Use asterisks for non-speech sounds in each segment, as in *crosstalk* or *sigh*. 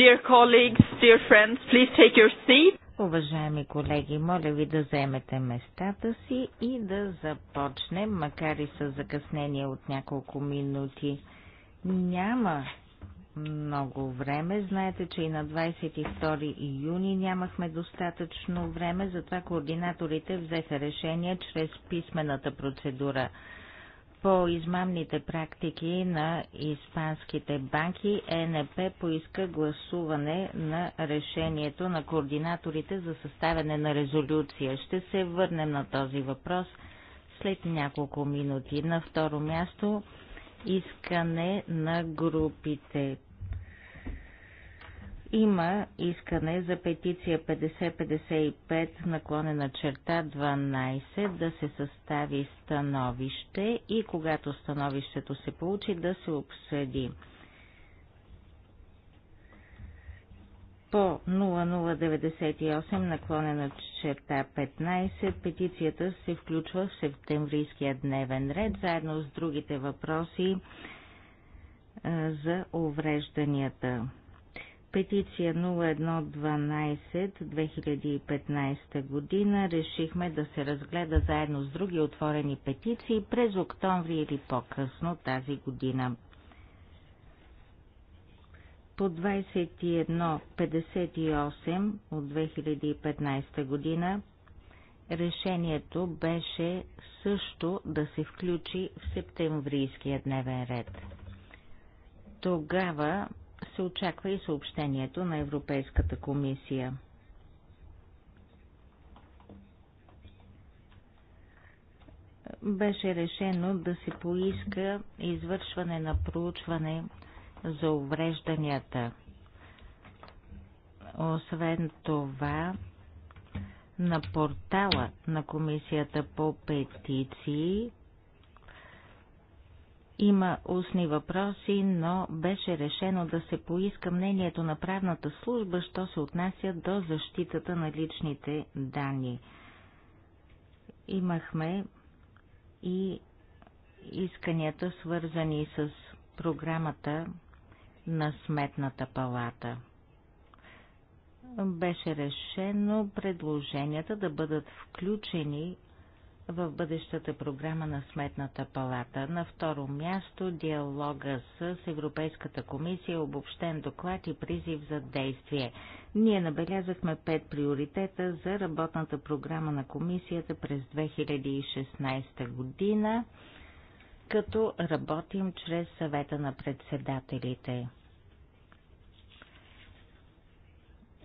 Dear colleagues, dear friends, please take your seat. Уважаеми колеги, моля ви да заемете местата си и да започнем, макар и с закъснение от няколко минути. Няма много време. Знаете, че и на 22 юни нямахме достатъчно време, затова координаторите взеха решение чрез писмената процедура – по измамните практики на испанските банки, ЕНП поиска гласуване на решението на координаторите за съставяне на резолюция. Ще се върнем на този въпрос след няколко минути. На второ място искане на групите има искане за петиция 5055 наклонена черта 12 да се състави становище и когато становището се получи да се обсъди. По 0098 наклонена черта 15 петицията се включва в септемврийския дневен ред заедно с другите въпроси за уврежданията петиция 0112-2015 година решихме да се разгледа заедно с други отворени петиции през октомври или по-късно тази година. По 2158 от 2015 година решението беше също да се включи в септемврийския дневен ред. Тогава се очаква и съобщението на Европейската комисия. Беше решено да се поиска извършване на проучване за уврежданията. Освен това, на портала на Комисията по петиции има устни въпроси, но беше решено да се поиска мнението на правната служба, що се отнася до защитата на личните данни. Имахме и исканията, свързани с програмата на Сметната палата. Беше решено предложенията да бъдат включени в бъдещата програма на Сметната палата. На второ място диалога с Европейската комисия, обобщен доклад и призив за действие. Ние набелязахме пет приоритета за работната програма на комисията през 2016 година, като работим чрез съвета на председателите.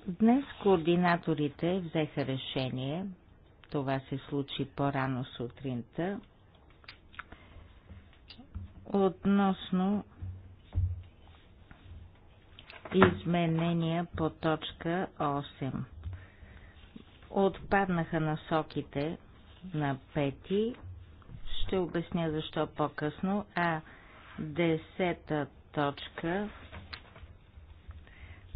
Днес координаторите взеха решение това се случи по-рано сутринта. Относно изменения по точка 8. Отпаднаха насоките на пети. Ще обясня защо по-късно. А десета точка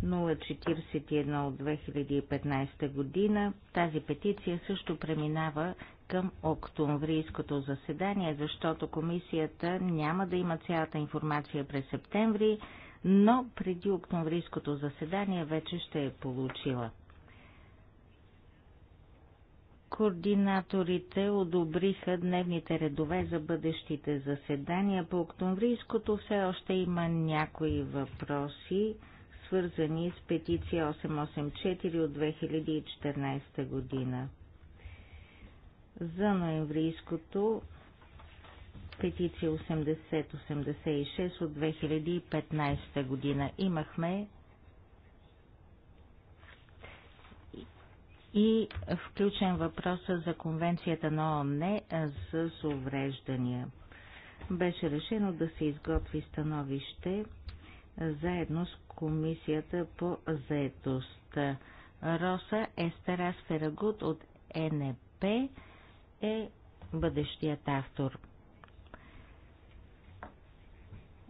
041 от 2015 година. Тази петиция също преминава към октомврийското заседание, защото комисията няма да има цялата информация през септември, но преди октомврийското заседание вече ще е получила. Координаторите одобриха дневните редове за бъдещите заседания. По октомврийското все още има някои въпроси свързани с петиция 884 от 2014 година. За ноемврийското петиция 8086 от 2015 година имахме и включен въпроса за конвенцията на ООН е, с увреждания. Беше решено да се изготви становище заедно с Комисията по заедостта. Роса Естерас Ферагут от НП е бъдещият автор.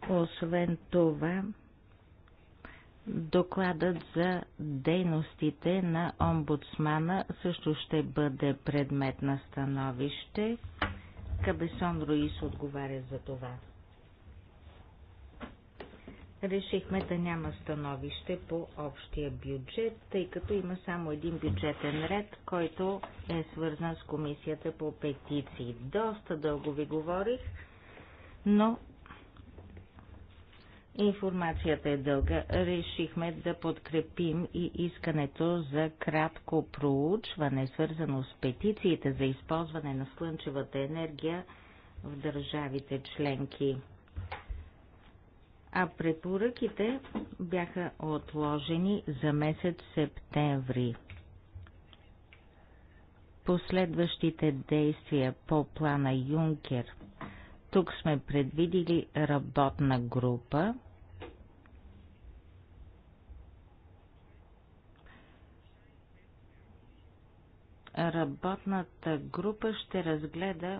Освен това, докладът за дейностите на омбудсмана също ще бъде предмет на становище. Кабесон Руис отговаря за това решихме да няма становище по общия бюджет, тъй като има само един бюджетен ред, който е свързан с комисията по петиции. Доста дълго ви говорих, но информацията е дълга. Решихме да подкрепим и искането за кратко проучване, свързано с петициите за използване на слънчевата енергия в държавите членки а препоръките бяха отложени за месец септември. Последващите действия по плана Юнкер. Тук сме предвидили работна група, работната група ще разгледа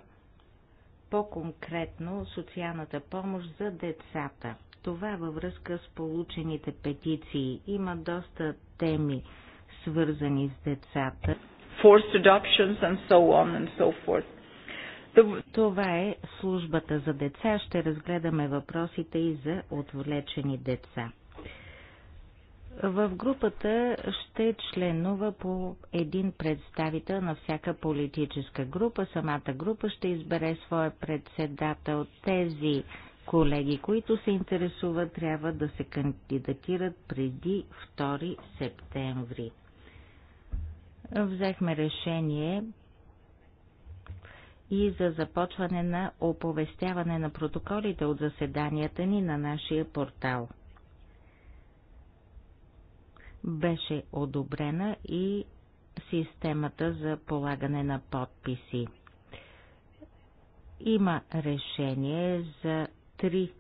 по-конкретно социалната помощ за децата – това във връзка с получените петиции. Има доста теми, свързани с децата. Forced adoptions and so on and so forth. Това е службата за деца. Ще разгледаме въпросите и за отвлечени деца. В групата ще членува по един представител на всяка политическа група. Самата група ще избере своя председател. Тези колеги, които се интересуват, трябва да се кандидатират преди 2 септември. Взехме решение и за започване на оповестяване на протоколите от заседанията ни на нашия портал. Беше одобрена и системата за полагане на подписи. Има решение за три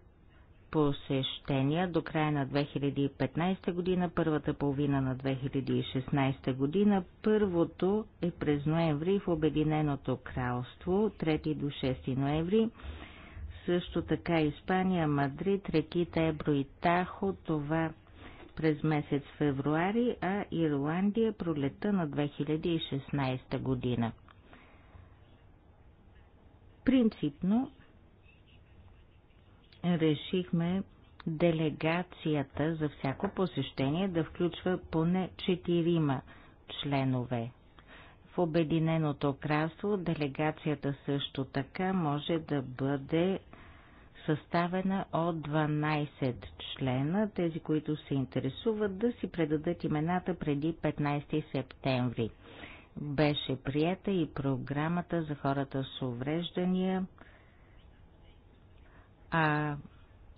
посещения до края на 2015 година, първата половина на 2016 година. Първото е през ноември в Обединеното кралство, 3 до 6 ноември. Също така Испания, Мадрид, реките Ебро и Тахо, това през месец февруари, а Ирландия пролета на 2016 година. Принципно решихме делегацията за всяко посещение да включва поне четирима членове. В Обединеното кралство делегацията също така може да бъде съставена от 12 члена, тези, които се интересуват да си предадат имената преди 15 септември. Беше прията и програмата за хората с увреждания – а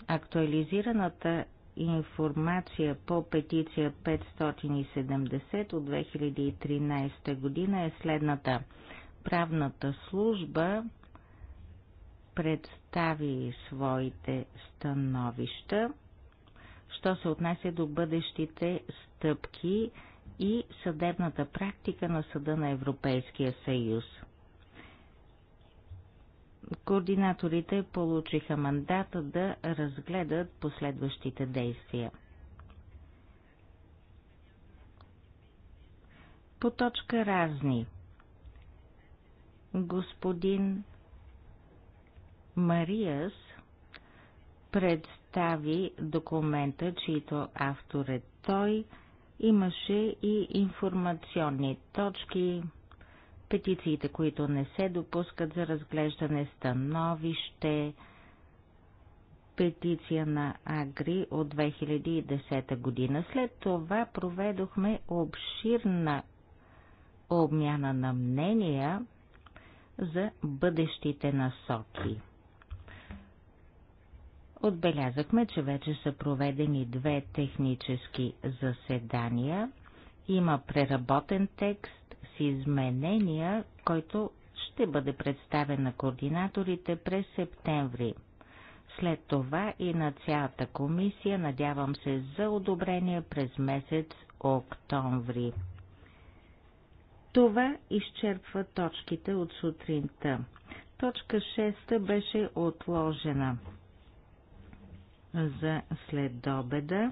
актуализираната информация по петиция 570 от 2013 година е следната. Правната служба представи своите становища, що се отнася до бъдещите стъпки и съдебната практика на Съда на Европейския съюз – координаторите получиха мандата да разгледат последващите действия. По точка разни. Господин Мариас представи документа, чийто автор е той, имаше и информационни точки, петициите, които не се допускат за разглеждане, становище, петиция на Агри от 2010 година. След това проведохме обширна обмяна на мнения за бъдещите насоки. Отбелязахме, че вече са проведени две технически заседания има преработен текст с изменения, който ще бъде представен на координаторите през септември. След това и на цялата комисия надявам се за одобрение през месец октомври. Това изчерпва точките от сутринта. Точка 6 беше отложена за следобеда. обеда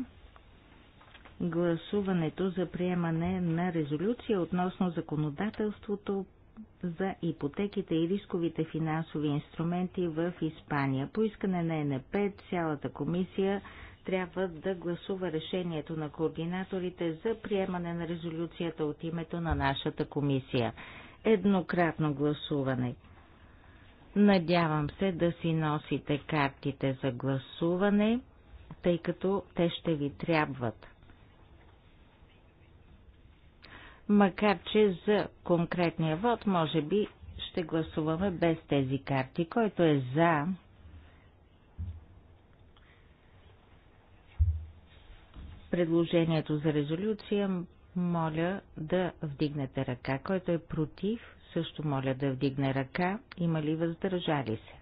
гласуването за приемане на резолюция относно законодателството за ипотеките и рисковите финансови инструменти в Испания. По искане на НП цялата комисия трябва да гласува решението на координаторите за приемане на резолюцията от името на нашата комисия. Еднократно гласуване. Надявам се да си носите картите за гласуване, тъй като те ще ви трябват. макар че за конкретния вод може би ще гласуваме без тези карти. Който е за, предложението за резолюция, моля да вдигнете ръка. Който е против, също моля да вдигне ръка. Има ли въздържали се?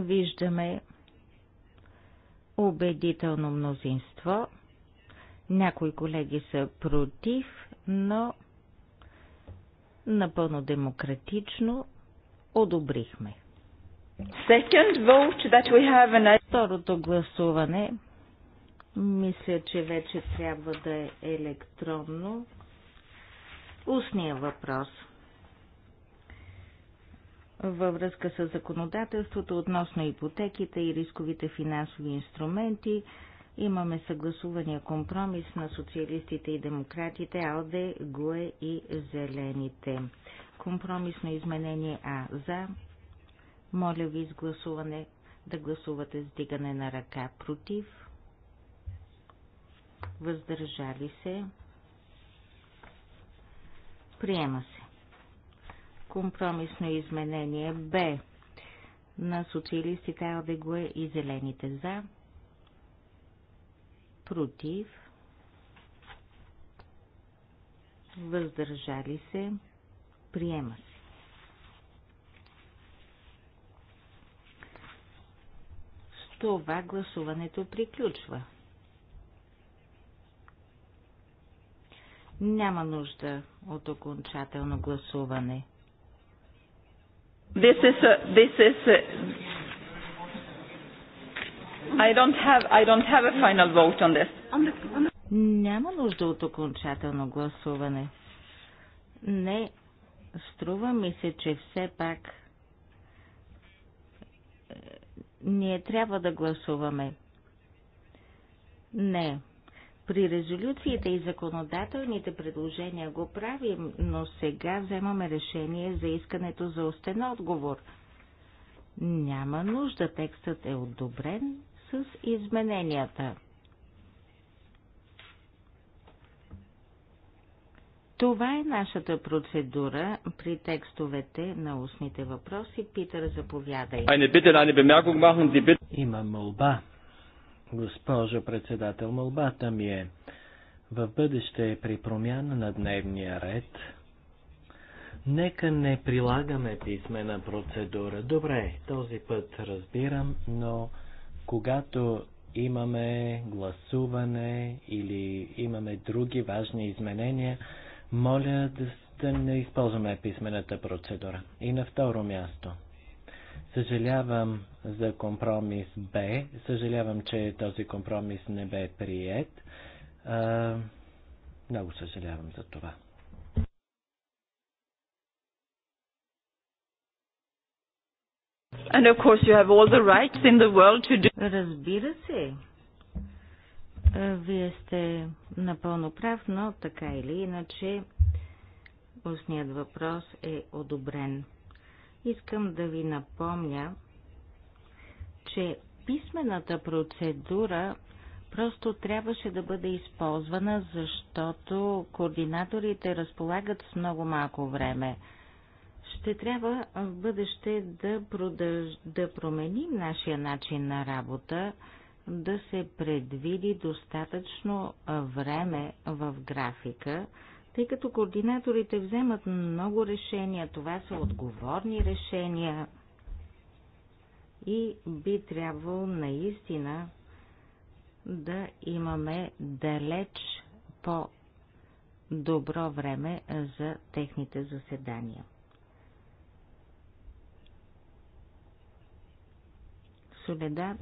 виждаме убедително мнозинство. Някои колеги са против, но напълно демократично одобрихме. An... Второто гласуване мисля, че вече трябва да е електронно. Устния въпрос – във връзка с законодателството относно ипотеките и рисковите финансови инструменти. Имаме съгласувания компромис на социалистите и демократите, АЛДЕ, ГУЕ и Зелените. Компромисно изменение А за. Моля ви с гласуване да гласувате с дигане на ръка против. Въздържали се. Приема се. Компромисно изменение Б на социалистите Алдегуе и Зелените за, против, въздържали се, приема се. С това гласуването приключва. Няма нужда от окончателно гласуване. This is a, this is a, I don't have I don't have a final vote on this. Няма нужда от окончателно гласуване. Не, струва ми се, че все пак е, ние трябва да гласуваме. Не, при резолюциите и законодателните предложения го правим, но сега вземаме решение за искането за устен отговор. Няма нужда, текстът е одобрен с измененията. Това е нашата процедура при текстовете на устните въпроси. Питър, заповядай. Имам молба Госпожо председател, молбата ми е в бъдеще при промяна на дневния ред, нека не прилагаме писмена процедура. Добре, този път разбирам, но когато имаме гласуване или имаме други важни изменения, моля да, да не използваме писмената процедура. И на второ място, Съжалявам за компромис Б. Съжалявам, че този компромис не бе прият. А, много съжалявам за това. And of course you have all the rights in the world to do... Разбира се. Вие сте напълно прав, но така или иначе устният въпрос е одобрен. Искам да ви напомня, че писмената процедура просто трябваше да бъде използвана, защото координаторите разполагат с много малко време. Ще трябва в бъдеще да, продъж... да променим нашия начин на работа, да се предвиди достатъчно време в графика, тъй като координаторите вземат много решения, това са отговорни решения и би трябвало наистина да имаме далеч по добро време за техните заседания. Соледат.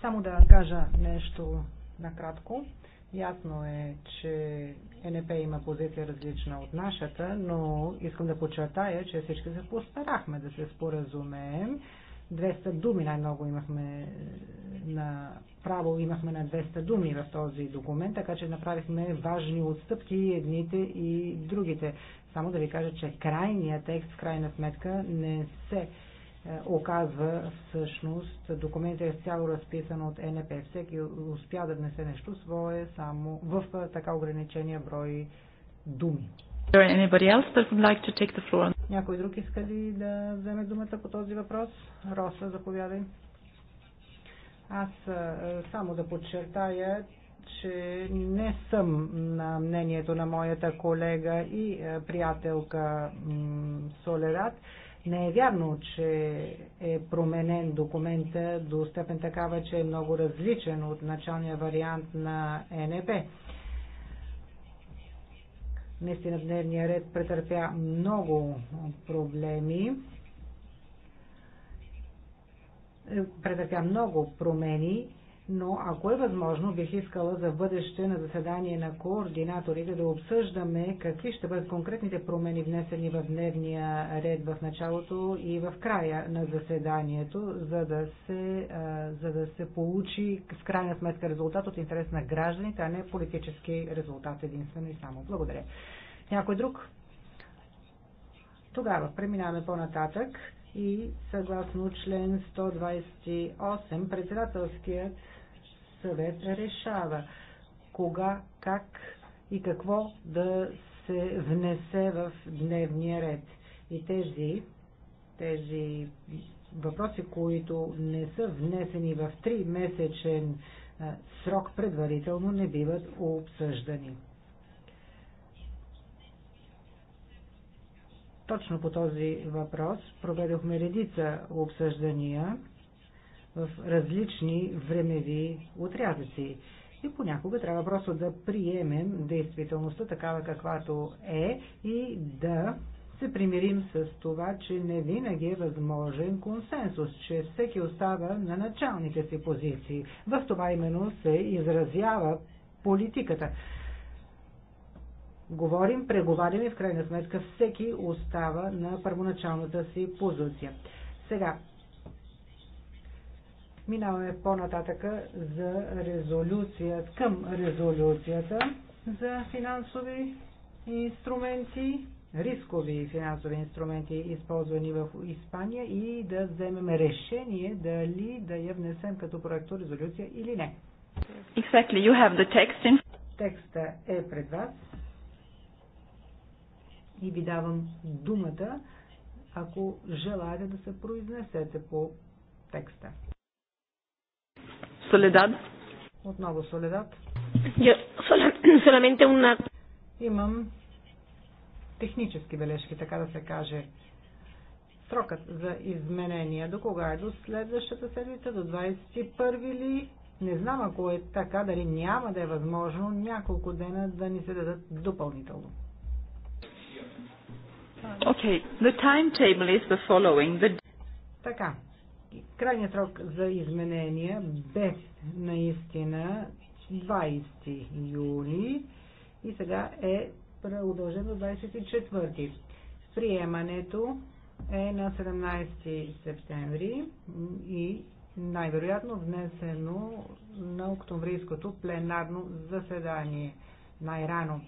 Само да кажа нещо накратко. Ясно е, че НП има позиция различна от нашата, но искам да подчертая, че всички се постарахме да се споразумеем. 200 думи най-много имахме е, на право, имахме на 200 думи в този документ, така че направихме важни отстъпки едните и другите. Само да ви кажа, че крайният текст в крайна сметка не се е, оказва всъщност документът е цяло разписан от НП. Всеки успя да внесе нещо свое само в е, така ограничения брой думи. Някой друг иска ли да вземе думата по този въпрос? Роса, заповядай. Аз е, само да подчертая, че не съм на мнението на моята колега и приятелка Солерат. Не е вярно, че е променен документа до степен такава, че е много различен от началния вариант на НП. Е Наистина дневния ред претърпя много проблеми претърпя много промени но ако е възможно, бих искала за бъдеще на заседание на координаторите да обсъждаме какви ще бъдат конкретните промени внесени в дневния ред в началото и в края на заседанието, за да се, за да се получи с крайна сметка резултат от интерес на гражданите, а не политически резултат единствено и само. Благодаря. Някой друг? Тогава преминаваме по-нататък и съгласно член 128 председателският съвет решава кога, как и какво да се внесе в дневния ред. И тези, тези въпроси, които не са внесени в 3-месечен срок предварително, не биват обсъждани. Точно по този въпрос проведохме редица обсъждания в различни времеви отрязъци. И понякога трябва просто да приемем действителността такава каквато е и да се примирим с това, че не винаги е възможен консенсус, че всеки остава на началните си позиции. В това именно се изразява политиката. Говорим, преговаряме, в крайна сметка всеки остава на първоначалната си позиция. Сега, Минаваме по-нататъка за резолюция, към резолюцията за финансови инструменти, рискови финансови инструменти, използвани в Испания и да вземем решение дали да я внесем като проекто резолюция или не. Exactly, you have the text in... Текста е пред вас и ви давам думата, ако желаете да се произнесете по текста. Соледад. Отново Соледад. Соламенте *clears throat* una... Имам технически бележки, така да се каже. Срокът за изменения до кога е? До следващата седмица, до 21 ли? Не знам ако е така, дали няма да е възможно няколко дена да ни се дадат допълнително. Okay. The timetable is the following. The... Така, крайният срок за изменения бе наистина 20 юли и сега е удължен до 24. Приемането е на 17 септември и най-вероятно внесено на октомврийското пленарно заседание най-рано.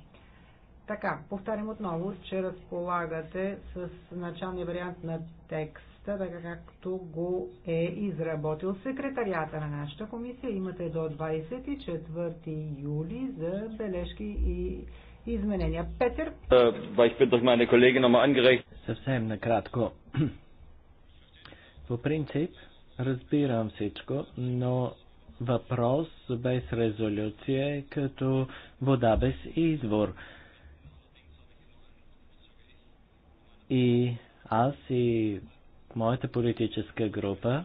Така, повтарям отново, че разполагате с началния вариант на текст текста, така както го е изработил секретарията на нашата комисия. Имате до 24 юли за бележки и изменения. Петър? Е, Съвсем накратко. *clears throat* По принцип, разбирам всичко, но въпрос без резолюция е като вода без извор. И аз и моята политическа група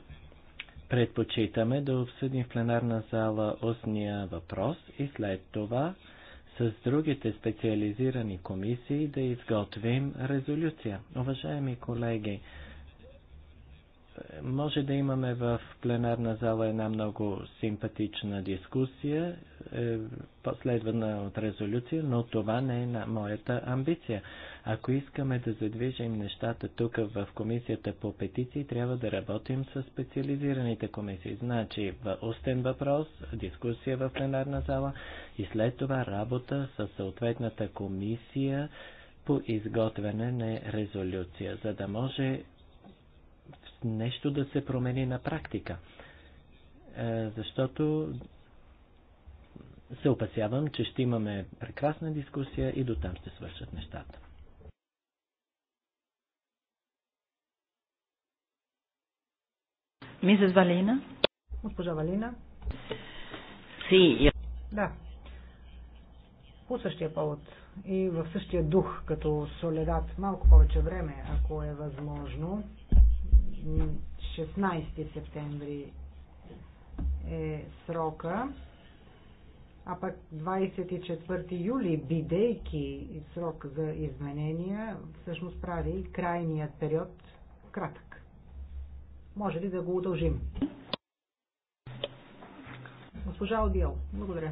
предпочитаме да обсъдим в пленарна зала устния въпрос и след това с другите специализирани комисии да изготвим резолюция. Уважаеми колеги, може да имаме в пленарна зала една много симпатична дискусия, е, последвана от резолюция, но това не е моята амбиция. Ако искаме да задвижим нещата тук в комисията по петиции, трябва да работим с специализираните комисии. Значи устен въпрос, дискусия в пленарна зала и след това работа с съответната комисия по изготвяне на резолюция, за да може нещо да се промени на практика. Е, защото се опасявам, че ще имаме прекрасна дискусия и до там ще свършат нещата. Мисис Валина. Госпожа Валина. Си. Да. По същия повод и в същия дух като Соледат. Малко повече време, ако е възможно. 16 септември е срока, а пък 24 юли, бидейки срок за изменения, всъщност прави крайният период кратък. Може ли да го удължим? Госпожа Одиел, благодаря.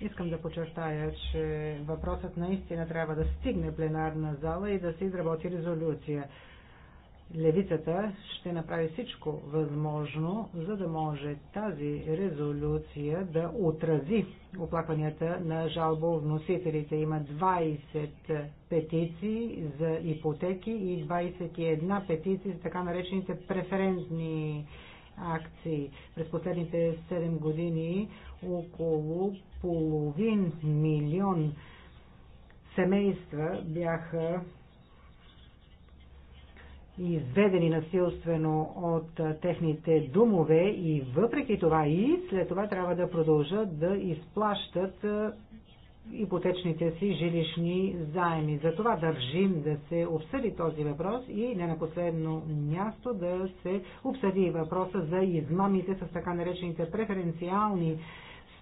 Искам да подчертая, че въпросът наистина трябва да стигне пленарна зала и да се изработи резолюция левицата ще направи всичко възможно, за да може тази резолюция да отрази оплакванията на жалбовносителите. Има 20 петиции за ипотеки и 21 петиции за така наречените преферентни акции. През последните 7 години около половин милион семейства бяха изведени насилствено от техните думове, и въпреки това и след това трябва да продължат да изплащат ипотечните си жилищни заеми. Затова държим да се обсъди този въпрос и не на последно място да се обсъди въпроса за измамите с така наречените преференциални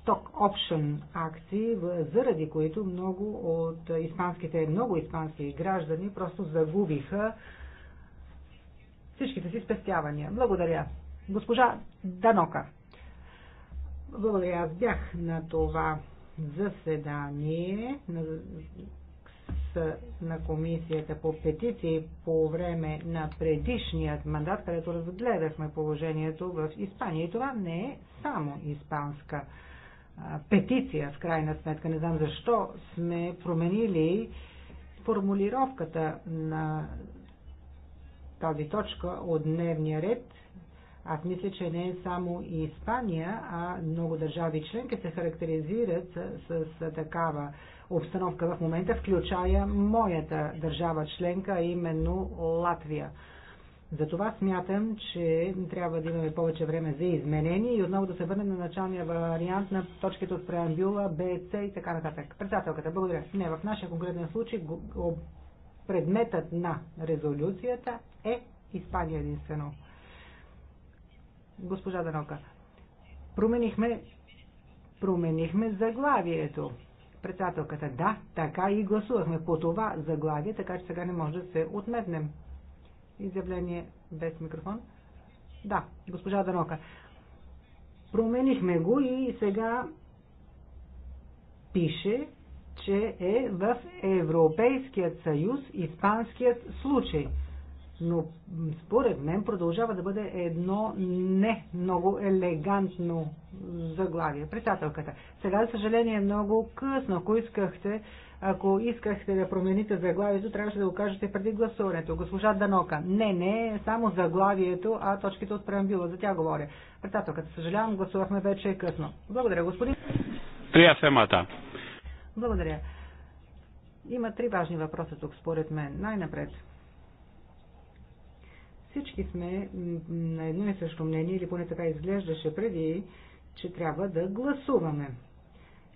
сток option акции, заради които много от испанските, много испански граждани просто загубиха всичките си спестявания. Благодаря. Госпожа Данока. Благодаря. Аз бях на това заседание на, с, на комисията по петиции по време на предишният мандат, където разгледахме положението в Испания. И това не е само испанска а, петиция, в крайна сметка. Не знам защо сме променили формулировката на тази точка от дневния ред, аз мисля, че не е само и Испания, а много държави членки се характеризират с, с такава обстановка в момента, включая моята държава членка, а именно Латвия. Затова смятам, че трябва да имаме повече време за изменение и отново да се върнем на началния вариант на точките от преамбюла, БЦ и така нататък. Председателката, благодаря. Не, в нашия конкретен случай предметът на резолюцията е Испания единствено. Госпожа Данока, променихме, променихме заглавието. Председателката, да, така и гласувахме по това заглавие, така че сега не може да се отметнем. Изявление без микрофон. Да, госпожа Данока. Променихме го и сега пише, че е в Европейският съюз испанският случай но според мен продължава да бъде едно не много елегантно заглавие. Председателката. Сега, за съжаление, е много късно. Ако искахте, ако искахте да промените заглавието, трябваше да го кажете преди гласуването. Госпожа Данока. Не, не, е само заглавието, а точките от преамбила. За тя говоря. Председателката. Съжалявам, гласувахме вече късно. Благодаря, господин. Трия темата. Благодаря. Има три важни въпроса тук, според мен. Най-напред. Всички сме на едно и също мнение, или поне така изглеждаше преди, че трябва да гласуваме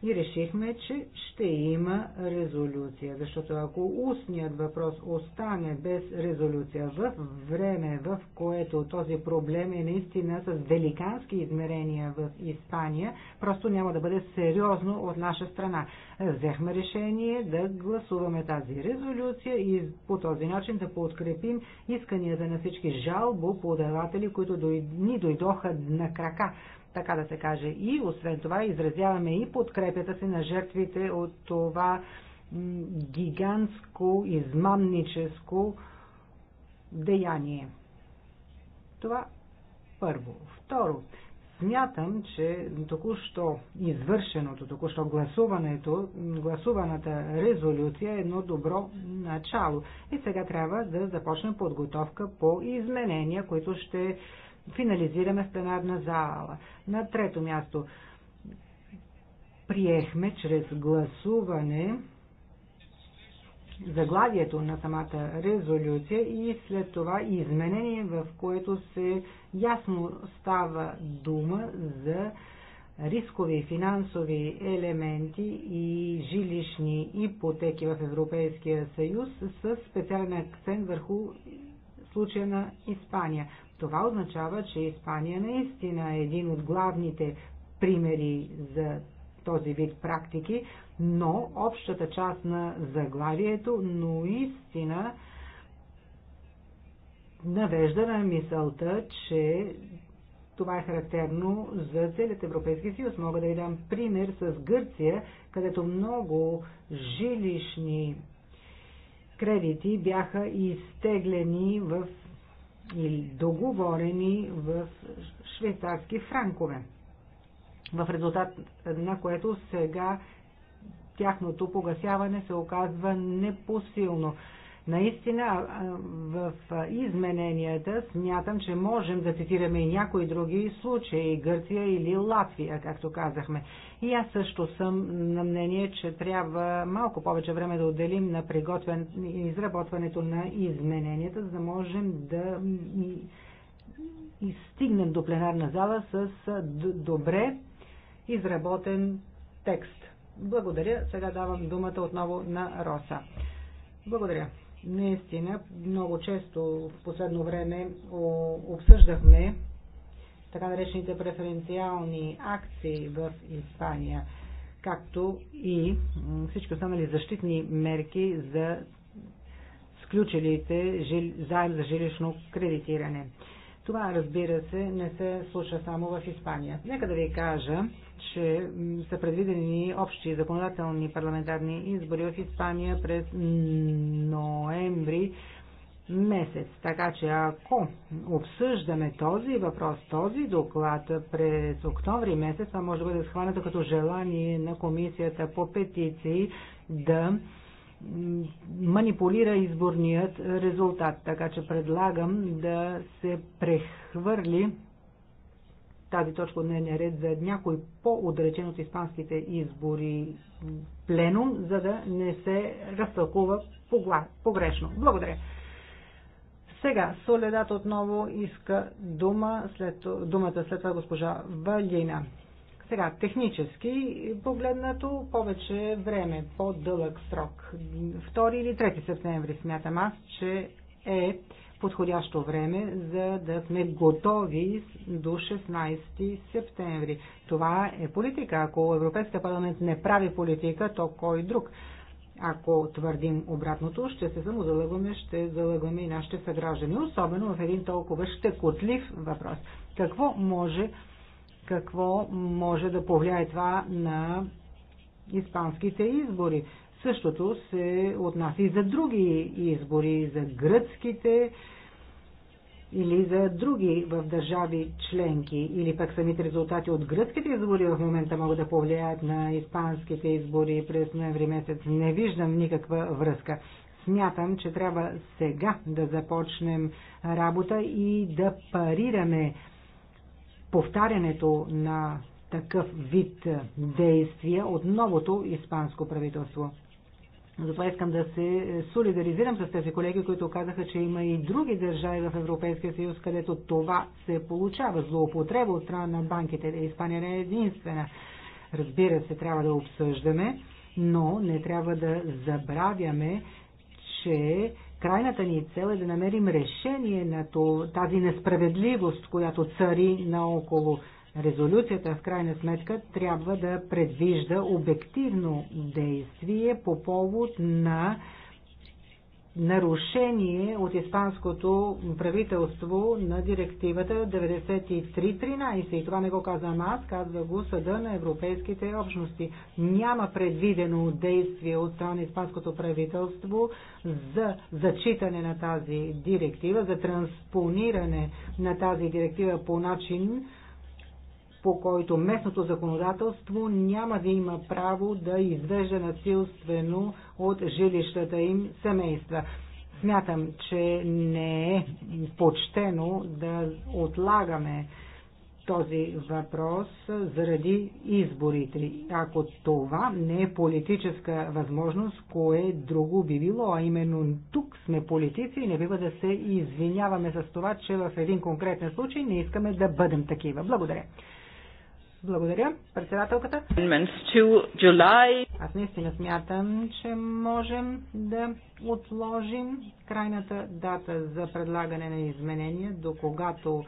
и решихме, че ще има резолюция. Защото ако устният въпрос остане без резолюция в време, в което този проблем е наистина с великански измерения в Испания, просто няма да бъде сериозно от наша страна. Взехме решение да гласуваме тази резолюция и по този начин да подкрепим исканията на всички жалбо подаватели, които ни дойдоха на крака така да се каже. И освен това изразяваме и подкрепята си на жертвите от това гигантско, измамническо деяние. Това първо. Второ, смятам, че току-що извършеното, току-що гласуването, гласуваната резолюция е едно добро начало. И сега трябва да започнем подготовка по изменения, които ще финализираме в пленарна зала. На трето място приехме чрез гласуване заглавието на самата резолюция и след това изменение, в което се ясно става дума за рискови финансови елементи и жилищни ипотеки в Европейския съюз с специален акцент върху случая на Испания. Това означава, че Испания наистина е един от главните примери за този вид практики, но общата част на заглавието, но истина навежда на мисълта, че това е характерно за целият Европейски съюз. Мога да ви дам пример с Гърция, където много жилищни кредити бяха изтеглени в или договорени в швейцарски франкове. В резултат на което сега тяхното погасяване се оказва непосилно. Наистина, в измененията смятам, че можем да цитираме и някои други случаи, Гърция или Латвия, както казахме. И аз също съм на мнение, че трябва малко повече време да отделим на приготвен, изработването на измененията, за да можем да и стигнем до пленарна зала с добре изработен текст. Благодаря. Сега давам думата отново на Роса. Благодаря. Наистина, много често в последно време обсъждахме така наречените преференциални акции в Испания, както и всички останали защитни мерки за сключилите заем за жилищно кредитиране. Това, разбира се, не се случва само в Испания. Нека да ви кажа, че са предвидени общи законодателни парламентарни избори в Испания през ноември месец. Така че ако обсъждаме този въпрос, този доклад през октомври месец, това може да бъде схванато като желание на комисията по петиции да манипулира изборният резултат. Така че предлагам да се прехвърли тази точка от дневния ред за някой по-отдалечен от испанските избори пленум, за да не се разтълкува погрешно. Благодаря. Сега Соледат отново иска дума, след, думата след това госпожа Валина. Сега, технически погледнато повече време, по-дълъг срок. 2 или 3 септември смятам аз, че е подходящо време, за да сме готови до 16 септември. Това е политика. Ако Европейския парламент не прави политика, то кой друг? Ако твърдим обратното, ще се самозалъгваме, ще залъгваме и нашите съграждани, особено в един толкова щекотлив въпрос. Какво може, какво може да повлияе това на испанските избори? Същото се отнася и за други избори, за гръцките или за други в държави членки, или пък самите резултати от гръцките избори в момента могат да повлияят на испанските избори през ноември месец. Не виждам никаква връзка. Смятам, че трябва сега да започнем работа и да парираме повтарянето на такъв вид действия от новото испанско правителство. Затова искам да се солидаризирам с тези колеги, които казаха, че има и други държави в Европейския съюз, където това се получава. Злоупотреба от страна на банките. Е, Испания не е единствена. Разбира се, трябва да обсъждаме, но не трябва да забравяме, че крайната ни цел е да намерим решение на тази несправедливост, която цари наоколо Резолюцията в крайна сметка трябва да предвижда обективно действие по повод на нарушение от испанското правителство на директивата 9313. И това не го казвам аз, казва го Съда на Европейските общности. Няма предвидено действие от страна на испанското правителство за зачитане на тази директива, за транспониране на тази директива по начин, по който местното законодателство няма да има право да извежда насилствено от жилищата им семейства. Смятам, че не е почтено да отлагаме този въпрос заради изборите. Ако това не е политическа възможност, кое друго би било? А именно тук сме политици и не бива да се извиняваме с това, че в един конкретен случай не искаме да бъдем такива. Благодаря. Благодаря, председателката. Аз наистина смятам, че можем да отложим крайната дата за предлагане на изменения, до когато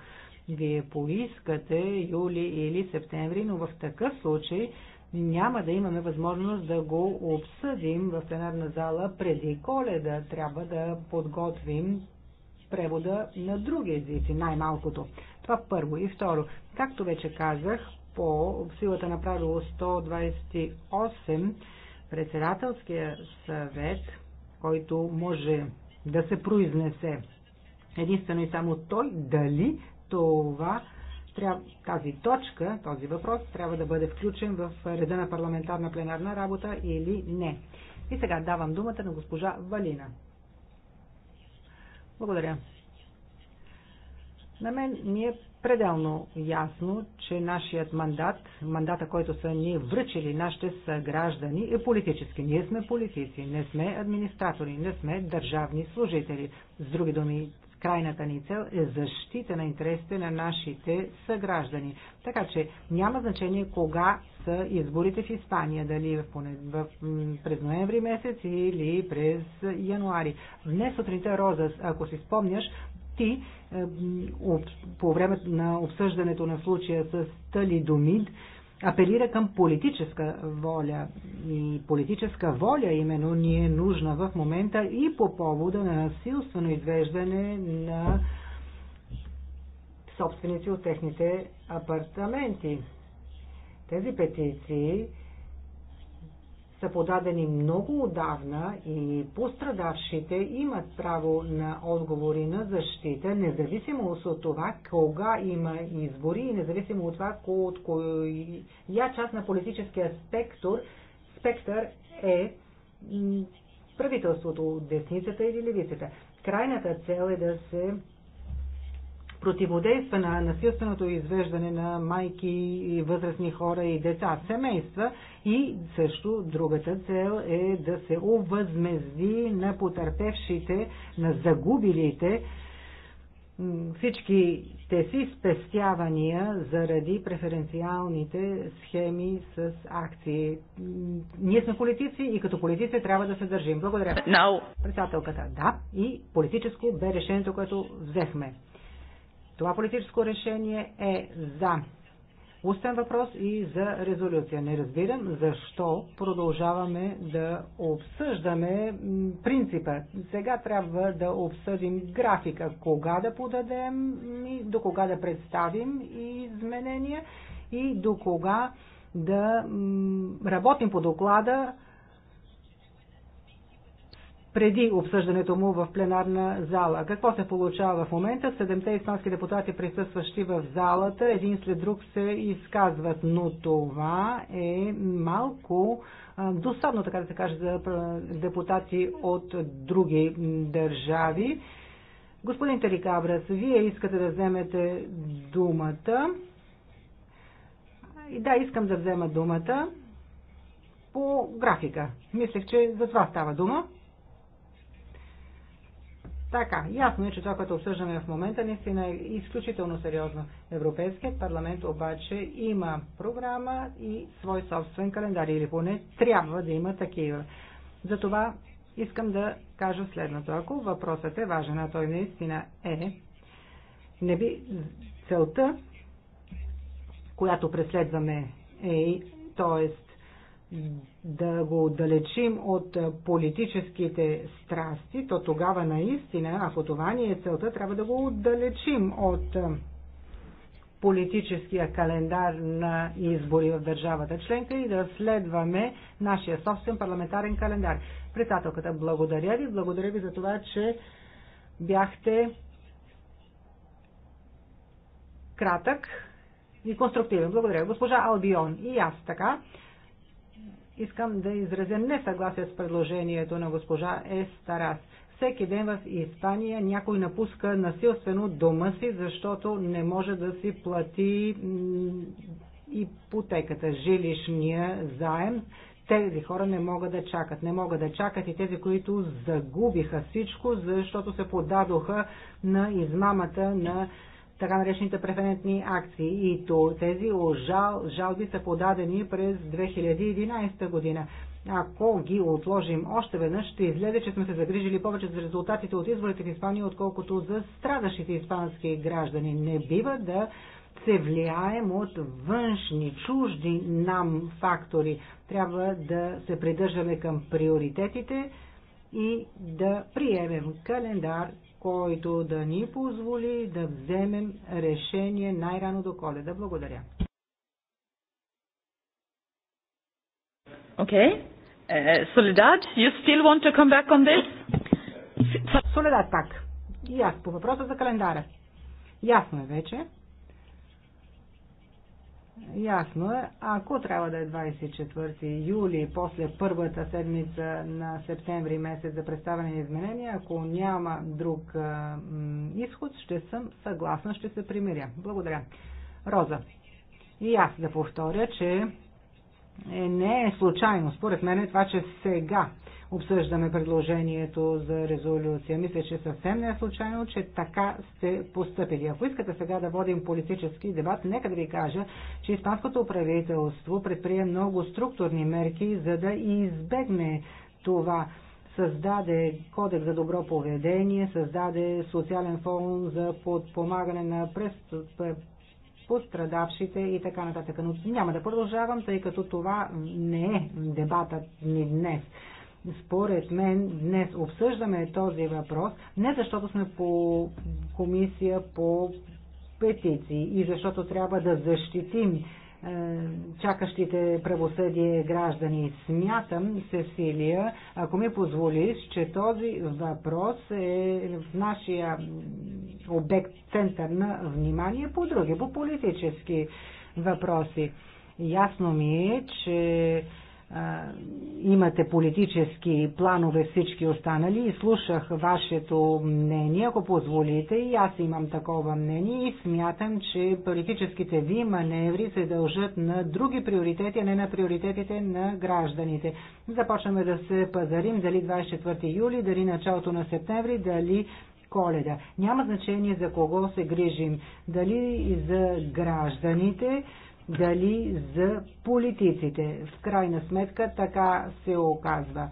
вие поискате юли или септември, но в такъв случай няма да имаме възможност да го обсъдим в пленарна зала преди коледа. Трябва да подготвим превода на други езици, най-малкото. Това първо. И второ, както вече казах, по силата на правило 128 председателския съвет, който може да се произнесе единствено и само той, дали това тази точка, този въпрос трябва да бъде включен в реда на парламентарна пленарна работа или не. И сега давам думата на госпожа Валина. Благодаря. На мен ми е пределно ясно, че нашият мандат, мандата, който са ни връчили нашите съграждани, е политически. Ние сме политици, не сме администратори, не сме държавни служители. С други думи, крайната ни цел е защита на интересите на нашите съграждани. Така че няма значение кога са изборите в Испания, дали в, в, през ноември месец или през януари. Днес сутринта, Роза, ако си спомняш, власти е, по време на обсъждането на случая с талидомид апелира към политическа воля. И политическа воля именно ни е нужна в момента и по повода на насилствено извеждане на собственици от техните апартаменти. Тези петиции са подадени много отдавна и пострадавшите имат право на отговори на защита, независимо от това кога има избори и независимо от това от коя част на политическия спектър, спектър е правителството десницата или левицата. Крайната цел е да се противодейства на насилственото извеждане на майки, възрастни хора и деца, семейства и също другата цел е да се овъзмезди на потърпевшите, на загубилите всички тези си спестявания заради преференциалните схеми с акции. Ние сме политици и като политици трябва да се държим. Благодаря. No. Председателката, да. И политическо бе решението, което взехме. Това политическо решение е за устен въпрос и за резолюция. Не разбирам защо продължаваме да обсъждаме принципа. Сега трябва да обсъдим графика, кога да подадем и до кога да представим и изменения и до кога да работим по доклада преди обсъждането му в пленарна зала. Какво се получава в момента? Седемте испански депутати, присъстващи в залата, един след друг се изказват, но това е малко досадно, така да се каже, за депутати от други държави. Господин Терикабрас, вие искате да вземете думата. И да, искам да взема думата по графика. Мислех, че за това става дума. Така, ясно е, че това, което обсъждаме в момента, наистина е изключително сериозно. Европейският парламент обаче има програма и свой собствен календар, или поне трябва да има такива. Затова искам да кажа следното. Ако въпросът е важен, а той наистина е, не би целта, която преследваме е, т.е да го отдалечим от политическите страсти, то тогава наистина, ако това ни е целта, трябва да го отдалечим от политическия календар на избори в държавата членка и да следваме нашия собствен парламентарен календар. Председателката, благодаря ви. Благодаря ви за това, че бяхте кратък и конструктивен. Благодаря. Госпожа Албион и аз така искам да изразя несъгласие с предложението на госпожа Естарас. Всеки ден в Испания някой напуска насилствено дома си, защото не може да си плати ипотеката, жилищния заем. Тези хора не могат да чакат. Не могат да чакат и тези, които загубиха всичко, защото се подадоха на измамата на така наречените преферентни акции. И то, тези жал, жалби са подадени през 2011 година. Ако ги отложим още веднъж, ще излезе, че сме се загрижили повече за резултатите от изборите в Испания, отколкото за страдащите испански граждани. Не бива да се влияем от външни, чужди нам фактори. Трябва да се придържаме към приоритетите и да приемем календар който да ни позволи да вземем решение най-рано до коледа. Благодаря. Okay. Uh, Soledad, you still want to come back on this? Soledad пак. И аз по въпроса за календара. Ясно е вече. Ясно е, ако трябва да е 24 юли, после първата седмица на септември месец за представяне на изменения, ако няма друг изход, ще съм съгласна, ще се примиря. Благодаря. Роза. И аз да повторя, че е, не е случайно, според мен, е това, че сега обсъждаме предложението за резолюция. Мисля, че съвсем не е случайно, че така сте поступили. Ако искате сега да водим политически дебат, нека да ви кажа, че Испанското правителство предприе много структурни мерки, за да избегне това създаде кодекс за добро поведение, създаде социален фонд за подпомагане на пострадавшите и така нататък. Но няма да продължавам, тъй като това не е дебатът ни днес според мен днес обсъждаме този въпрос не защото сме по комисия по петиции и защото трябва да защитим е, чакащите правосъдие граждани. Смятам, Сесилия, ако ми позволиш, че този въпрос е в нашия обект, център на внимание по други, по политически въпроси. Ясно ми е, че имате политически планове всички останали и слушах вашето мнение, ако позволите, и аз имам такова мнение и смятам, че политическите ви маневри се дължат на други приоритети, а не на приоритетите на гражданите. Започваме да се пазарим дали 24 юли, дали началото на септември, дали коледа. Няма значение за кого се грижим, дали за гражданите, дали за политиците. В крайна сметка така се оказва.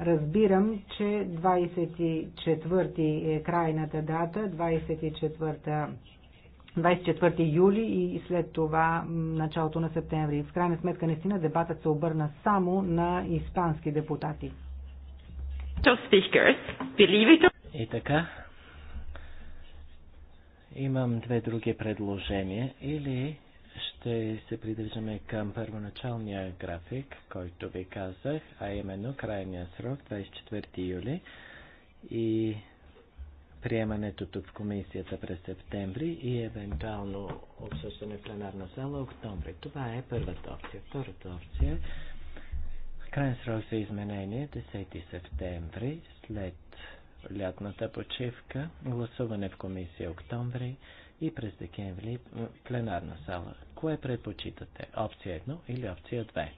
Разбирам, че 24 е крайната дата, 24 24 юли и след това началото на септември. В крайна сметка, наистина, дебатът се обърна само на испански депутати. И така, имам две други предложения. Или ще се придържаме към първоначалния график, който ви казах, а именно крайния срок 24 юли и приемането тук в комисията през септември и евентуално обсъждане в пленарна зала октомври. Това е първата опция. Втората опция крайен срок за изменение 10 септември след лятната почивка, гласуване в комисия октомври и през декември пленарна зала Кое предпочитате? Опция 1 или опция 2?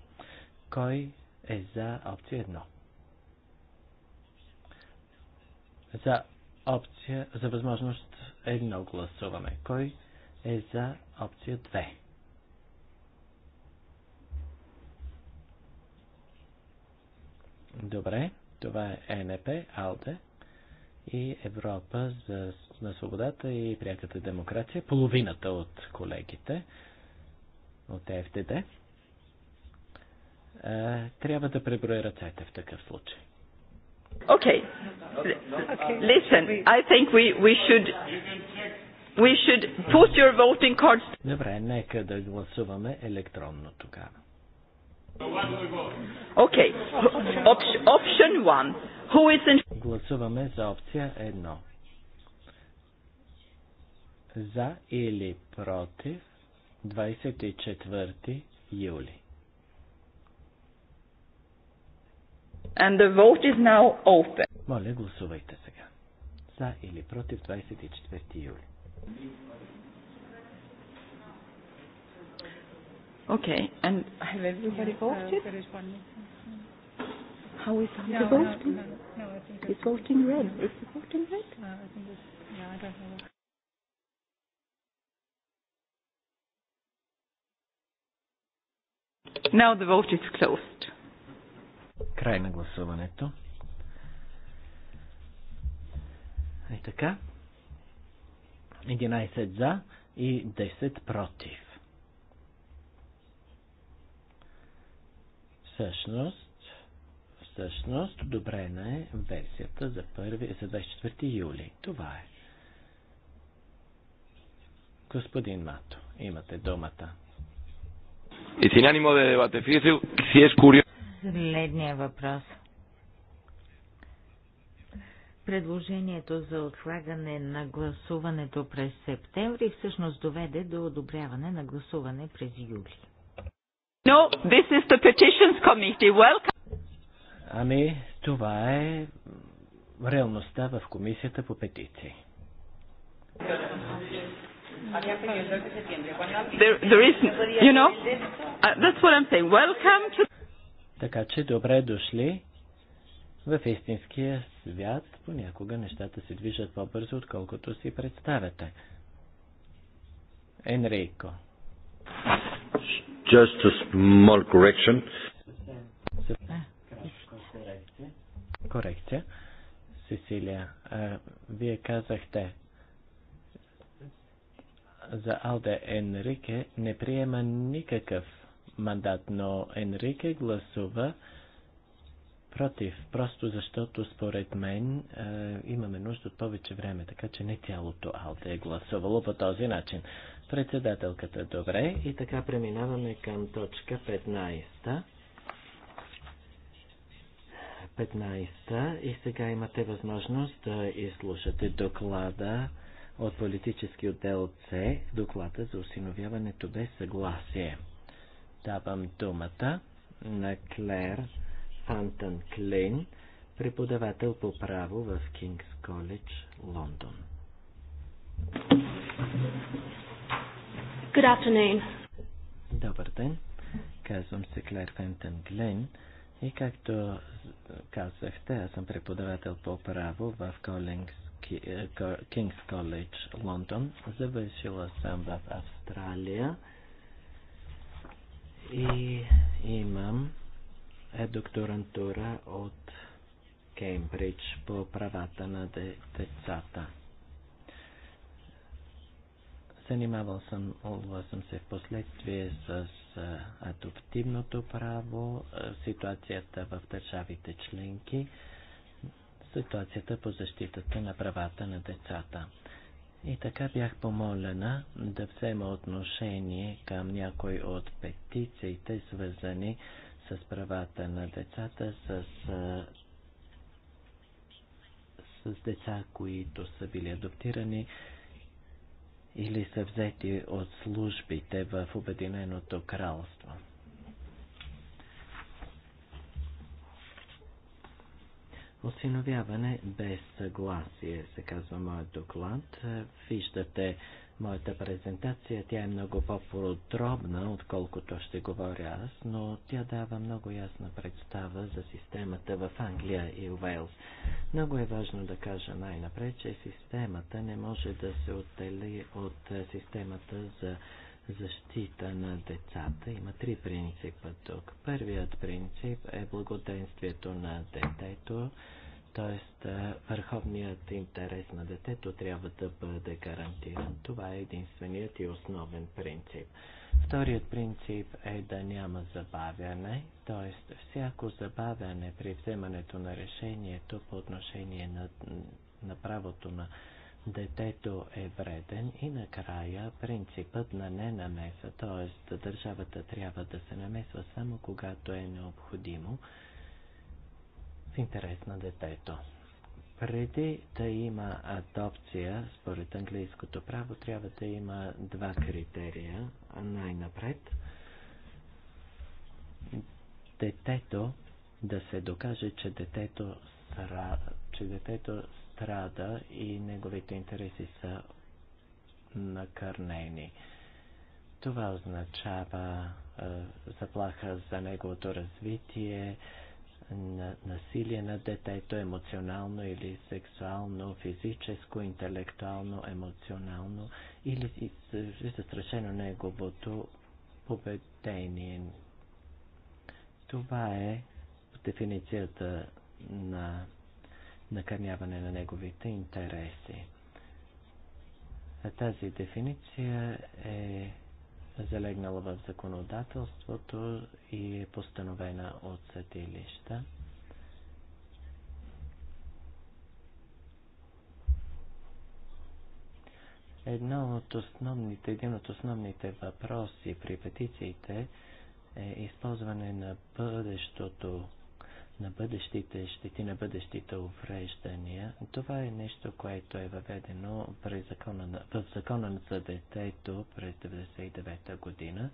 Кой е за опция 1? За опция, за възможност 1 гласуваме. Кой е за опция 2? Добре, това е НП, АЛДЕ и Европа за, на свободата и пряката демокрация. Половината от колегите от ЕФТД. Е, трябва да преброя ръцете в такъв случай. Okay. Listen, I think we, we should we should put your voting cards. Добре, нека да гласуваме електронно тогава. Okay. Option one. Who is in... Гласуваме за опция 1. За или против 24 юли. And the vote is now open. Моля, гласувайте сега. За или против 24 юли. Okay, and have everybody voted? How is no, the voting? No, no, no, no, I think it's, it's voting red. Is the voting red? No, I think it's, yeah, I don't know. Now the vote is closed. Край на гласуването. И така. 11 за и 10 против. Всъщност, всъщност одобрена е версията за, първи, за 24 юли. Това е. Господин Мато, имате думата. И sin ánimo de debate, fíjese si es curioso. Следния въпрос. Предложението за отлагане на гласуването през септември всъщност доведе до одобряване на гласуване през юли. No, this is the petitions committee. Welcome. Ами, това е реалността в комисията по петиции. There, is, you know, uh, that's what I'm saying. Welcome to... Така че добре дошли в истинския свят. Понякога нещата се движат по-бързо, отколкото си представяте. Енрико. Just a small correction. Е, корекция. Сесилия, вие казахте за Алде Енрике не приема никакъв мандат, но Енрике гласува против, просто защото според мен е, имаме нужда от повече време, така че не цялото Алде е гласувало по този начин. Председателката добре и така преминаваме към точка 15. 15 и сега имате възможност да изслушате доклада от политически отдел С доклада за осиновяването без съгласие. Давам думата на Клер Фантън Клин, преподавател по право в Кингс Коледж, Лондон. Good afternoon. Добър ден. Казвам се Клер Фентън Глен и както казахте, аз съм преподавател по право в Колингс Кингс Коледж, Лондон. Завършила съм в Австралия и имам е докторантура от Кембридж по правата на децата. Занимавал съм, съм се в последствие с е, адоптивното право, е, ситуацията в държавите членки – ситуацията по защитата на правата на децата. И така бях помолена да взема отношение към някой от петициите, свързани с правата на децата, с, с деца, които са били адоптирани или са взети от службите в Обединеното кралство. Осиновяване без съгласие, се казва моят доклад. Е, виждате моята презентация. Тя е много по-подробна, отколкото ще говоря аз, но тя дава много ясна представа за системата в Англия и Уелс. Много е важно да кажа най-напред, че системата не може да се отдели от е, системата за защита на децата има три принципа тук. Първият принцип е благоденствието на детето, т.е. върховният интерес на детето трябва да бъде гарантиран. Това е единственият и основен принцип. Вторият принцип е да няма забавяне, т.е. всяко забавяне при вземането на решението по отношение на, на правото на детето е вреден и накрая принципът на ненамеса, т.е. държавата трябва да се намесва само когато е необходимо в интерес на детето. Преди да има адопция, според английското право, трябва да има два критерия. Най-напред, детето да се докаже, че детето, че детето страда и неговите интереси са накърнени. Това означава е, заплаха за неговото развитие, на, насилие на детето, емоционално или сексуално, физическо, интелектуално, емоционално или застрашено неговото поведение. Това е дефиницията на накърняване на неговите интереси. Тази дефиниция е залегнала в законодателството и е постановена от съдилища. Едно от основните, един от основните въпроси при петициите е използване на бъдещото на бъдещите щети, на бъдещите увреждания, това е нещо, което е въведено през закона на, в закона за детето през 1999 година.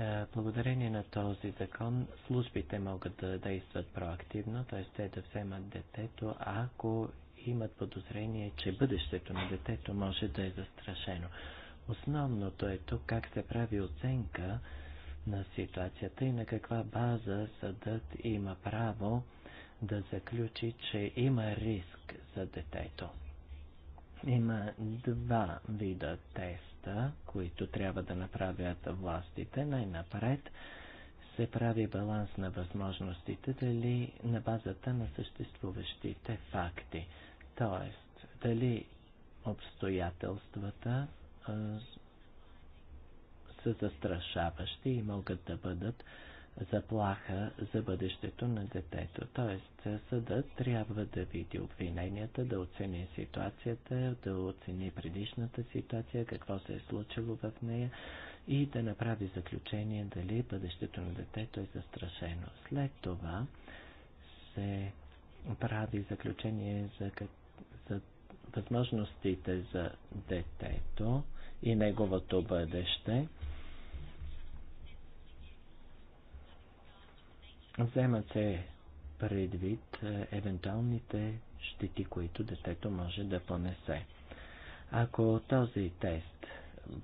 Е, благодарение на този закон службите могат да действат проактивно, т.е. те да вземат детето, ако имат подозрение, че бъдещето на детето може да е застрашено. Основното е тук как се прави оценка на ситуацията и на каква база съдът има право да заключи, че има риск за детето. Има два вида теста, които трябва да направят властите. Най-напред се прави баланс на възможностите, дали на базата на съществуващите факти. Тоест, дали обстоятелствата са застрашаващи и могат да бъдат заплаха за бъдещето на детето. Тоест, съдът трябва да види обвиненията, да оцени ситуацията, да оцени предишната ситуация, какво се е случило в нея и да направи заключение дали бъдещето на детето е застрашено. След това се прави заключение за, за възможностите за детето и неговото бъдеще Вземат се предвид е, евентуалните щети, които детето може да понесе. Ако този тест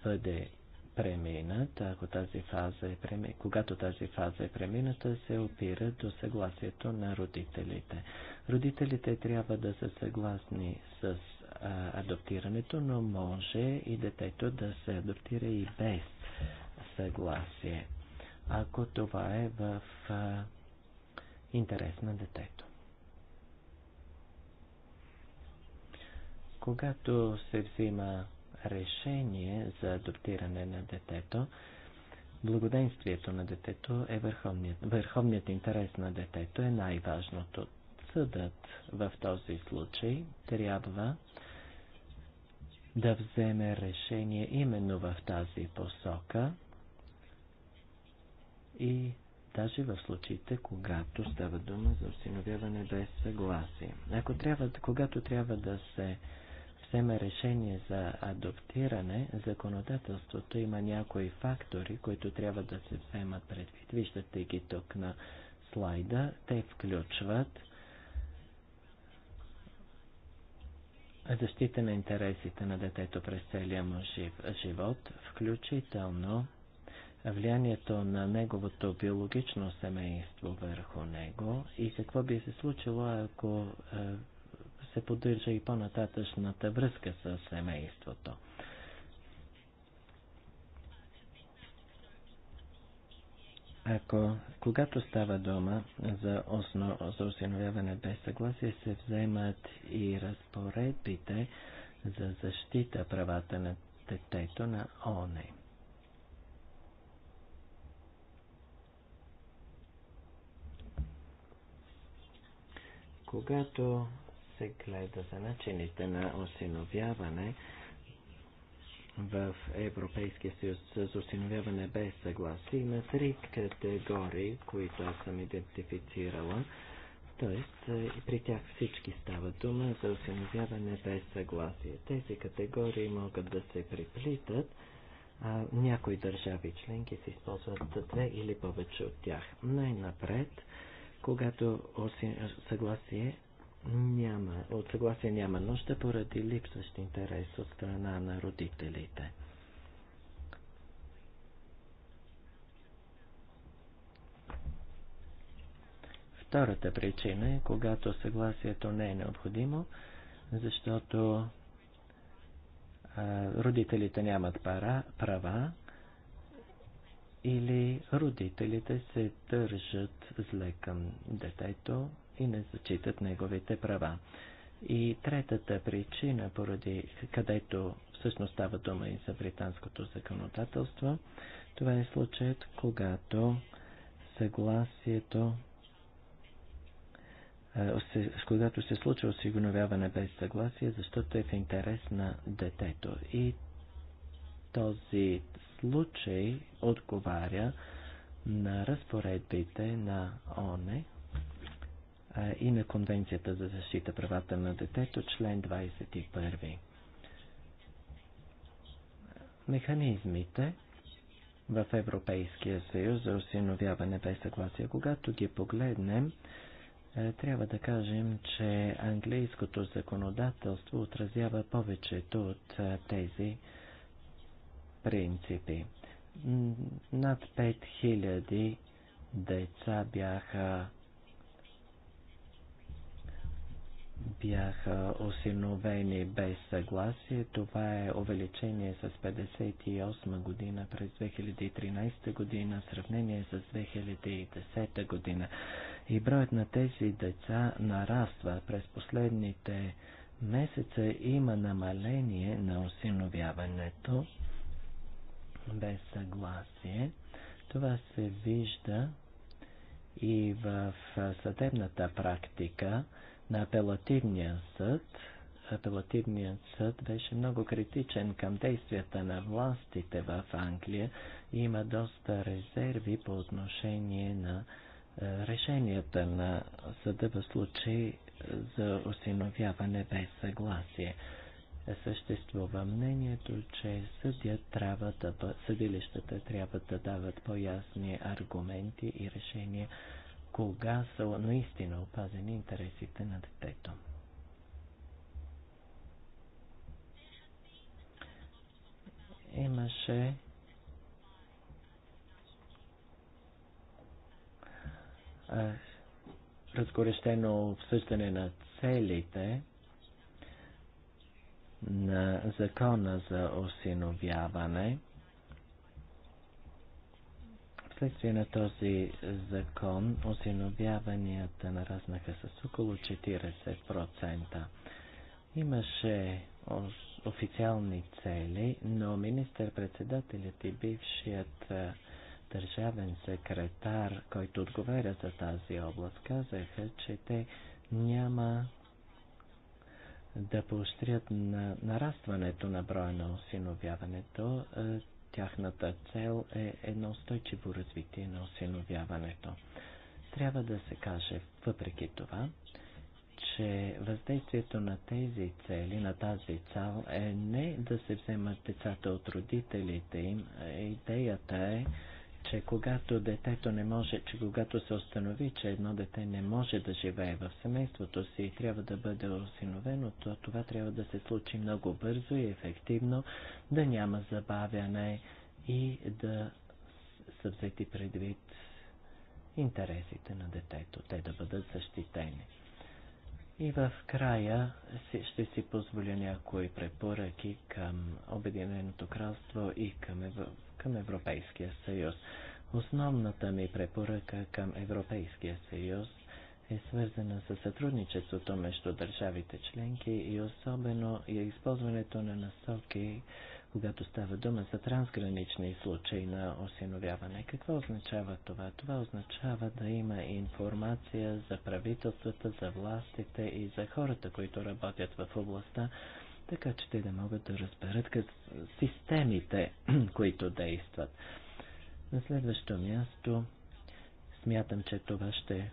бъде преминат, ако тази фаза е преми... когато тази фаза е премината, се опира до съгласието на родителите. Родителите трябва да са съгласни с а, адоптирането, но може и детето да се адоптира и без съгласие. Ако това е в а, интерес на детето. Когато се взима решение за адоптиране на детето, благоденствието на детето е върховният, върховният интерес на детето е най-важното. Съдът в този случай трябва да вземе решение именно в тази посока и даже в случаите, когато става дума за осиновяване без съгласие. Ако трябва, когато трябва да се вземе решение за адоптиране, законодателството има някои фактори, които трябва да се вземат предвид. Виждате ги тук на слайда. Те включват защита на интересите на детето през целия му жив, живот, включително влиянието на неговото биологично семейство върху него и какво би се случило, ако е, се поддържа и по-нататъчната връзка с семейството. Ако, когато става дома за, осно, за осиновяване без съгласие, се вземат и разпоредбите за защита правата на детето на ОНЕ. Когато се гледа за начините на осиновяване в Европейския съюз за осиновяване без съгласие, има три категории, които аз съм идентифицирала. Тоест, е, при тях всички става дума за осиновяване без съгласие. Тези категории могат да се приплитат. А, някои държави членки се използват две или повече от тях. Най-напред, когато съгласие няма, от съгласие няма нужда поради липсващ интерес от страна на родителите. Втората причина е, когато съгласието не е необходимо, защото а, родителите нямат пара, права или родителите се държат зле към детето и не зачитат неговите права. И третата причина, поради където всъщност става дума и за британското законодателство, това е случаят, когато съгласието когато се случва осигуровяване без съгласие, защото е в интерес на детето. И този случай отговаря на разпоредбите на ОНЕ и на Конвенцията за защита правата на детето, член 21. Механизмите в Европейския съюз за осиновяване без съгласие, когато ги погледнем, е, трябва да кажем, че английското законодателство отразява повечето от е, тези принципи. Над 5000 деца бяха бяха осиновени без съгласие. Това е увеличение с 58 година през 2013 година, в сравнение с 2010 година. И броят на тези деца нараства. През последните месеца има намаление на осиновяването без съгласие. Това се вижда и в съдебната практика на апелативния съд. Апелативният съд беше много критичен към действията на властите в Англия и има доста резерви по отношение на е, решенията на съда в случай за осиновяване без съгласие. Е, съществува мнението, че съдя трябва да, съдилищата трябва да дават по-ясни аргументи и решения, кога са наистина опазени интересите на детето. Имаше разгорещено обсъждане на целите на закона за осиновяване. Вследствие на този закон осиновяванията нараснаха с около 40%. Имаше официални цели, но министър-председателят и бившият държавен секретар, който отговаря за тази област, казаха, че те няма да поощрят на нарастването на броя на осиновяването. Е, тяхната цел е едно устойчиво развитие на осиновяването. Трябва да се каже, въпреки това, че въздействието на тези цели, на тази цел е не да се вземат децата от родителите им. Е, идеята е че когато детето не може, че когато се установи, че едно дете не може да живее в семейството си и трябва да бъде осиновено, то това трябва да се случи много бързо и ефективно, да няма забавяне и да са взети предвид интересите на детето, те да бъдат защитени. И в края ще си позволя някои препоръки към Обединеното кралство и към, Евро към Европейския съюз. Основната ми препоръка към Европейския съюз е свързана с сътрудничеството между държавите членки и особено и използването на насоки когато става дума за трансгранични случаи на осиновяване. Какво означава това? Това означава да има информация за правителствата, за властите и за хората, които работят в областта, така че те да могат да разберат как системите, *clears throat* които действат. На следващо място смятам, че това ще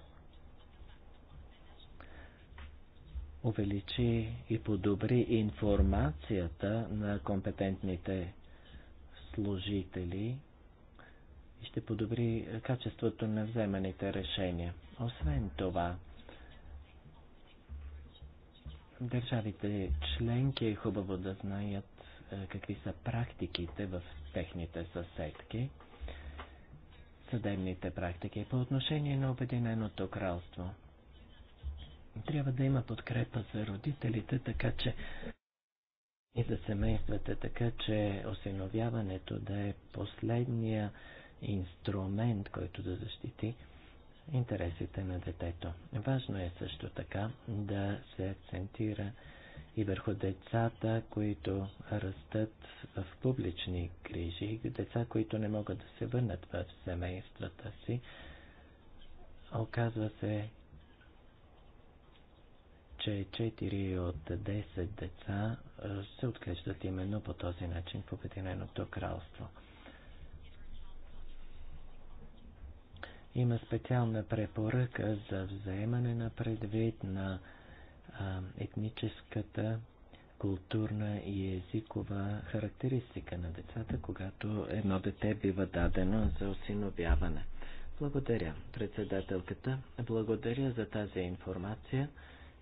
увеличи и подобри информацията на компетентните служители и ще подобри качеството на вземаните решения. Освен това, държавите членки е хубаво да знаят е, какви са практиките в техните съседки, съдебните практики по отношение на Обединеното кралство. Трябва да има подкрепа за родителите, така че и за семействата, така че осиновяването да е последния инструмент, който да защити интересите на детето. Важно е също така да се акцентира и върху децата, които растат в публични грижи, деца, които не могат да се върнат в семействата си. Оказва се, че 4 от 10 деца се отглеждат именно по този начин в Обединеното кралство. Има специална препоръка за вземане на предвид на а, етническата, културна и езикова характеристика на децата, когато едно дете бива дадено за осиновяване. Благодаря, председателката. Благодаря за тази информация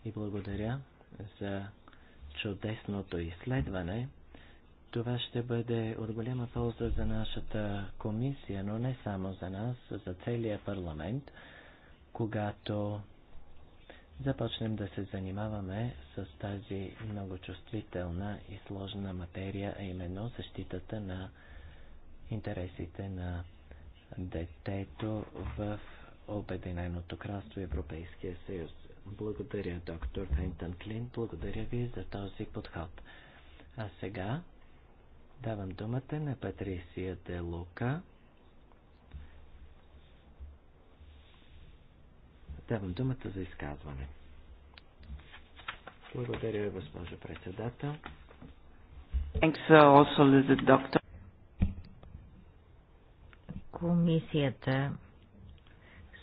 и благодаря за чудесното изследване. Това ще бъде от голяма полза за нашата комисия, но не само за нас, за целия парламент, когато започнем да се занимаваме с тази много чувствителна и сложна материя, а именно защитата на интересите на детето в Обединеното кралство Европейския съюз. Благодаря, доктор Фентън Клин. Благодаря ви за този подход. А сега давам думата на Патрисия Де Лука. Давам думата за изказване. Благодаря, госпожо председател. Uh, Комисията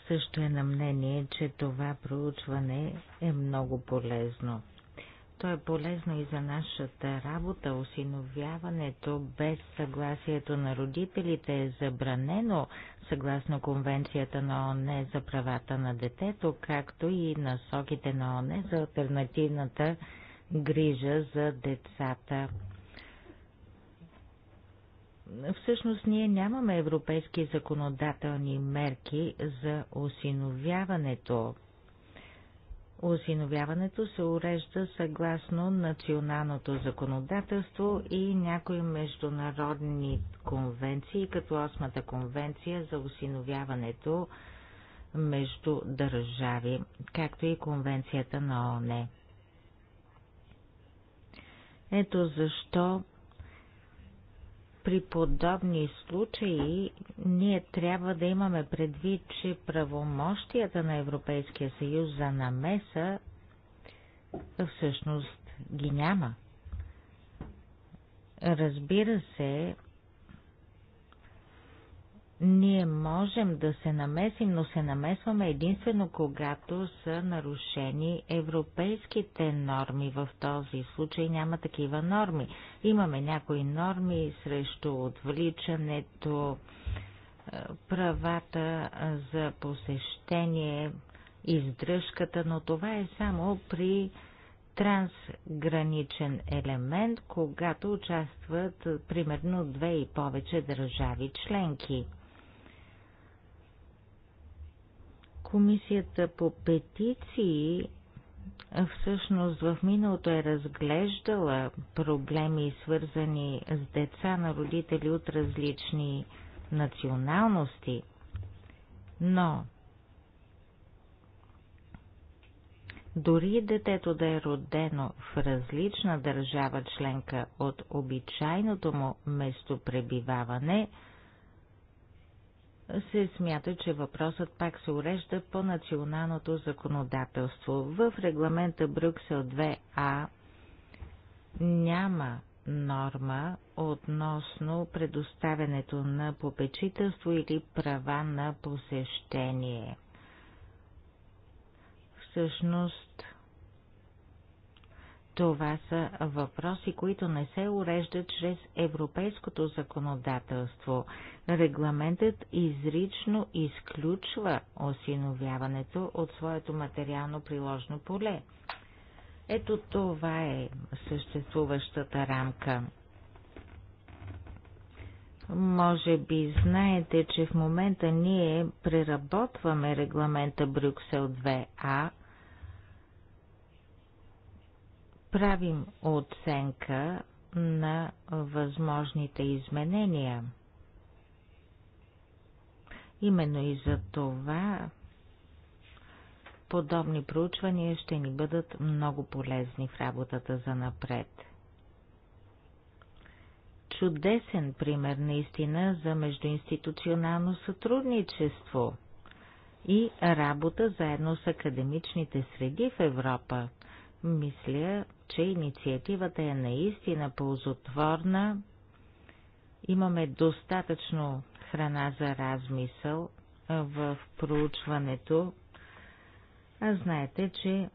също е на мнение, че това проучване е много полезно. То е полезно и за нашата работа. Осиновяването без съгласието на родителите е забранено съгласно Конвенцията на ОНЕ за правата на детето, както и насоките на ОНЕ за альтернативната грижа за децата. Всъщност ние нямаме европейски законодателни мерки за осиновяването. Осиновяването се урежда съгласно националното законодателство и някои международни конвенции, като Осмата конвенция за осиновяването между държави, както и конвенцията на ОНЕ. Ето защо при подобни случаи ние трябва да имаме предвид, че правомощията на Европейския съюз за намеса всъщност ги няма. Разбира се, ние можем да се намесим, но се намесваме единствено когато са нарушени европейските норми. В този случай няма такива норми. Имаме някои норми срещу отвличането, е, правата за посещение, издръжката, но това е само при трансграничен елемент, когато участват примерно две и повече държави членки – Комисията по петиции всъщност в миналото е разглеждала проблеми, свързани с деца на родители от различни националности, но дори детето да е родено в различна държава членка от обичайното му местопребиваване – се смята, че въпросът пак се урежда по националното законодателство. В регламента Брюксел 2А няма норма относно предоставянето на попечителство или права на посещение. Всъщност, това са въпроси, които не се уреждат чрез европейското законодателство. Регламентът изрично изключва осиновяването от своето материално приложно поле. Ето това е съществуващата рамка. Може би знаете, че в момента ние преработваме регламента Брюксел 2А – правим оценка на възможните изменения. Именно и за това подобни проучвания ще ни бъдат много полезни в работата за напред. Чудесен пример наистина за междуинституционално сътрудничество и работа заедно с академичните среди в Европа. Мисля, че инициативата е наистина ползотворна. Имаме достатъчно храна за размисъл в проучването, а знаете, че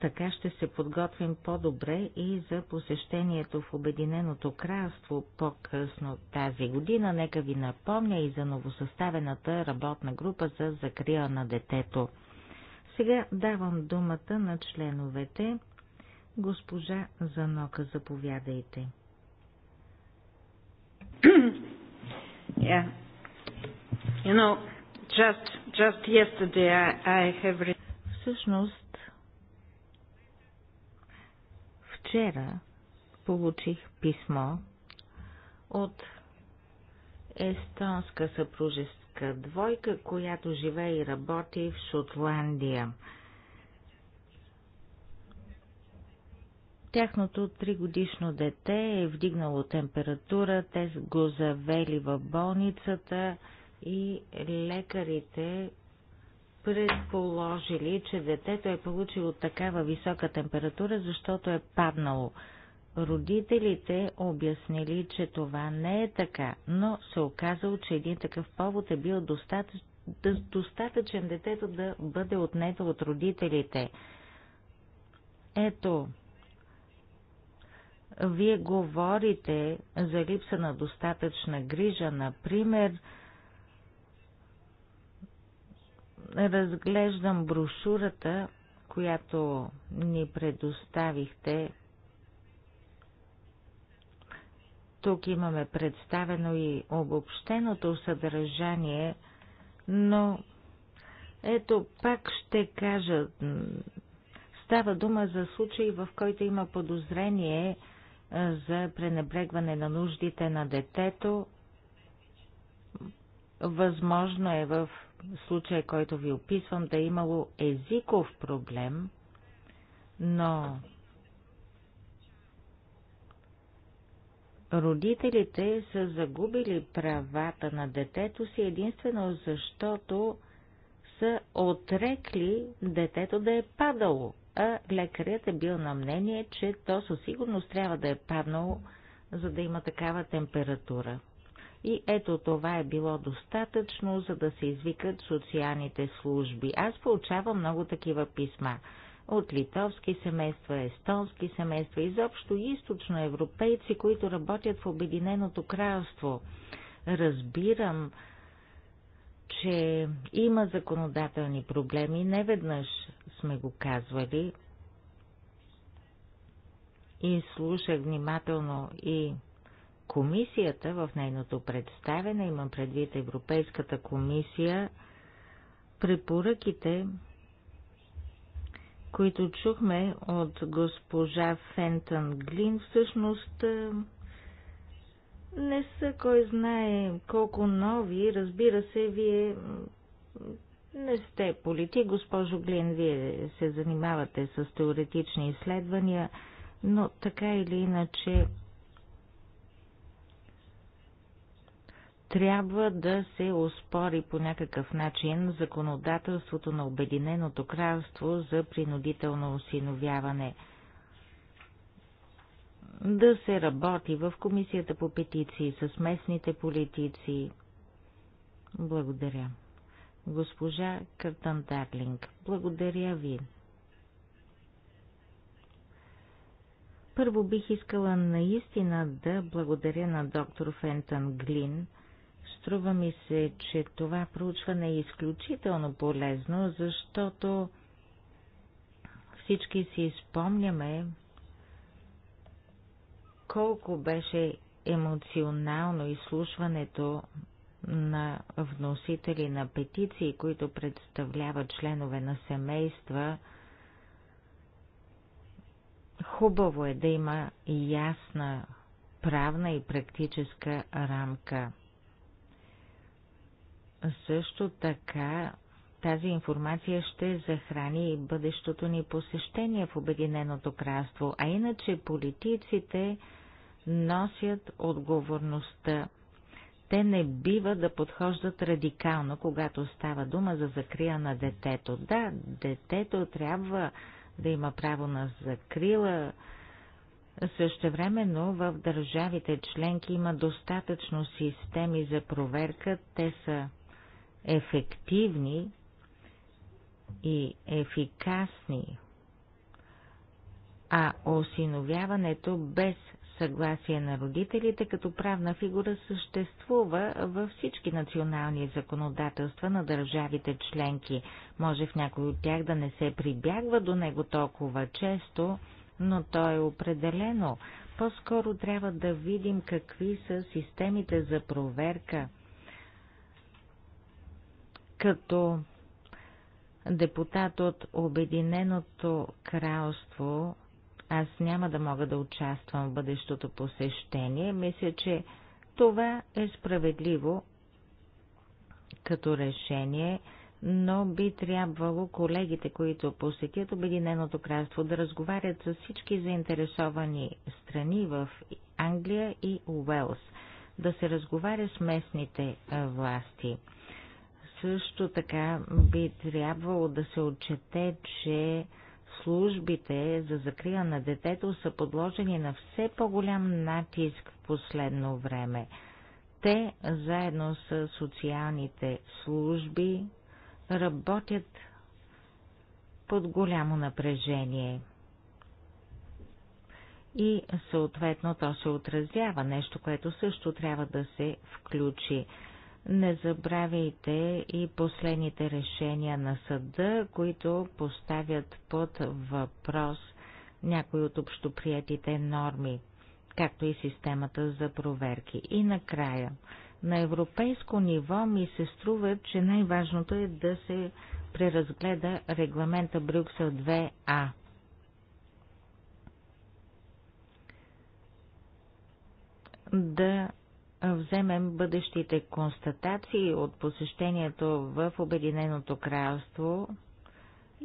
така ще се подготвим по-добре и за посещението в Обединеното кралство по-късно тази година. Нека ви напомня и за новосъставената работна група за закрила на детето. Сега давам думата на членовете. Госпожа Занока, заповядайте. Yeah. You know, just, just yesterday I, I have... Всъщност, вчера получих писмо от естонска съпружеска двойка, която живее и работи в Шотландия. Тяхното тригодишно дете е вдигнало температура, те го завели в болницата и лекарите предположили, че детето е получило такава висока температура, защото е паднало. Родителите обяснили, че това не е така, но се оказало, че един такъв повод е бил достатъчно достатъчен детето да бъде отнето от родителите. Ето, вие говорите за липса на достатъчна грижа, например, разглеждам брошурата, която ни предоставихте. Тук имаме представено и обобщеното съдържание, но ето пак ще кажа, става дума за случай, в който има подозрение, за пренебрегване на нуждите на детето. Възможно е в случая, който ви описвам, да е имало езиков проблем, но родителите са загубили правата на детето си единствено защото са отрекли детето да е падало а лекарят е бил на мнение, че то със сигурност трябва да е паднало, за да има такава температура. И ето това е било достатъчно, за да се извикат социалните служби. Аз получавам много такива писма от литовски семейства, естонски семейства, изобщо източноевропейци, които работят в Обединеното кралство. Разбирам, че има законодателни проблеми. не веднъж сме го казвали и слушах внимателно и комисията в нейното представене, имам предвид Европейската комисия, препоръките, които чухме от госпожа Фентън Глин, всъщност не са кой знае колко нови. Разбира се, вие не сте политик, госпожо Глин, вие се занимавате с теоретични изследвания, но така или иначе трябва да се оспори по някакъв начин законодателството на Обединеното кралство за принудително осиновяване. Да се работи в Комисията по петиции с местните политици. Благодаря. Госпожа Картан Дарлинг, благодаря ви. Първо бих искала наистина да благодаря на доктор Фентън Глин. Струва ми се, че това проучване е изключително полезно, защото всички си спомняме колко беше емоционално изслушването на вносители на петиции, които представляват членове на семейства, хубаво е да има ясна правна и практическа рамка. Също така тази информация ще захрани и бъдещото ни посещение в Обединеното кралство, а иначе политиците носят отговорността те не бива да подхождат радикално, когато става дума за закрия на детето. Да, детето трябва да има право на закрила. Същевременно в държавите членки има достатъчно системи за проверка, те са ефективни и ефикасни, а осиновяването без съгласие на родителите като правна фигура съществува във всички национални законодателства на държавите членки. Може в някой от тях да не се прибягва до него толкова често, но то е определено. По-скоро трябва да видим какви са системите за проверка. Като депутат от Обединеното кралство аз няма да мога да участвам в бъдещото посещение. Мисля, че това е справедливо като решение, но би трябвало колегите, които посетят Обединеното кралство, да разговарят с всички заинтересовани страни в Англия и Уелс, да се разговаря с местните власти. Също така би трябвало да се отчете, че службите за закрила на детето са подложени на все по-голям натиск в последно време. Те, заедно с социалните служби, работят под голямо напрежение. И съответно то се отразява, нещо, което също трябва да се включи. Не забравяйте и последните решения на съда, които поставят под въпрос някои от общоприятите норми, както и системата за проверки. И накрая, на европейско ниво ми се струва, че най-важното е да се преразгледа регламента Брюксел 2А. Да вземем бъдещите констатации от посещението в Обединеното кралство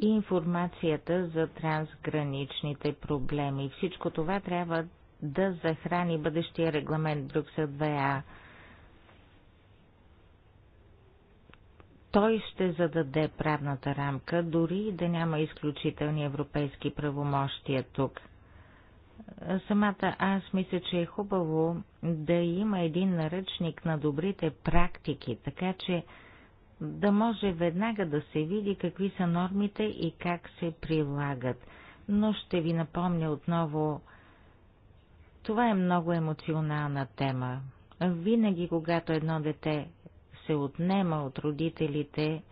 и информацията за трансграничните проблеми. Всичко това трябва да захрани бъдещия регламент Брюксел 2А. Той ще зададе правната рамка, дори да няма изключителни европейски правомощия тук – самата аз мисля, че е хубаво да има един наръчник на добрите практики, така че да може веднага да се види какви са нормите и как се прилагат. Но ще ви напомня отново, това е много емоционална тема. Винаги, когато едно дете се отнема от родителите,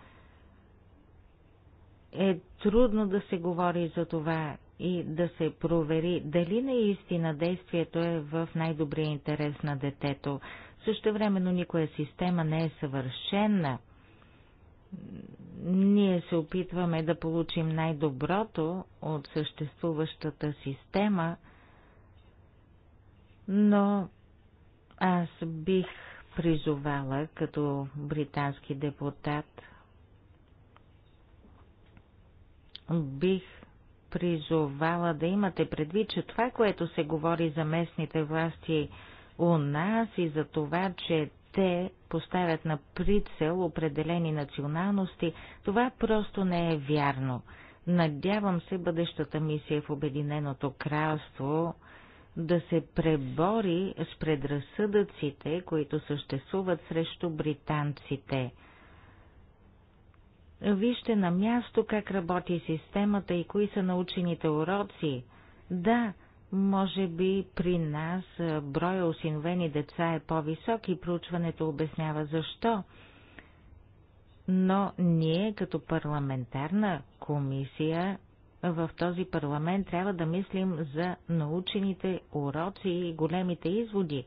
е трудно да се говори за това, и да се провери дали наистина действието е в най-добрия интерес на детето. Също времено никоя система не е съвършена. Ние се опитваме да получим най-доброто от съществуващата система, но аз бих призовала като британски депутат, бих призовала да имате предвид, че това, което се говори за местните власти у нас и за това, че те поставят на прицел определени националности, това просто не е вярно. Надявам се бъдещата мисия в Обединеното кралство да се пребори с предразсъдъците, които съществуват срещу британците – Вижте на място как работи системата и кои са научените уроци. Да, може би при нас броя осиновени деца е по-висок и проучването обяснява защо. Но ние като парламентарна комисия в този парламент трябва да мислим за научените уроци и големите изводи.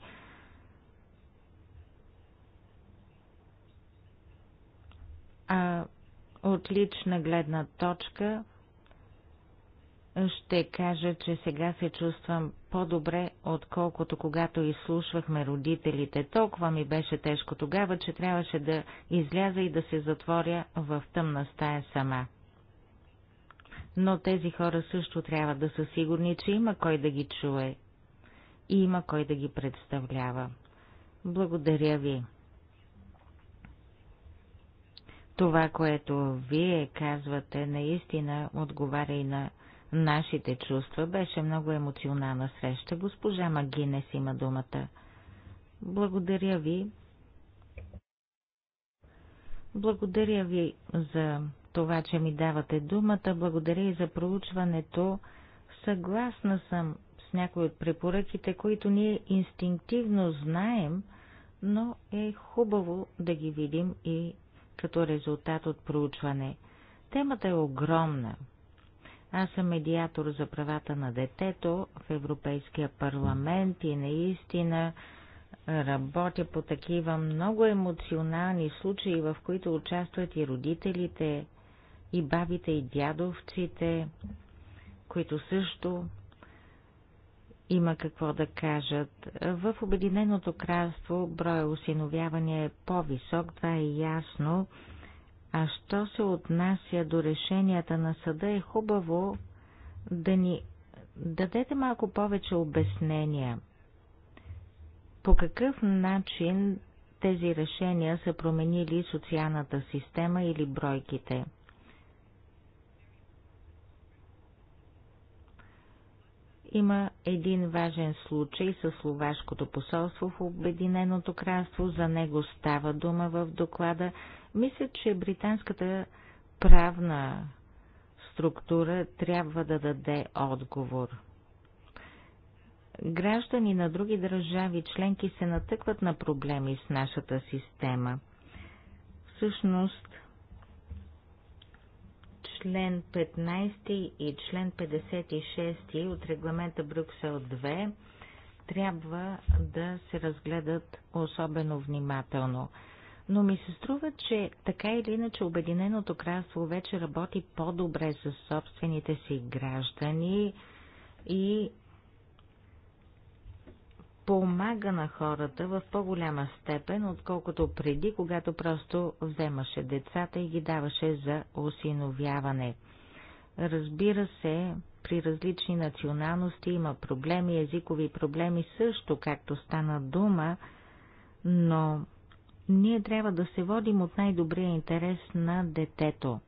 А от лична гледна точка ще кажа, че сега се чувствам по-добре, отколкото когато изслушвахме родителите. Толкова ми беше тежко тогава, че трябваше да изляза и да се затворя в тъмна стая сама. Но тези хора също трябва да са сигурни, че има кой да ги чуе и има кой да ги представлява. Благодаря ви. Това, което вие казвате, наистина отговаря и на нашите чувства. Беше много емоционална среща. Госпожа Магинес има думата. Благодаря ви. Благодаря ви за това, че ми давате думата. Благодаря и за проучването. Съгласна съм с някои от препоръките, които ние инстинктивно знаем, но е хубаво да ги видим и като резултат от проучване. Темата е огромна. Аз съм медиатор за правата на детето в Европейския парламент и наистина работя по такива много емоционални случаи, в които участват и родителите, и бабите, и дядовците, които също има какво да кажат. В Обединеното кралство броя осиновявания е по-висок, това е ясно. А що се отнася до решенията на съда, е хубаво да ни дадете малко повече обяснения. По какъв начин тези решения са променили социалната система или бройките? Има един важен случай със Словашкото посолство в Обединеното кралство. За него става дума в доклада. Мисля, че британската правна структура трябва да даде отговор. Граждани на други държави членки се натъкват на проблеми с нашата система. Всъщност, член 15 и член 56 от регламента Брюксел 2 трябва да се разгледат особено внимателно. Но ми се струва, че така или иначе Обединеното кралство вече работи по-добре с собствените си граждани и помага на хората в по-голяма степен, отколкото преди, когато просто вземаше децата и ги даваше за осиновяване. Разбира се, при различни националности има проблеми, езикови проблеми също, както стана дума, но ние трябва да се водим от най-добрия интерес на детето.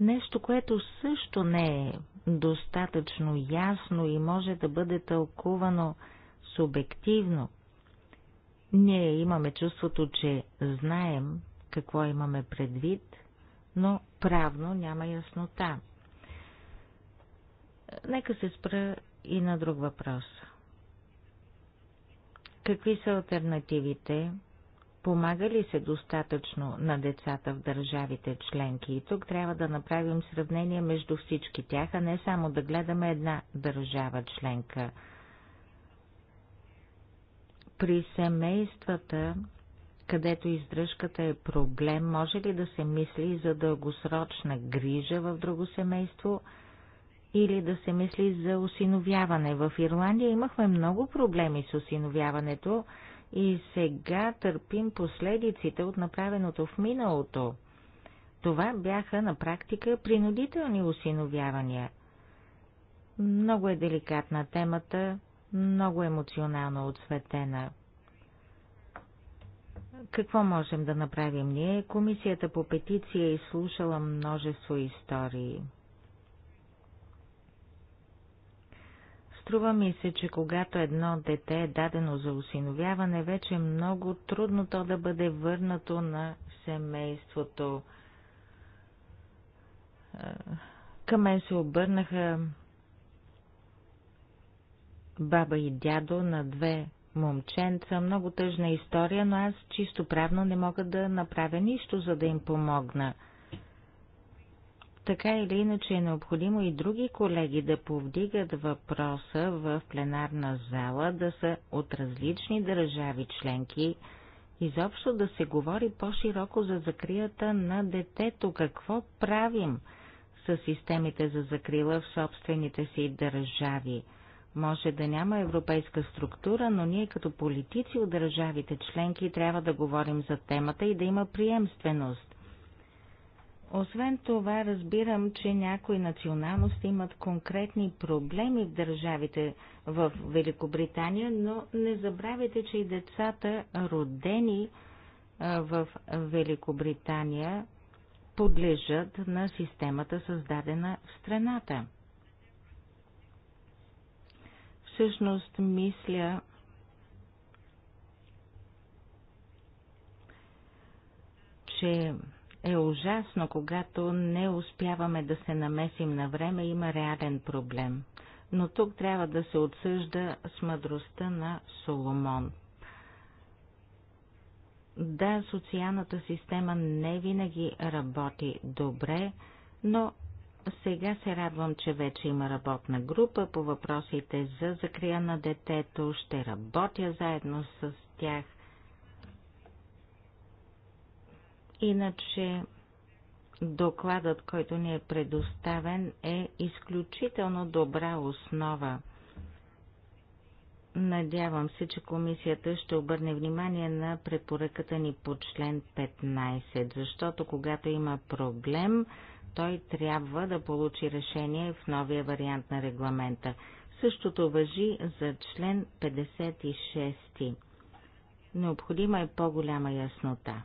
Нещо, което също не е достатъчно ясно и може да бъде тълкувано субективно. Ние имаме чувството, че знаем какво имаме предвид, но правно няма яснота. Нека се спра и на друг въпрос. Какви са альтернативите Помага ли се достатъчно на децата в държавите членки? И тук трябва да направим сравнение между всички тях, а не само да гледаме една държава членка. При семействата, където издръжката е проблем, може ли да се мисли за дългосрочна грижа в друго семейство или да се мисли за осиновяване? В Ирландия имахме много проблеми с осиновяването, и сега търпим последиците от направеното в миналото. Това бяха на практика принудителни осиновявания. Много е деликатна темата, много емоционално отсветена. Какво можем да направим ние? Комисията по петиция е изслушала множество истории. Струва ми се, че когато едно дете е дадено за осиновяване, вече е много трудно то да бъде върнато на семейството. Е, към мен се обърнаха баба и дядо на две момченца. Много тъжна история, но аз чисто правно не мога да направя нищо, за да им помогна – така или иначе е необходимо и други колеги да повдигат въпроса в пленарна зала, да са от различни държави членки, изобщо да се говори по-широко за закрията на детето, какво правим с системите за закрила в собствените си държави. Може да няма европейска структура, но ние като политици от държавите членки трябва да говорим за темата и да има приемственост. Освен това, разбирам, че някои националности имат конкретни проблеми в държавите в Великобритания, но не забравяйте, че и децата, родени в Великобритания, подлежат на системата, създадена в страната. Всъщност, мисля, че е ужасно, когато не успяваме да се намесим на време, има реален проблем. Но тук трябва да се отсъжда с мъдростта на Соломон. Да, социалната система не винаги работи добре, но сега се радвам, че вече има работна група по въпросите за закрия на детето. Ще работя заедно с тях – Иначе докладът, който ни е предоставен, е изключително добра основа. Надявам се, че комисията ще обърне внимание на препоръката ни по член 15, защото когато има проблем, той трябва да получи решение в новия вариант на регламента. Същото въжи за член 56. Необходима е по-голяма яснота.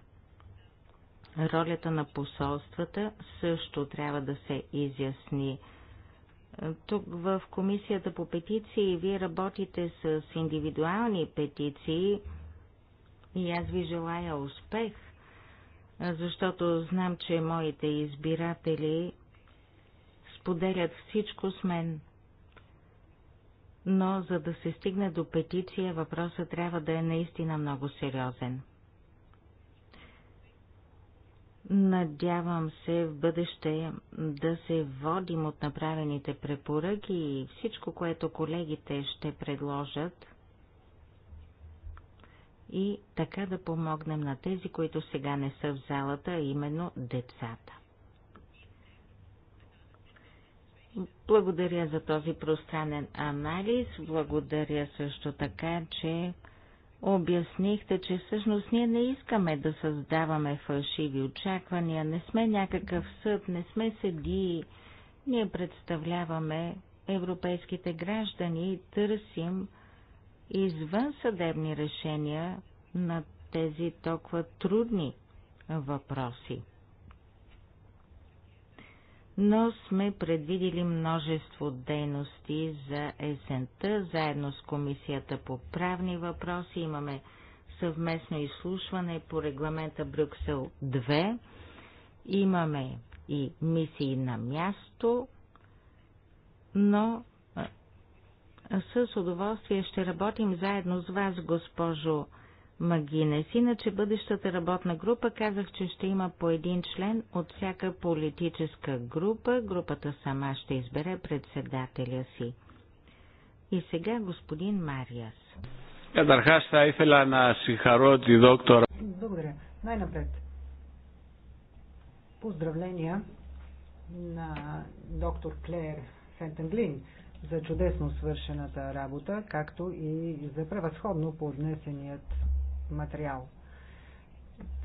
Ролята на посолствата също трябва да се изясни. Тук в Комисията по петиции вие работите с индивидуални петиции и аз ви желая успех, защото знам, че моите избиратели споделят всичко с мен. Но за да се стигне до петиция, въпросът трябва да е наистина много сериозен. Надявам се в бъдеще да се водим от направените препоръки и всичко, което колегите ще предложат и така да помогнем на тези, които сега не са в залата, а именно децата. Благодаря за този пространен анализ, благодаря също така, че Обяснихте, че всъщност ние не искаме да създаваме фалшиви очаквания, не сме някакъв съд, не сме съдии. Ние представляваме европейските граждани и търсим извън съдебни решения на тези толкова трудни въпроси но сме предвидили множество дейности за есента, заедно с Комисията по правни въпроси. Имаме съвместно изслушване по регламента Брюксел 2. Имаме и мисии на място, но с удоволствие ще работим заедно с вас, госпожо Магинес. Иначе бъдещата работна група казах, че ще има по един член от всяка политическа група. Групата сама ще избере председателя си. И сега господин Мариас. Καταρχάς θα ήθελα να συγχαρώ τη δόκτωρα. Добре, най-напред. Поздравления на доктор Клеер Фентенглин за чудесно свършената работа, както и за превъзходно поднесеният материал.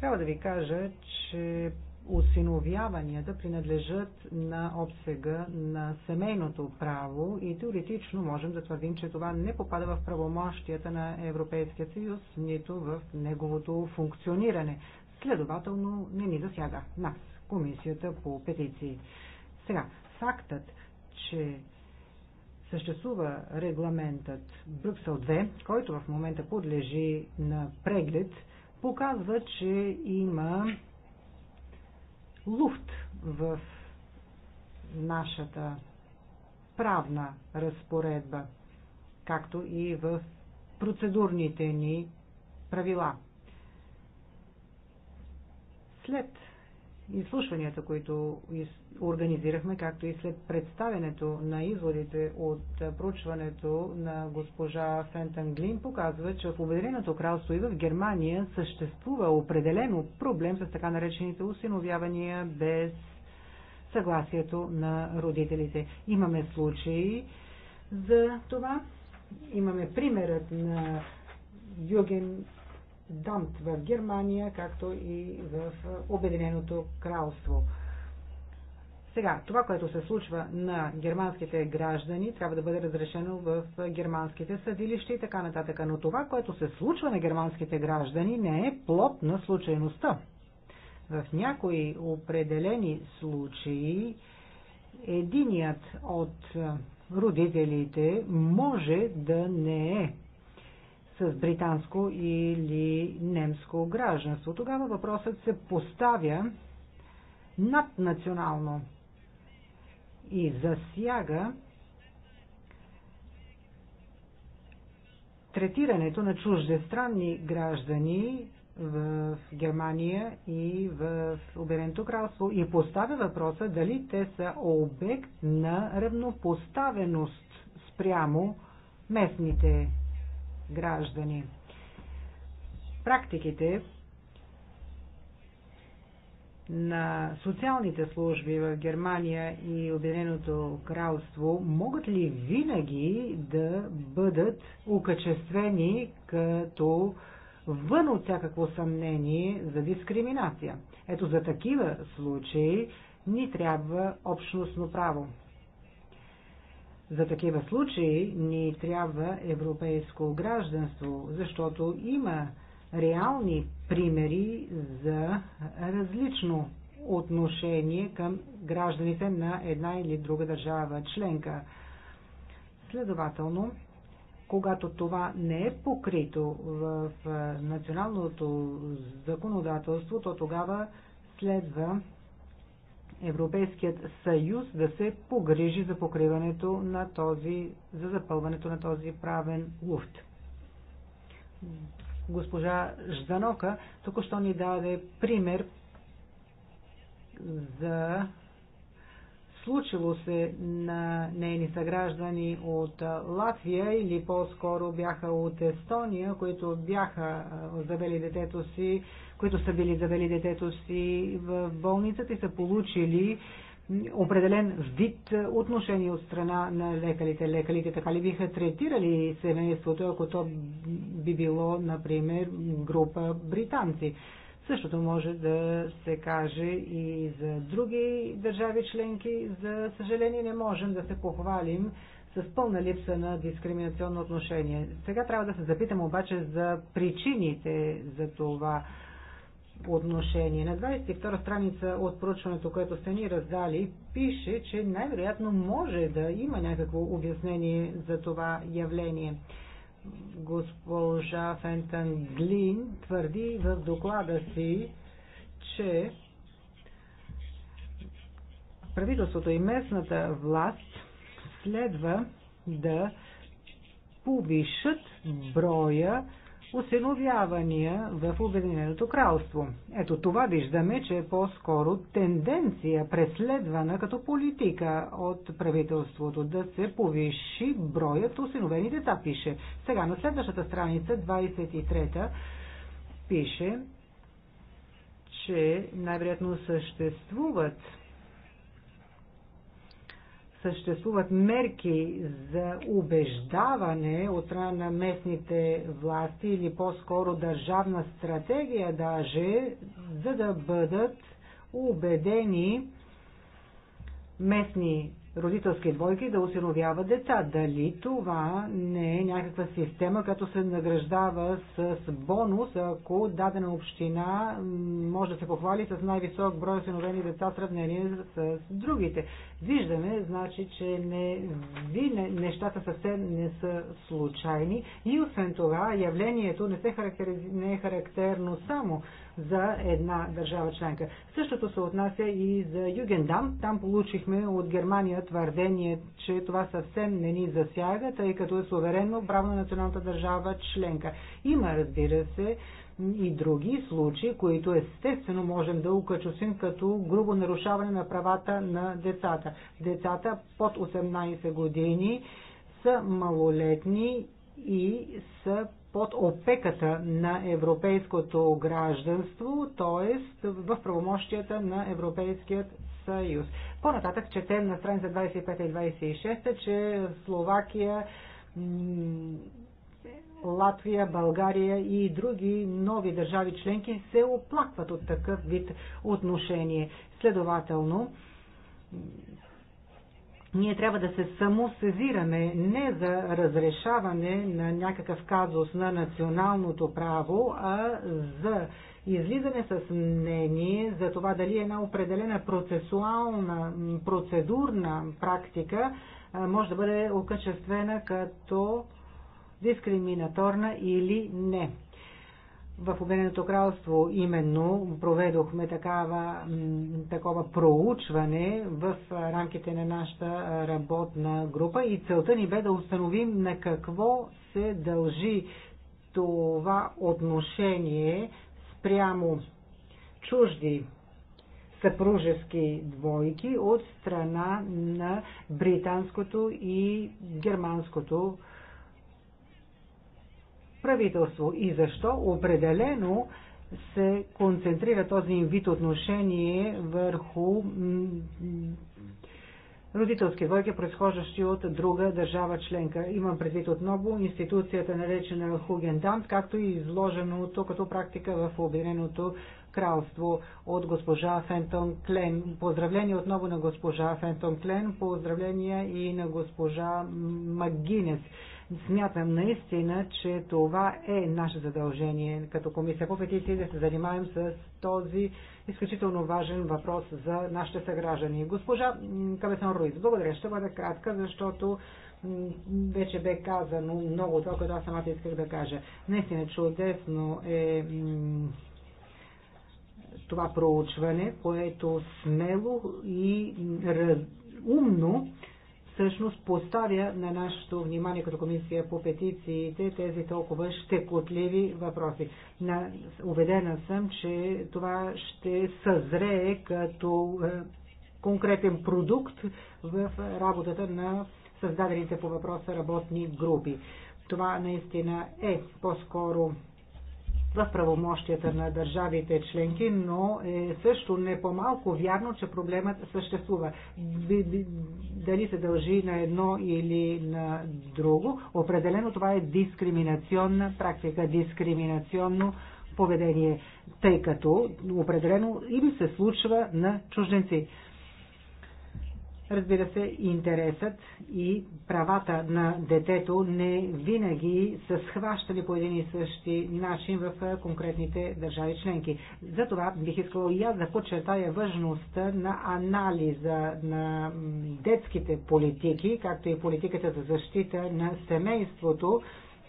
Трябва да ви кажа, че осиновяванията принадлежат на обсега на семейното право и теоретично можем да твърдим, че това не попада в правомощията на Европейския съюз, нито в неговото функциониране. Следователно не ни засяга нас, Комисията по петиции. Сега, фактът, че съществува регламентът Брюксел 2, който в момента подлежи на преглед, показва, че има луфт в нашата правна разпоредба, както и в процедурните ни правила. След изслушванията, които организирахме, както и след представенето на изводите от проучването на госпожа Фентън Глин, показва, че в Обединеното кралство и в Германия съществува определено проблем с така наречените усиновявания без съгласието на родителите. Имаме случаи за това. Имаме примерът на Юген Дамт в Германия, както и в е, Обединеното кралство. Сега, това, което се случва на германските граждани, трябва да бъде разрешено в германските съдилища и така нататък. Но това, което се случва на германските граждани, не е плод на случайността. В някои определени случаи единият от родителите може да не е с британско или немско гражданство. Тогава въпросът се поставя наднационално и засяга третирането на чуждестранни граждани в Германия и в Обереното кралство и поставя въпроса дали те са обект на равнопоставеност спрямо местните граждани. Практиките на социалните служби в Германия и Обединеното кралство могат ли винаги да бъдат окачествени като вън от всякакво съмнение за дискриминация? Ето за такива случаи ни трябва общностно право. За такива случаи ни трябва европейско гражданство, защото има реални примери за различно отношение към гражданите на една или друга държава членка. Следователно, когато това не е покрито в националното законодателство, то тогава следва Европейският съюз да се погрижи за покриването на този, за запълването на този правен луфт. Госпожа Жданока току-що ни даде пример за случило се на нейни съграждани от Латвия или по-скоро бяха от Естония, които бяха завели детето си които са били завели детето си в болницата и са получили определен вид отношение от страна на лекарите. Лекарите така ли биха третирали семейството, ако то би било, например, група британци? Същото може да се каже и за други държави членки. За съжаление не можем да се похвалим с пълна липса на дискриминационно отношение. Сега трябва да се запитам обаче за причините за това отношение. На 22 страница от проучването, което сте ни раздали, пише, че най-вероятно може да има някакво обяснение за това явление. Госпожа Фентън Глин твърди в доклада си, че правителството и местната власт следва да повишат броя осиновявания в Обединеното кралство. Ето това виждаме, че е по-скоро тенденция преследвана като политика от правителството да се повиши броят осиновени деца, пише. Сега на следващата страница, 23-та, пише, че най-вероятно съществуват съществуват мерки за убеждаване от страна на местните власти или по-скоро държавна стратегия даже, за да бъдат убедени местни родителски двойки да осиновяват деца. Дали това не е някаква система, като се награждава с бонус, ако дадена община може да се похвали с най-висок брой осиновени деца в сравнение с другите. Виждаме, значи, че не, нещата съвсем не са случайни и освен това явлението не, се характери... не е характерно само за една държава членка. Същото се отнася и за Югендам. Там получихме от Германия твърдение, че това съвсем не ни засяга, тъй като е суверенно право на националната държава членка. Има, разбира се, и други случаи, които естествено можем да укачусим като грубо нарушаване на правата на децата. Децата под 18 години са малолетни и са под опеката на европейското гражданство, т.е. в правомощията на Европейският съюз. По-нататък четем на страница 25 и 26, че Словакия, Латвия, България и други нови държави членки се оплакват от такъв вид отношение. Следователно, ние трябва да се самосезираме не за разрешаване на някакъв казус на националното право, а за излизане с мнение за това дали една определена процесуална, процедурна практика може да бъде окачествена като дискриминаторна или не в Обединеното кралство именно проведохме такава, такова проучване в рамките на нашата работна група и целта ни бе да установим на какво се дължи това отношение спрямо чужди съпружески двойки от страна на британското и германското правителство и защо определено се концентрира този вид отношение върху родителски двойки, произхождащи от друга държава членка. Имам предвид отново институцията наречена Хугендант, както и изложеното като практика в Обединеното кралство от госпожа Фентон Клен. Поздравление отново на госпожа Фентон Клен, поздравления и на госпожа Магинес. Смятам наистина, че това е наше задължение като комисия по петиции да се занимаем с този изключително важен въпрос за нашите съграждани. Госпожа Кабесан Руиз, благодаря. Ще бъда кратка, защото вече бе казано много това, което аз самата исках да кажа. Наистина чудесно е това проучване, което смело и раз, умно всъщност поставя на нашето внимание като комисия по петициите тези толкова щекотливи въпроси. На, убедена съм, че това ще съзрее като е, конкретен продукт в работата на създадените по въпроса работни групи. Това наистина е по-скоро в правомощията на държавите членки, но е също не по-малко вярно, че проблемът съществува. Дали се дължи на едно или на друго, определено това е дискриминационна практика, дискриминационно поведение, тъй като определено им се случва на чужденци. Разбира се, интересът и правата на детето не винаги са схващани по един и същи начин в конкретните държави членки. Затова бих искала и аз да подчертая важността на анализа на детските политики, както и политиката за защита на семейството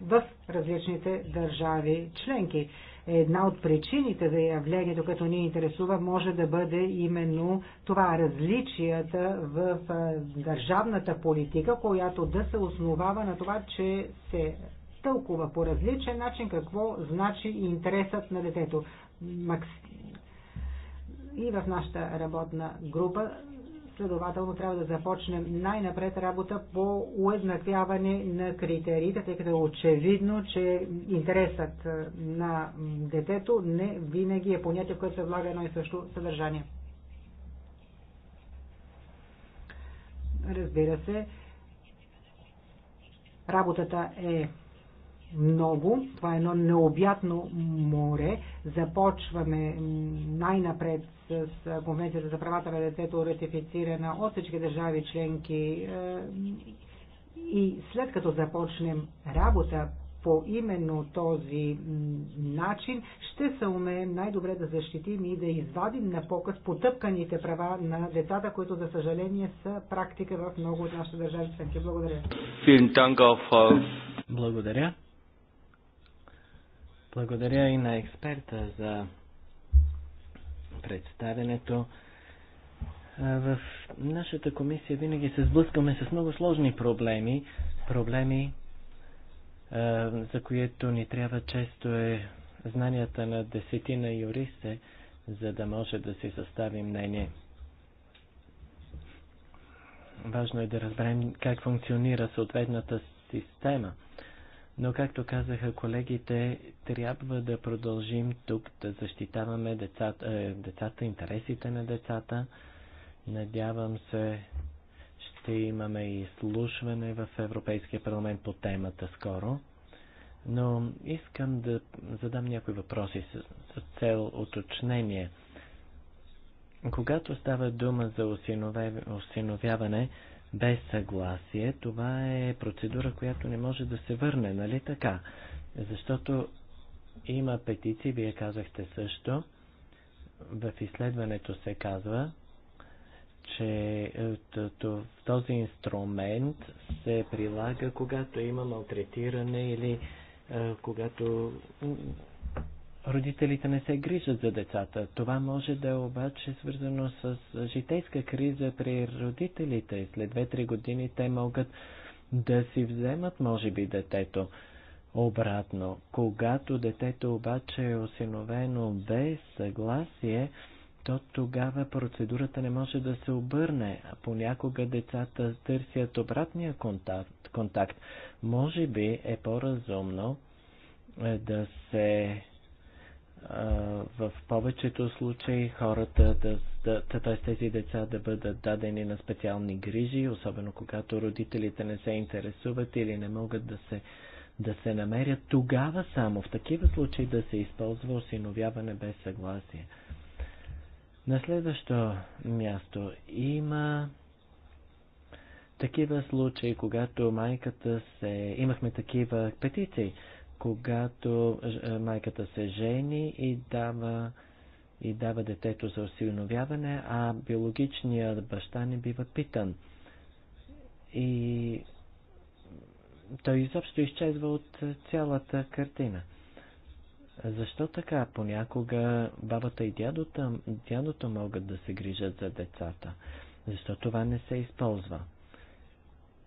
в различните държави членки една от причините за явлението, като ни интересува, може да бъде именно това различията в държавната политика, която да се основава на това, че се тълкува по различен начин какво значи интересът на детето. И в нашата работна група Следователно трябва да започнем най-напред работа по уеднаквяване на критериите, тъй като е очевидно, че интересът на детето не винаги е понятие, в което се влага едно и също съдържание. Разбира се, работата е много. Това е едно необятно море. Започваме най-напред с Конвенцията за правата на детето, ратифицирана от всички държави членки. Е, и след като започнем работа по именно този начин, ще се умеем най-добре да защитим и да извадим на показ потъпканите права на децата, които за съжаление са практика в много от нашите държави членки. Благодаря. Благодаря. Благодаря и на експерта за представенето. В нашата комисия винаги се сблъскаме с много сложни проблеми, проблеми, за които ни трябва често е знанията на десетина юристи, за да може да си състави мнение. Важно е да разберем как функционира съответната система. Но, както казаха колегите, трябва да продължим тук да защитаваме децата, е, децата интересите на децата. Надявам се, ще имаме и слушване в Европейския парламент по темата скоро. Но искам да задам някои въпроси с, с цел уточнение. Когато става дума за осиновяване, без съгласие, това е процедура, която не може да се върне, нали така? Защото има петиции, вие казахте също, в изследването се казва, че е, този инструмент се прилага, когато има малтретиране или е, когато родителите не се грижат за децата. Това може да е обаче свързано с житейска криза при родителите. След 2-3 години те могат да си вземат, може би, детето обратно. Когато детето обаче е осиновено без съгласие, то тогава процедурата не може да се обърне. а Понякога децата търсят обратния контакт. контакт. Може би е по-разумно е, да се в повечето случаи хората, да, да, т.е. тези деца да бъдат дадени на специални грижи, особено когато родителите не се интересуват или не могат да се, да се намерят, тогава само в такива случаи да се използва осиновяване без съгласие. На следващо място има такива случаи, когато майката се... Имахме такива петиции когато е, е, майката се жени и дава, и дава детето за осиновяване, а биологичният баща не бива питан. И той изобщо изчезва от е, цялата картина. Защо така? Понякога бабата и дядото, дядото могат да се грижат за децата. Защо това не се използва?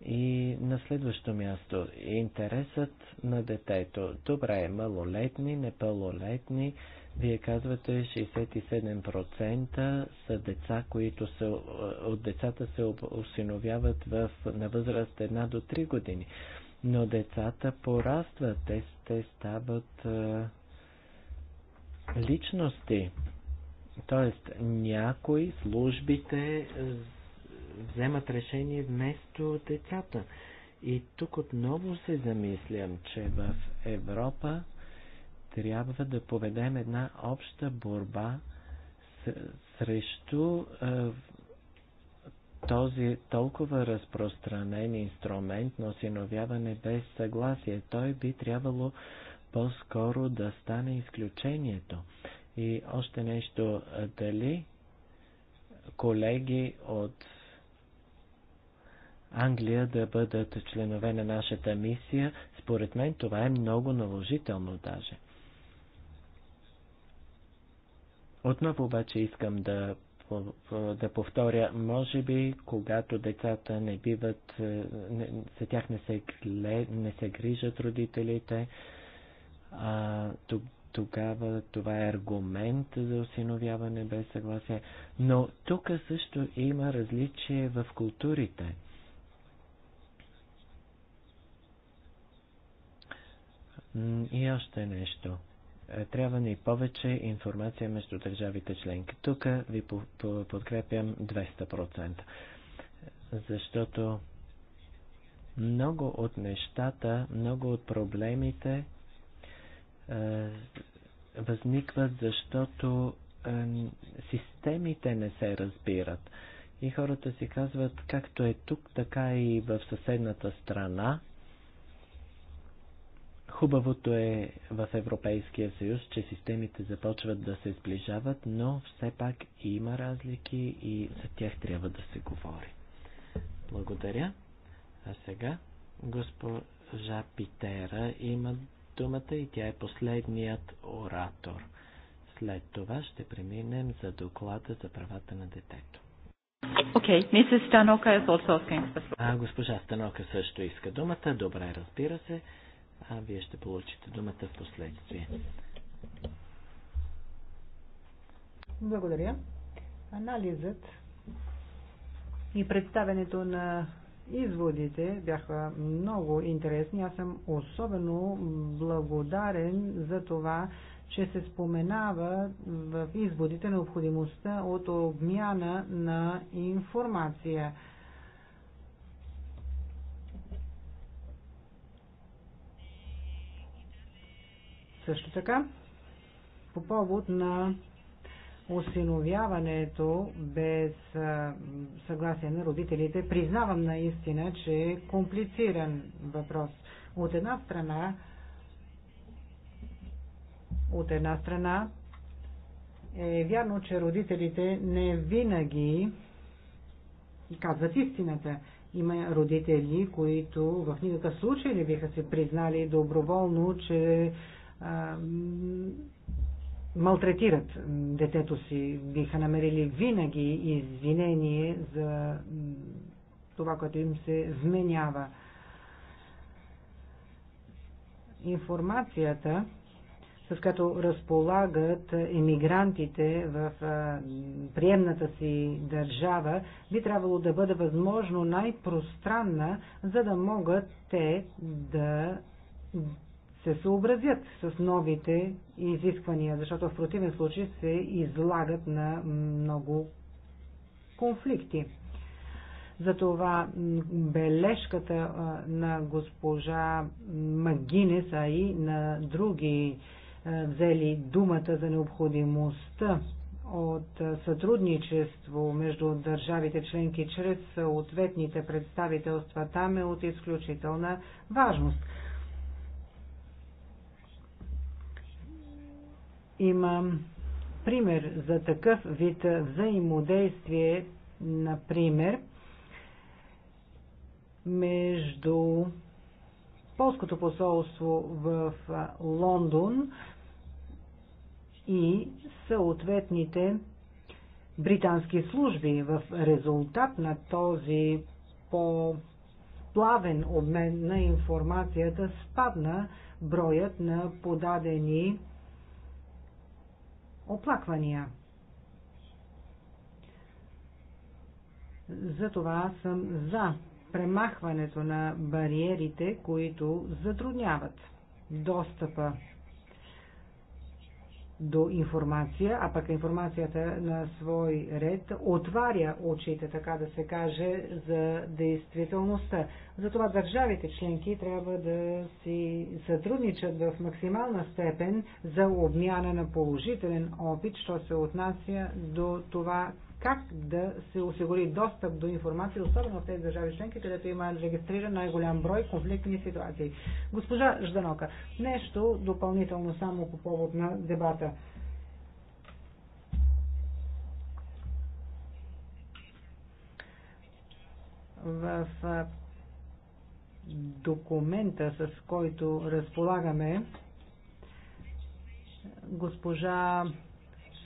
И на следващо място, интересът на детето. Добре, малолетни, непълнолетни, вие казвате 67% са деца, които се, от децата се осиновяват в, на възраст 1 до 3 години. Но децата порастват, те, те стават е, личности. Тоест, някои службите вземат решение вместо децата. И тук отново се замислям, че в Европа трябва да поведем една обща борба срещу е, този толкова разпространен инструмент на осиновяване без съгласие. Той би трябвало по-скоро да стане изключението. И още нещо, дали колеги от Англия да бъдат членове на нашата мисия. Според мен това е много наложително даже. Отново обаче искам да, да повторя, може би, когато децата не биват, е, не, за тях не се, не се грижат родителите, а, тогава това е аргумент за осиновяване без съгласие. Но тук също има различие в културите. И още нещо. Е, трябва ни повече информация между държавите членки. Тук ви подкрепям 200%. Защото много от нещата, много от проблемите е, възникват, защото е, системите не се разбират. И хората си казват, както е тук, така и в съседната страна, Хубавото е в Европейския съюз, че системите започват да се сближават, но все пак има разлики и за тях трябва да се говори. Благодаря. А сега госпожа Питера има думата и тя е последният оратор. След това ще преминем за доклада за правата на детето. Окей, okay. Stanoka also А, госпожа Станока също иска думата. Добре, разбира се а вие ще получите думата в последствие. Благодаря. Анализът и представенето на изводите бяха много интересни. Аз съм особено благодарен за това, че се споменава в изводите необходимостта от обмяна на информация. Също така, по повод на осиновяването без съгласие на родителите, признавам наистина, че е комплициран въпрос. От една страна, от една страна е вярно, че родителите не винаги казват истината. Има родители, които в никакъв случай не биха се признали доброволно, че малтретират детето си, биха намерили винаги извинение за това, което им се вменява. Информацията, с като разполагат емигрантите в приемната си държава, би трябвало да бъде възможно най-пространна, за да могат те да се съобразят с новите изисквания, защото в противен случай се излагат на много конфликти. Затова бележката на госпожа Магинес, а и на други взели думата за необходимостта от сътрудничество между държавите членки чрез съответните представителства там е от изключителна важност. Има пример за такъв вид взаимодействие, например, между Полското посолство в Лондон и съответните британски служби. В резултат на този по-плавен обмен на информацията спадна броят на подадени оплаквания. Затова съм за премахването на бариерите, които затрудняват достъпа до информация, а пък информацията на свой ред отваря очите, така да се каже, за действителността. Затова държавите членки трябва да си сътрудничат в максимална степен за обмяна на положителен опит, що се отнася до това как да се осигури достъп до информация, особено в тези държави членки, където има регистриран най-голям брой конфликтни ситуации. Госпожа Жданока, нещо допълнително само по повод на дебата. В документа, с който разполагаме, госпожа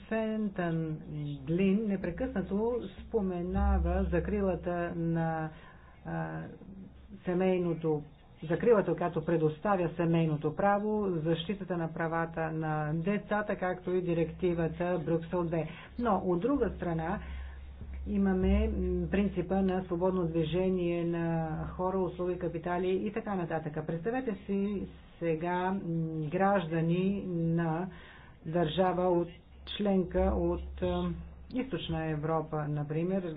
Фентън Глин непрекъснато споменава закрилата на а, семейното закрилата, която предоставя семейното право, защитата на правата на децата, както и директивата Брюксел 2. Но от друга страна имаме принципа на свободно движение на хора, услуги, капитали и така нататък. Представете си сега граждани на държава от членка от източна Европа, например.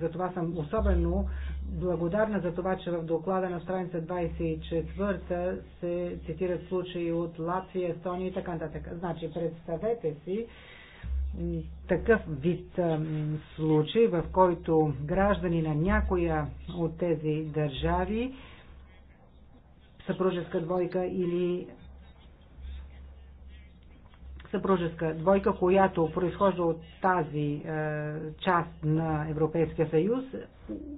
За това съм особено благодарна за това, че в доклада на страница 24 се цитират случаи от Латвия, Естония и така нататък. Значи, представете си такъв вид случай, в който граждани на някоя от тези държави съпружеска двойка или съпружеска двойка, която произхожда от тази е, част на Европейския съюз,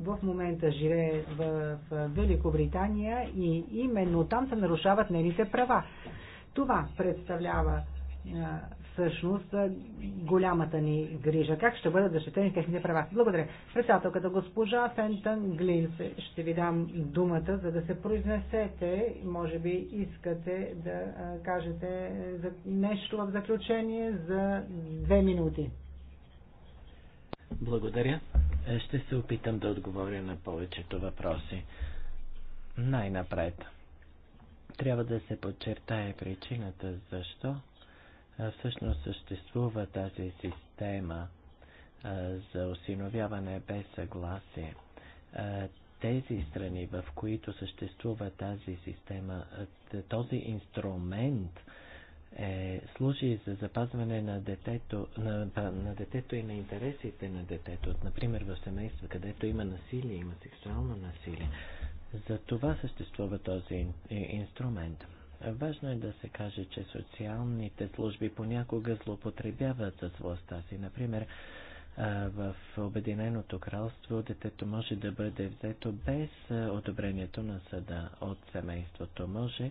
в момента живее в, в Великобритания и именно там се нарушават нейните права. Това представлява е, всъщност голямата ни грижа. Как ще бъдат защитени техните права? Благодаря. Председателката госпожа Фентън Глинс, ще ви дам думата, за да се произнесете. Може би искате да кажете е, нещо в заключение за две минути. Благодаря. Е, ще се опитам да отговоря на повечето въпроси. Най-напред. Трябва да се подчертае причината защо всъщност съществува тази система за осиновяване без съгласие. Тези страни, в които съществува тази система, този инструмент е, служи за запазване на детето, на, на детето и на интересите на детето. Например, в семейства, където има насилие, има сексуално насилие. За това съществува този инструмент. Важно е да се каже, че социалните служби понякога злоупотребяват със властта си. Например, в Обединеното кралство детето може да бъде взето без одобрението на съда от семейството. Може,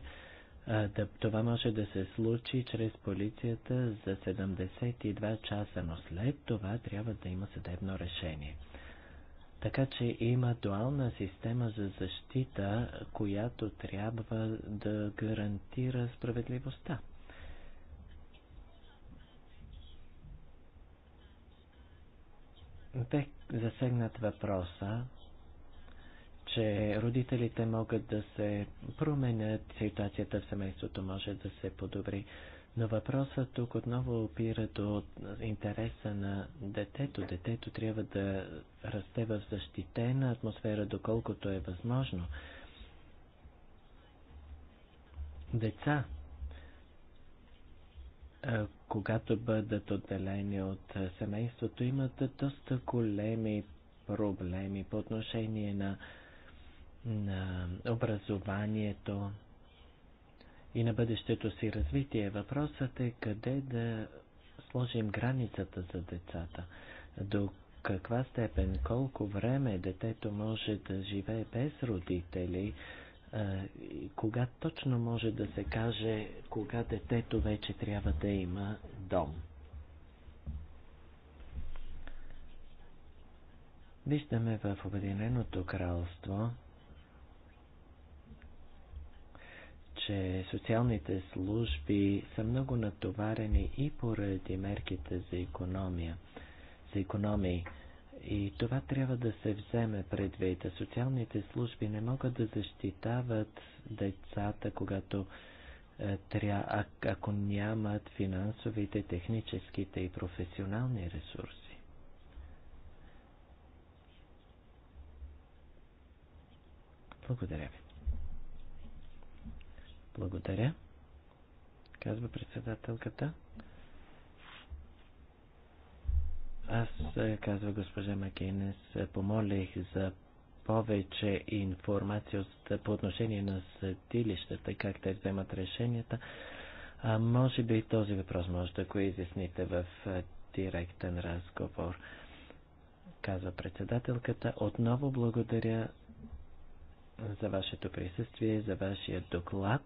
да, това може да се случи чрез полицията за 72 часа, но след това трябва да има съдебно решение. Така че има дуална система за защита, която трябва да гарантира справедливостта. Бе засегнат въпроса, че родителите могат да се променят, ситуацията в семейството може да се подобри. Но въпросът тук отново опира до интереса на детето. Детето трябва да расте в защитена атмосфера, доколкото е възможно. Деца, когато бъдат отделени от семейството, имат доста големи проблеми по отношение на, на образованието, и на бъдещето си развитие. Въпросът е къде да сложим границата за децата. До каква степен, колко време детето може да живее без родители, кога точно може да се каже, кога детето вече трябва да има дом. Виждаме в Обединеното кралство, че социалните служби са много натоварени и поради мерките за економия, за економии. И това трябва да се вземе предвид. Социалните служби не могат да защитават децата, когато е, трябва, ако нямат финансовите, техническите и професионални ресурси. Благодаря ви. Благодаря, казва председателката. Аз, е, казва госпожа Макенес, е, помолих за повече информация по отношение на съдилищата, как те вземат решенията. А може би този въпрос може да го изясните в е, директен разговор, казва председателката. Отново благодаря за вашето присъствие, за вашия доклад.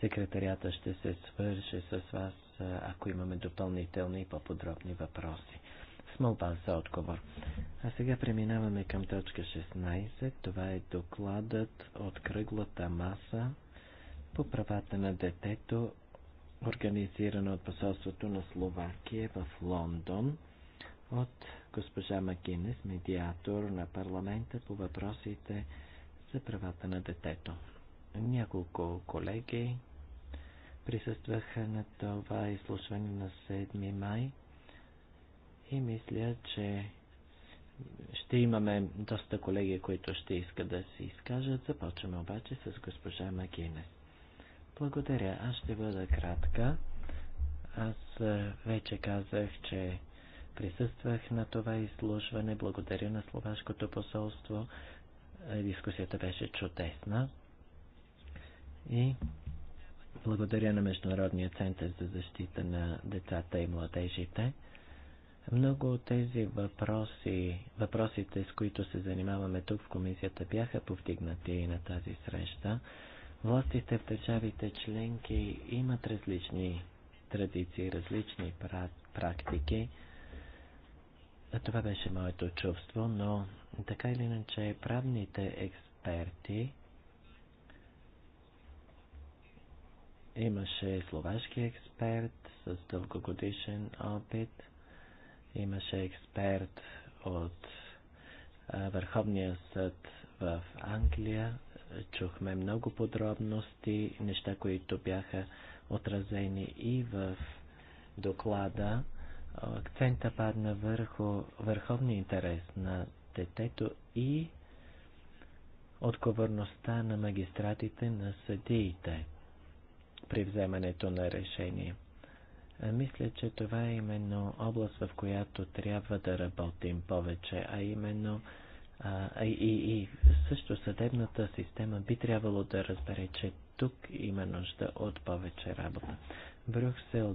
Секретарията ще се свърже с вас, ако имаме допълнителни и по-подробни въпроси. С молба за отговор. А сега преминаваме към точка 16. Това е докладът от кръглата маса по правата на детето, организирана от посолството на Словакия в Лондон от госпожа Макинес, медиатор на парламента по въпросите за правата на детето. Няколко колеги присъстваха на това изслушване на 7 май и мисля, че ще имаме доста колеги, които ще искат да се изкажат. Започваме обаче с госпожа Макинес. Благодаря. Аз ще бъда кратка. Аз вече казах, че Присъствах на това изслушване. Благодаря на Словашкото посолство. Е, дискусията беше чудесна. И благодаря на Международния център за защита на децата и младежите. Много от тези въпроси, въпросите, с които се занимаваме тук в комисията, бяха повдигнати и на тази среща. Властите в държавите членки имат различни традиции, различни практики. Това беше моето чувство, но така или иначе правните експерти имаше словашки експерт с дългогодишен опит, имаше експерт от Върховния съд в Англия. Чухме много подробности, неща, които бяха отразени и в доклада акцента падна върху върховния интерес на детето и отговорността на магистратите на съдиите при вземането на решение. Мисля, че това е именно област, в която трябва да работим повече, а именно а, и, и също съдебната система би трябвало да разбере, че тук има нужда от повече работа. Брюксел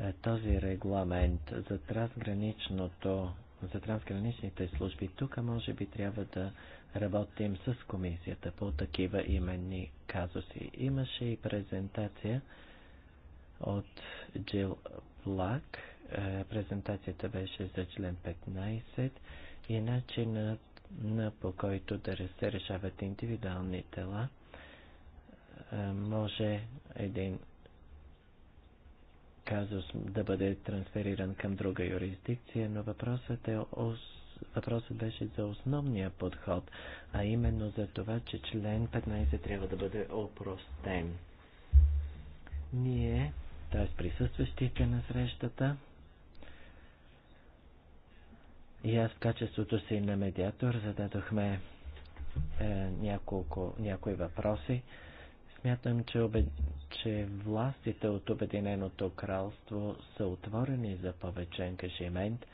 е, този регламент за трансграничното за трансграничните служби. Тук може би трябва да работим с комисията по такива именни казуси. Имаше и презентация от Джил Плак, е, Презентацията беше за член 15 и начинът на по който да се решават индивидуални тела. Е, може един казус да бъде трансфериран към друга юрисдикция, но въпросът, е, въпросът беше за основния подход, а именно за това, че член 15 трябва да бъде опростен. Ние, т.е. присъстващите на срещата, и аз в качеството си на медиатор зададохме е, няколко, някои въпроси. Смятам, че, обед... че властите от Обединеното кралство са отворени за повече ангажимент.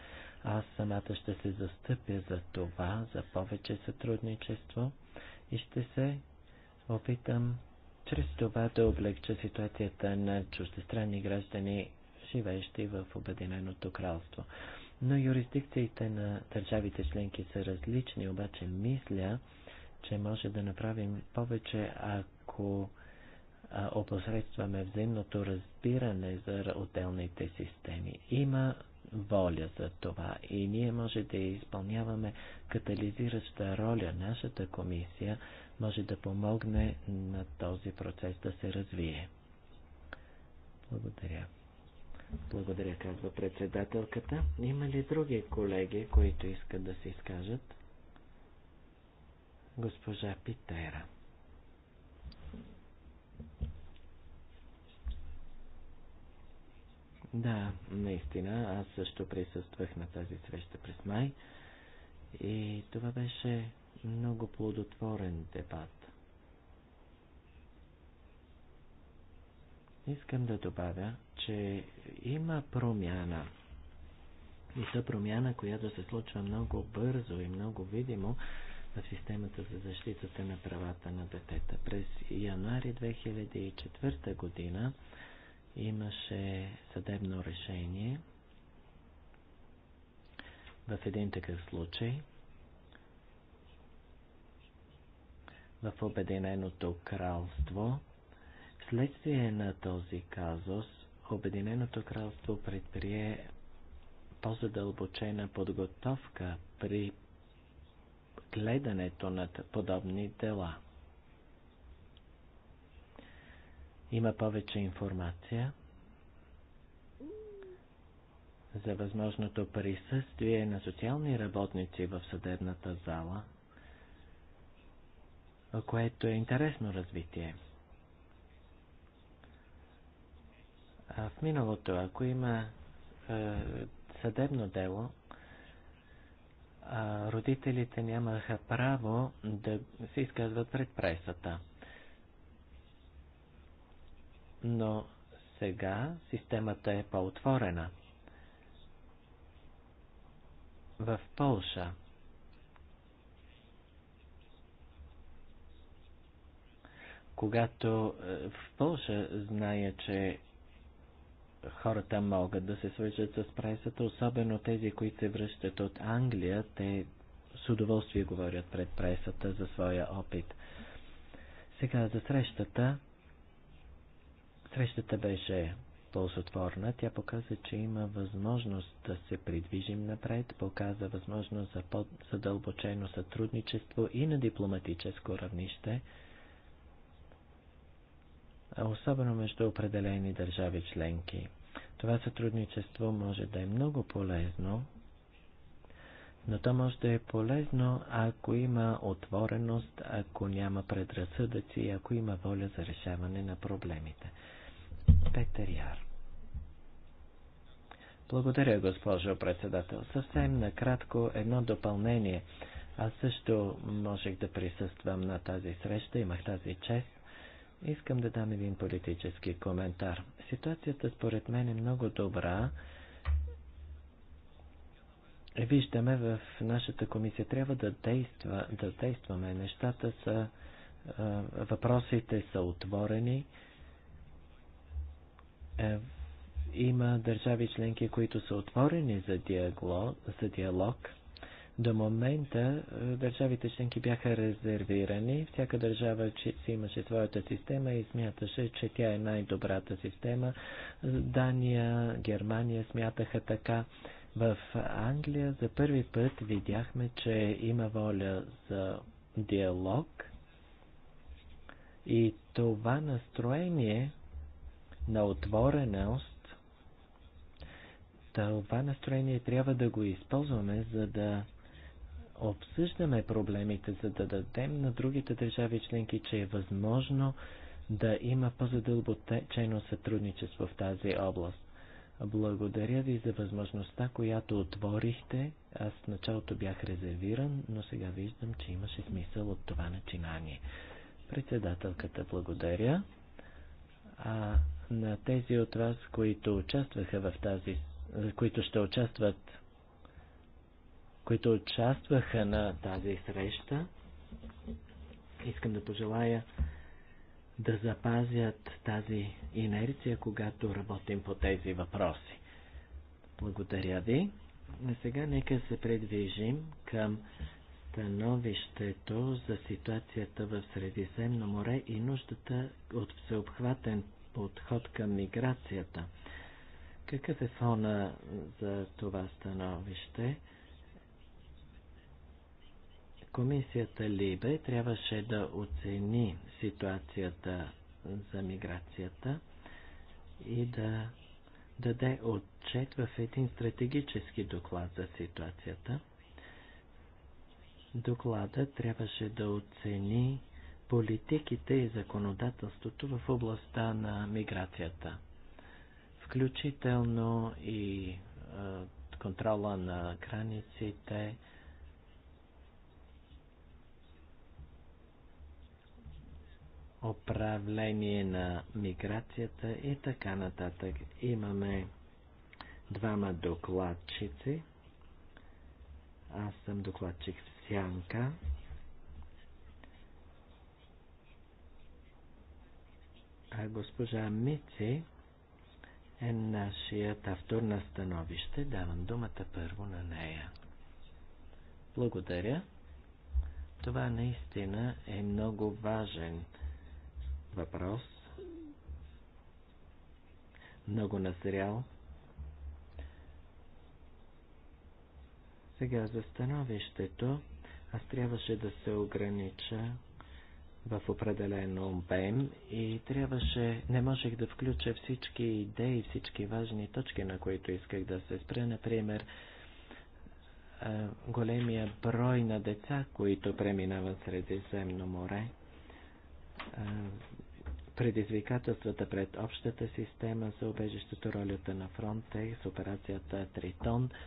Аз самата ще се застъпя за това, за повече сътрудничество и ще се опитам чрез това да облегча ситуацията на чуждестранни граждани, живеещи в Обединеното кралство. Но юрисдикциите на държавите членки са различни, обаче мисля, че може да направим повече, ако ако опосредстваме взаимното разбиране за отделните системи. Има воля за това и ние може да изпълняваме катализираща роля. Нашата комисия може да помогне на този процес да се развие. Благодаря. Благодаря, казва председателката. Има ли други колеги, които искат да се изкажат? Госпожа Питера. Да, наистина, аз също присъствах на тази среща през май и това беше много плодотворен дебат. Искам да добавя, че има промяна. И то промяна, която се случва много бързо и много видимо в системата за защитата на правата на детета. През януари 2004 година имаше съдебно решение в един такъв случай в Обединеното кралство. Следствие на този казус Обединеното кралство предприе по-задълбочена подготовка при гледането на подобни дела – Има повече информация за възможното присъствие на социални работници в съдебната зала, което е интересно развитие. А в миналото, ако има е, съдебно дело, родителите нямаха право да се изказват пред пресата но сега системата е по-отворена. В Полша когато е, в Польша зная, че хората могат да се свържат с пресата, особено тези, които се връщат от Англия, те с удоволствие говорят пред пресата за своя опит. Сега за срещата Срещата беше ползотворна. Тя показа, че има възможност да се придвижим напред, показа възможност за по-задълбочено сътрудничество и на дипломатическо равнище, особено между определени държави членки. Това сътрудничество може да е много полезно, но то може да е полезно, ако има отвореност, ако няма предразсъдъци, ако има воля за решаване на проблемите. Петър Яр. Благодаря, госпожо председател. Съвсем накратко едно допълнение. Аз също можех да присъствам на тази среща, имах тази чест. Искам да дам един политически коментар. Ситуацията според мен е много добра. Виждаме в нашата комисия трябва да, действа, да действаме. Нещата са, въпросите са отворени е, има държави членки, които са отворени за диалог. За диалог. До момента е, държавите членки бяха резервирани. Всяка държава че, си имаше своята система и смяташе, че тя е най-добрата система. Дания, Германия смятаха така. В Англия за първи път видяхме, че има воля за диалог и това настроение на отвореност, това настроение трябва да го използваме, за да обсъждаме проблемите, за да дадем на другите държави членки, че е възможно да има по-задълбочено сътрудничество в тази област. Благодаря ви за възможността, която отворихте. Аз в началото бях резервиран, но сега виждам, че имаше смисъл от това начинание. Председателката благодаря а на тези от вас, които участваха в тази, които ще участват, които участваха на тази среща, искам да пожелая да запазят тази инерция, когато работим по тези въпроси. Благодаря ви. А сега нека се предвижим към становището за ситуацията в Средиземно море и нуждата от всеобхватен подход към миграцията. Какъв е фона за това становище? Комисията Либе трябваше да оцени ситуацията за миграцията и да даде отчет в един стратегически доклад за ситуацията. Докладът трябваше да оцени политиките и законодателството в областта на миграцията, включително и е, контрола на границите, управление на миграцията и така нататък. Имаме двама докладчици. Аз съм докладчик в Сянка А госпожа Мици е нашият автор на становище. Давам думата първо на нея. Благодаря. Това наистина е много важен въпрос. Много назрял. Сега за становището аз трябваше да се огранича в определен обем и трябваше, не можех да включа всички идеи, всички важни точки, на които исках да се спра. Например, е, големия брой на деца, които преминават Средиземно море, е, предизвикателствата пред общата система за убежището, ролята на Фронтекс, операцията Тритон –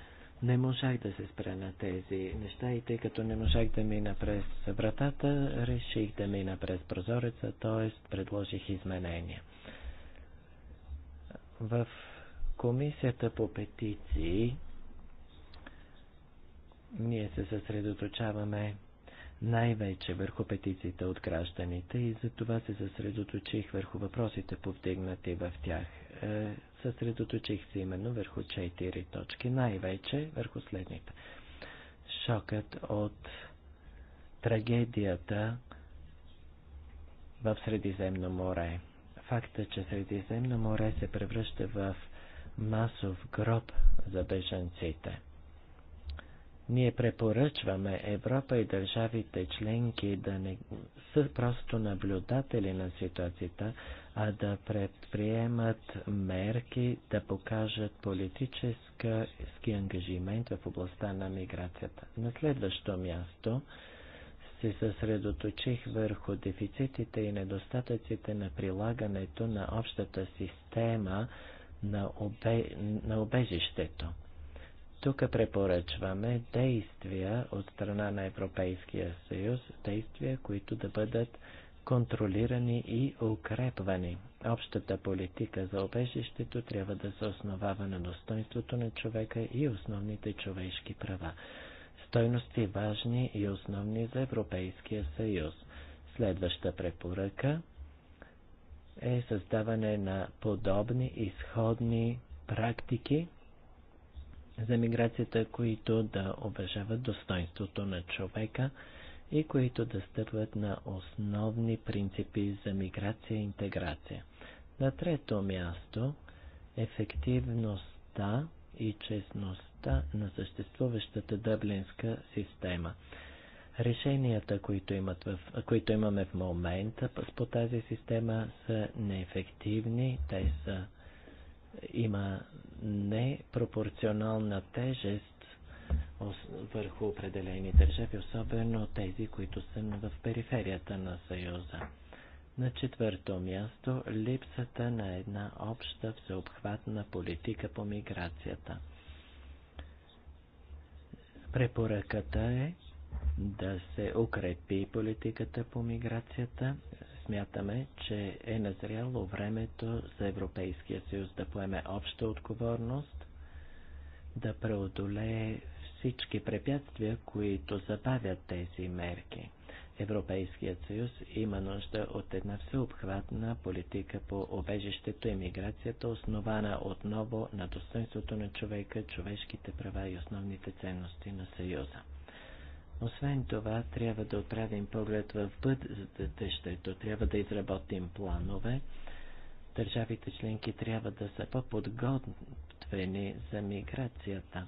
не можах да се спра на тези неща и тъй като не можах да мина през вратата, реших да мина през прозореца, т.е. предложих изменения. В Комисията по петиции ние се съсредоточаваме най-вече върху петициите от гражданите и за това се съсредоточих върху въпросите повдигнати в тях. Е, съсредоточих се именно върху четири точки, най-вече върху следните. Шокът от трагедията в Средиземно море. Факта, че Средиземно море се превръща в масов гроб за бежанците. Ние препоръчваме Европа и държавите членки да не са просто наблюдатели на ситуацията, а да предприемат мерки да покажат политически ангажимент в областта на миграцията. На следващо място се съсредоточих върху дефицитите и недостатъците на прилагането на общата система на, обе... на обежището. Тук препоръчваме действия от страна на Европейския съюз, действия, които да бъдат контролирани и укрепвани. Общата политика за обежището трябва да се основава на достоинството на човека и основните човешки права. Стойности важни и основни за Европейския съюз. Следваща препоръка е създаване на подобни изходни практики за миграцията, които да обежават достоинството на човека – и които да стъпват на основни принципи за миграция и интеграция. На трето място ефективността и честността на съществуващата дъблинска система. Решенията, които, имат в, които имаме в момента по тази система са неефективни, те са има непропорционална тежест върху определени държави, особено тези, които са в периферията на Съюза. На четвърто място липсата на една обща всеобхватна политика по миграцията. Препоръката е да се укрепи политиката по миграцията. Смятаме, че е назряло времето за Европейския съюз да поеме обща отговорност, да преодолее всички препятствия, които забавят тези мерки. Европейският съюз има нужда от една всеобхватна политика по обежището и миграцията, основана отново на достоинството на човека, човешките права и основните ценности на съюза. Освен това, трябва да отправим поглед в бъдещето, трябва да изработим планове. Държавите членки трябва да са по-подготвени за миграцията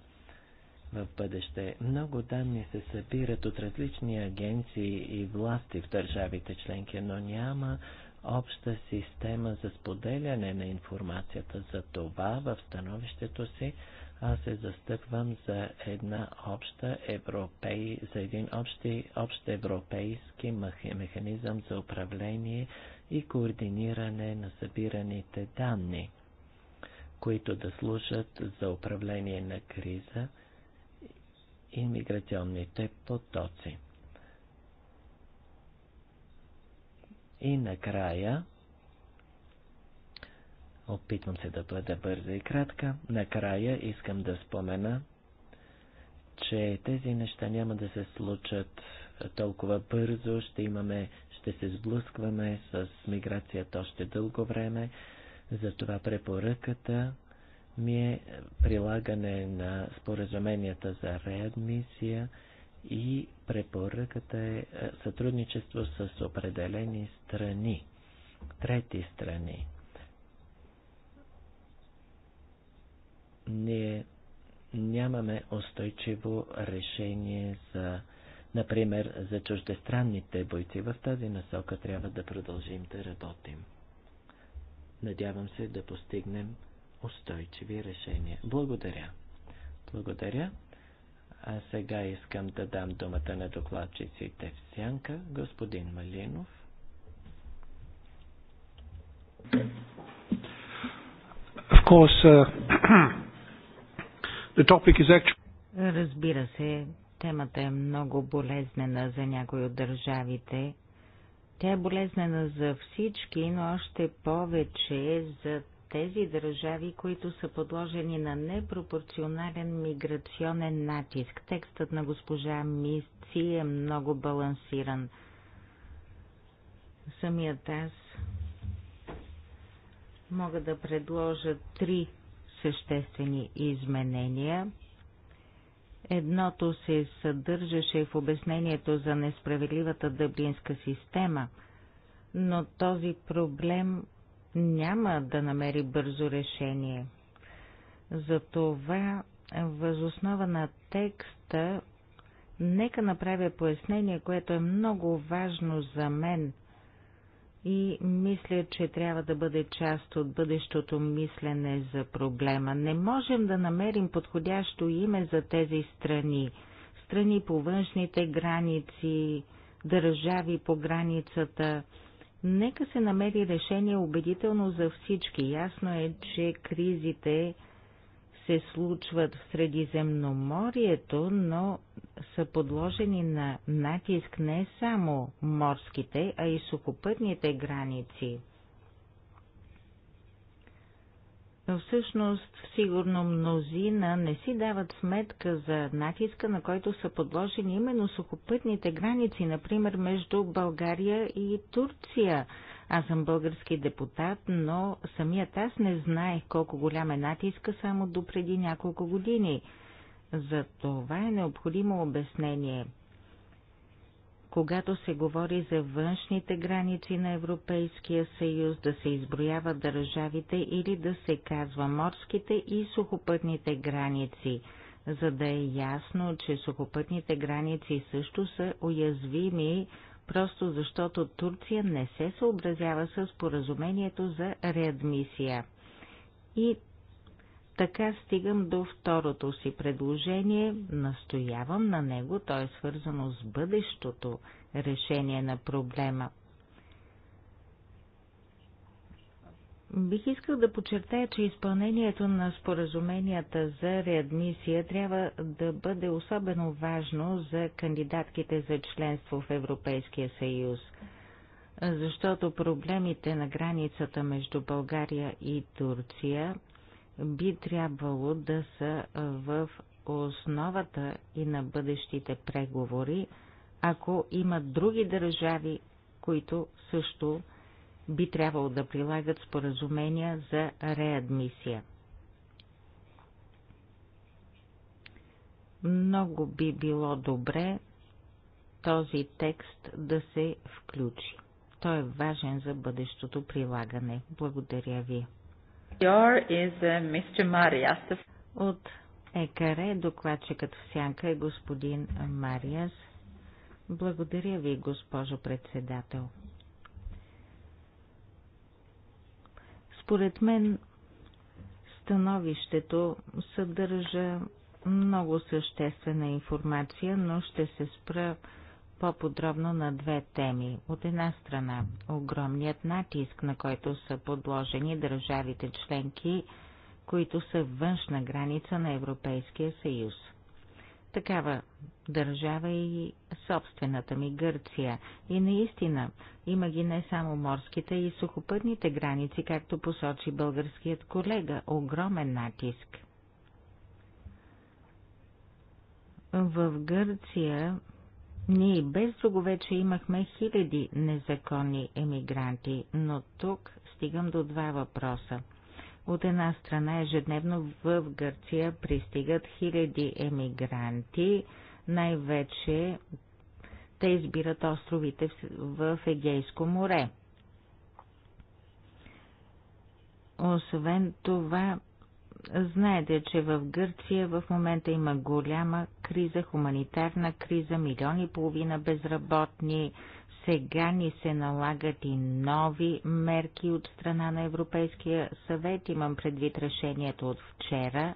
в бъдеще. Много данни се събират от различни агенции и власти в държавите членки, но няма обща система за споделяне на информацията. За това в становището си аз се застъпвам за една обща европей, за един общи, общ европейски механизъм за управление и координиране на събираните данни, които да служат за управление на криза Имиграционните потоци. И накрая, опитвам се да бъда бърза и кратка, накрая искам да спомена, че тези неща няма да се случат толкова бързо, ще имаме, ще се сблъскваме с миграцията още дълго време, затова препоръката ми е прилагане на споразуменията за реадмисия и препоръката е, е сътрудничество с определени страни, трети страни. Ние нямаме устойчиво решение за, например, за чуждестранните бойци. В тази насока трябва да продължим да работим. Надявам се да постигнем устойчиви решения. Благодаря. Благодаря. А сега искам да дам думата на докладчиците в сянка, господин Малинов. Of course, uh, *clears throat* the topic is actually... Разбира се, темата е много болезнена за някои от държавите. Тя е болезнена за всички, но още повече за тези държави, които са подложени на непропорционален миграционен натиск. Текстът на госпожа Мисци е много балансиран. Самият аз мога да предложа три съществени изменения. Едното се съдържаше в обяснението за несправедливата дъблинска система, но този проблем няма да намери бързо решение. Затова възоснова на текста нека направя пояснение, което е много важно за мен и мисля, че трябва да бъде част от бъдещото мислене за проблема. Не можем да намерим подходящо име за тези страни. Страни по външните граници, държави по границата – Нека се намери решение убедително за всички. Ясно е, че кризите се случват в Средиземноморието, но са подложени на натиск не само морските, а и сухопътните граници. но всъщност сигурно мнозина не си дават сметка за натиска, на който са подложени именно сухопътните граници, например между България и Турция. Аз съм български депутат, но самият аз не знаех колко голям е натиска само до преди няколко години. За това е необходимо обяснение – когато се говори за външните граници на Европейския съюз, да се изброяват държавите или да се казва морските и сухопътните граници, за да е ясно, че сухопътните граници също са уязвими, просто защото Турция не се съобразява с поразумението за реадмисия. И така стигам до второто си предложение, настоявам на него, то е свързано с бъдещото решение на проблема. Бих искал да подчертая, че изпълнението на споразуменията за реадмисия трябва да бъде особено важно за кандидатките за членство в Европейския съюз, защото проблемите на границата между България и Турция би трябвало да са в основата и на бъдещите преговори, ако има други държави, които също би трябвало да прилагат споразумения за реадмисия. Много би било добре този текст да се включи. Той е важен за бъдещото прилагане. Благодаря ви. Uh, От ЕКАРЕ докладчикът в сянка е господин Мариас. Благодаря ви, госпожо председател. Според мен становището съдържа много съществена информация, но ще се спра по-подробно на две теми. От една страна, огромният натиск, на който са подложени държавите членки, които са външна граница на Европейския съюз. Такава държава е и собствената ми Гърция. И наистина, има ги не само морските и сухопътните граници, както посочи българският колега. Огромен натиск. В Гърция ние без друго вече имахме хиляди незаконни емигранти, но тук стигам до два въпроса. От една страна ежедневно в Гърция пристигат хиляди емигранти, най-вече те избират островите в Егейско море. Освен това, Знаете, че в Гърция в момента има голяма криза, хуманитарна криза, милиони и половина безработни. Сега ни се налагат и нови мерки от страна на Европейския съвет. Имам предвид решението от вчера.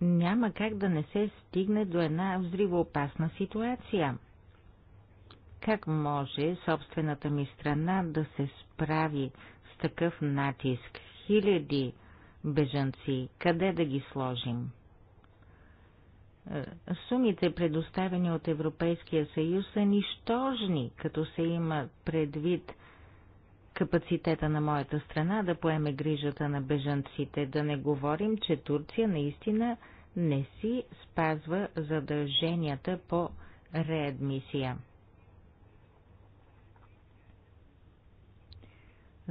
Няма как да не се стигне до една взривоопасна ситуация. Как може собствената ми страна да се справи с такъв натиск? Хиляди бежанци. Къде да ги сложим? Е, сумите, предоставени от Европейския съюз, са нищожни, като се има предвид капацитета на моята страна да поеме грижата на бежанците. Да не говорим, че Турция наистина не си спазва задълженията по реадмисия.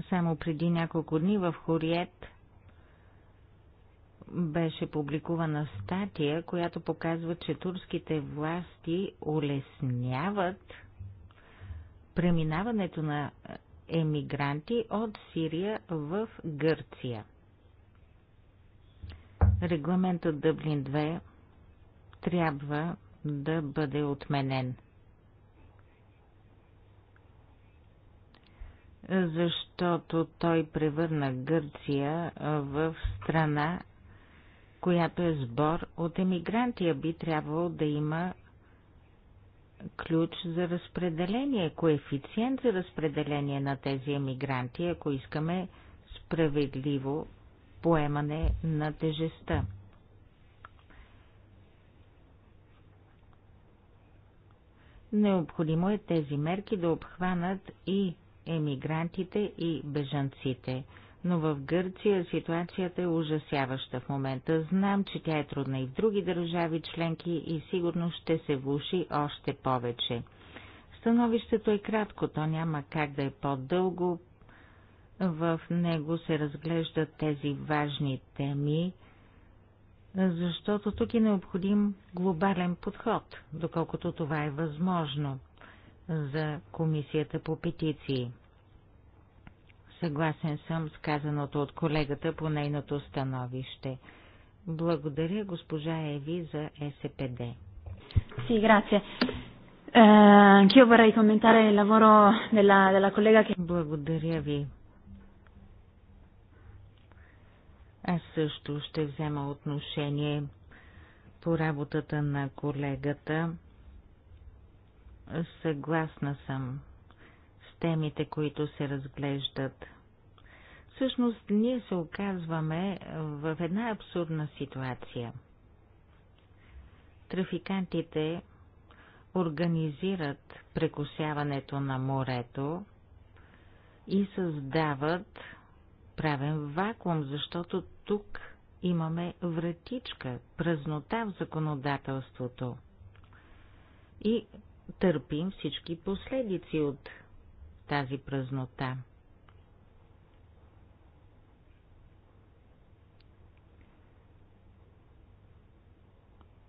Само преди няколко дни в Хориет беше публикувана статия, която показва, че турските власти улесняват преминаването на емигранти от Сирия в Гърция. Регламентът Дъблин 2 трябва да бъде отменен. защото той превърна Гърция в страна която е сбор от емигрантия би трябвало да има ключ за разпределение, коефициент за разпределение на тези емигранти, ако искаме справедливо поемане на тежестта. Необходимо е тези мерки да обхванат и емигрантите и бежанците – но в Гърция ситуацията е ужасяваща в момента. Знам, че тя е трудна и в други държави членки и сигурно ще се влуши още повече. Становището е кратко, то няма как да е по-дълго. В него се разглеждат тези важни теми, защото тук е необходим глобален подход, доколкото това е възможно за Комисията по петиции. Съгласен съм с казаното от колегата по нейното становище. Благодаря госпожа Еви за СПД. Си, грация. Е, анкио anch'io vorrei commentare il lavoro Благодаря ви. Аз също ще взема отношение по работата на колегата. Съгласна съм темите, които се разглеждат. Всъщност, ние се оказваме в една абсурдна ситуация. Трафикантите организират прекусяването на морето и създават правен вакуум, защото тук имаме вратичка, празнота в законодателството. И търпим всички последици от тази празнота.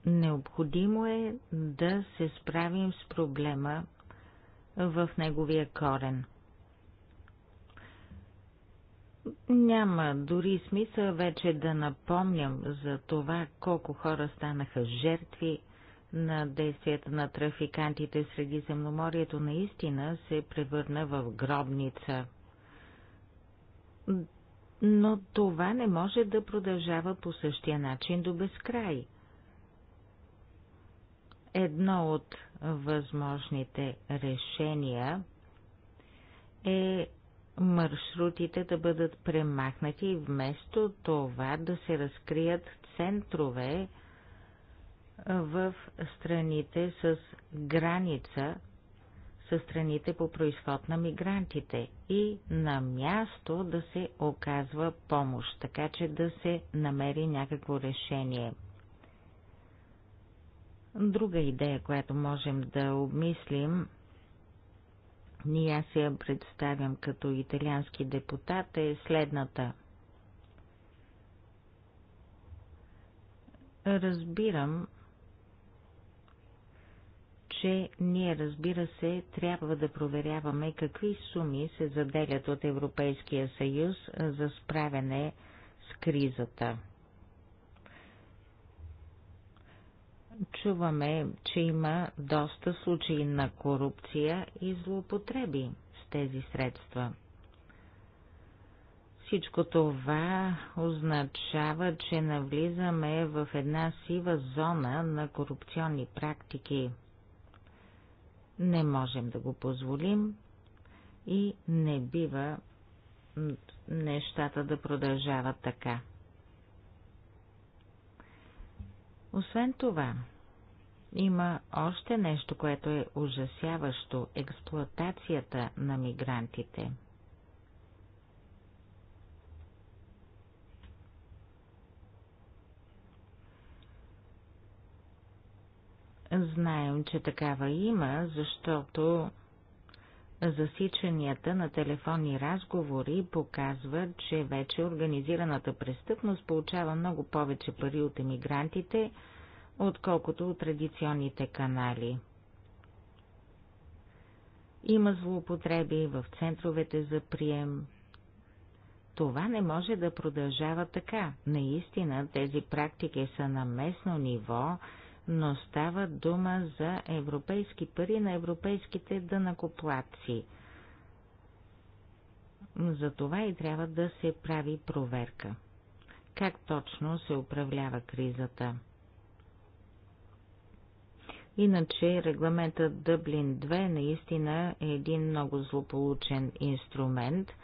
Необходимо е да се справим с проблема в неговия корен. Няма дори смисъл вече да напомням за това колко хора станаха жертви на действията на трафикантите Средиземноморието наистина се превърна в гробница. Но това не може да продължава по същия начин до безкрай. Едно от възможните решения е маршрутите да бъдат премахнати и вместо това да се разкрият центрове в страните с граница с страните по происход на мигрантите и на място да се оказва помощ, така че да се намери някакво решение. Друга идея, която можем да обмислим, ние аз я представям като италиански депутат, е следната. Разбирам, че ние, разбира се, трябва да проверяваме какви суми се заделят от Европейския съюз за справяне с кризата. Чуваме, че има доста случаи на корупция и злоупотреби с тези средства. Всичко това означава, че навлизаме в една сива зона на корупционни практики – не можем да го позволим и не бива нещата да продължават така. Освен това, има още нещо, което е ужасяващо – експлоатацията на мигрантите – Знаем, че такава има, защото засичанията на телефонни разговори показват, че вече организираната престъпност получава много повече пари от емигрантите, отколкото от традиционните канали. Има злоупотреби в центровете за прием. Това не може да продължава така. Наистина тези практики са на местно ниво но става дума за европейски пари на европейските дънакоплаци. За това и трябва да се прави проверка. Как точно се управлява кризата? Иначе регламентът Дъблин 2 наистина е един много злополучен инструмент –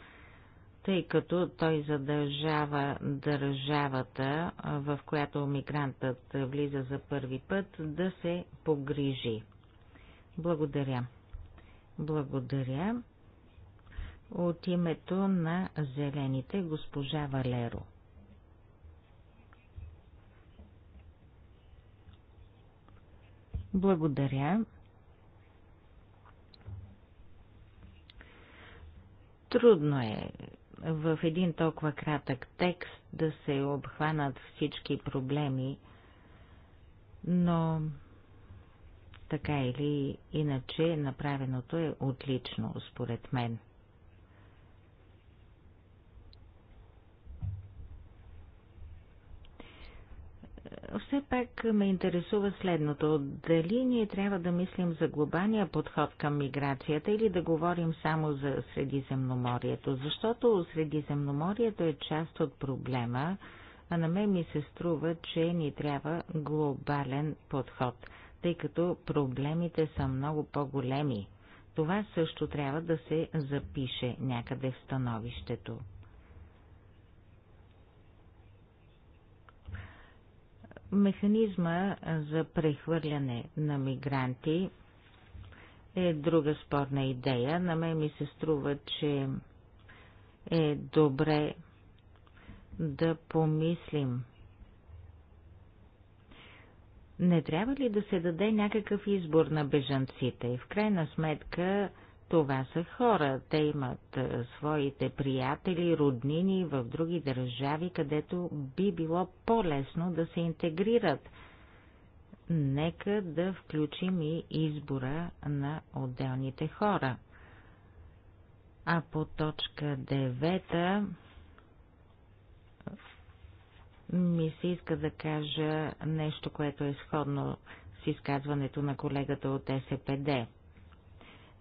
тъй като той задължава държавата, в която мигрантът влиза за първи път, да се погрижи. Благодаря. Благодаря. От името на зелените госпожа Валеро. Благодаря. Трудно е в един толкова кратък текст да се обхванат всички проблеми, но така или иначе направеното е отлично, според мен. все пак ме интересува следното. Дали ние трябва да мислим за глобалния подход към миграцията или да говорим само за Средиземноморието? Защото Средиземноморието е част от проблема, а на мен ми се струва, че ни трябва глобален подход, тъй като проблемите са много по-големи. Това също трябва да се запише някъде в становището. Механизма за прехвърляне на мигранти е друга спорна идея. На мен ми се струва, че е добре да помислим. Не трябва ли да се даде някакъв избор на бежанците? В крайна сметка, това са хора. Те имат е, своите приятели, роднини в други държави, където би било по-лесно да се интегрират. Нека да включим и избора на отделните хора. А по точка 9 ми се иска да кажа нещо, което е сходно с изказването на колегата от СПД.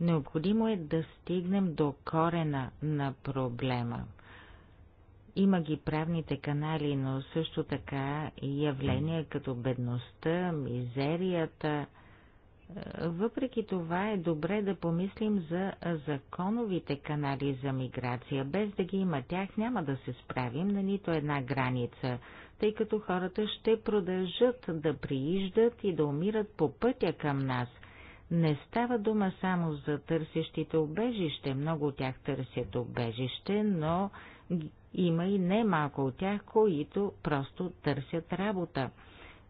Необходимо е да стигнем до корена на проблема. Има ги правните канали, но също така и явления като бедността, мизерията. Е, въпреки това е добре да помислим за законовите канали за миграция. Без да ги има тях няма да се справим на нито една граница, тъй като хората ще продължат да прииждат и да умират по пътя към нас – не става дума само за търсещите обежище. Много от тях търсят обежище, но има и немалко от тях, които просто търсят работа.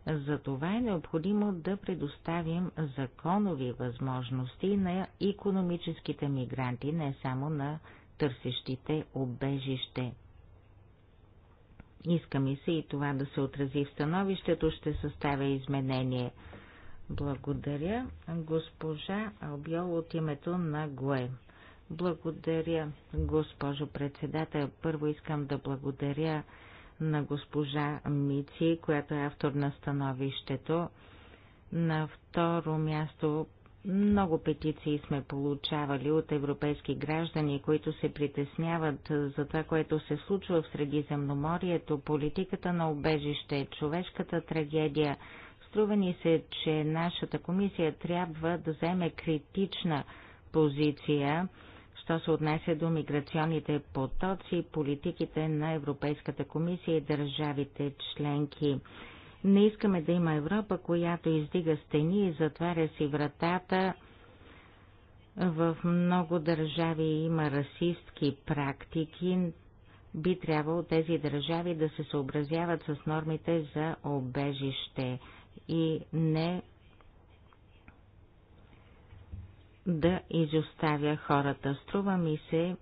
Затова е необходимо да предоставим законови възможности на економическите мигранти, не само на търсещите обежище. Иска ми се и това да се отрази в становището, ще съставя изменение – благодаря. Госпожа Албиол от името на ГОЕ. Благодаря, госпожо председател. Първо искам да благодаря на госпожа Мици, която е автор на становището. На второ място много петиции сме получавали от европейски граждани, които се притесняват за това, което се случва в Средиземноморието, политиката на убежище, човешката трагедия – Струва ни се, че нашата комисия трябва да вземе критична позиция, що се отнася до миграционните потоци, политиките на Европейската комисия и държавите членки. Не искаме да има Европа, която издига стени и затваря си вратата. В много държави има расистски практики. Би трябвало тези държави да се съобразяват с нормите за обежище и не да изоставя хората. Струва ми се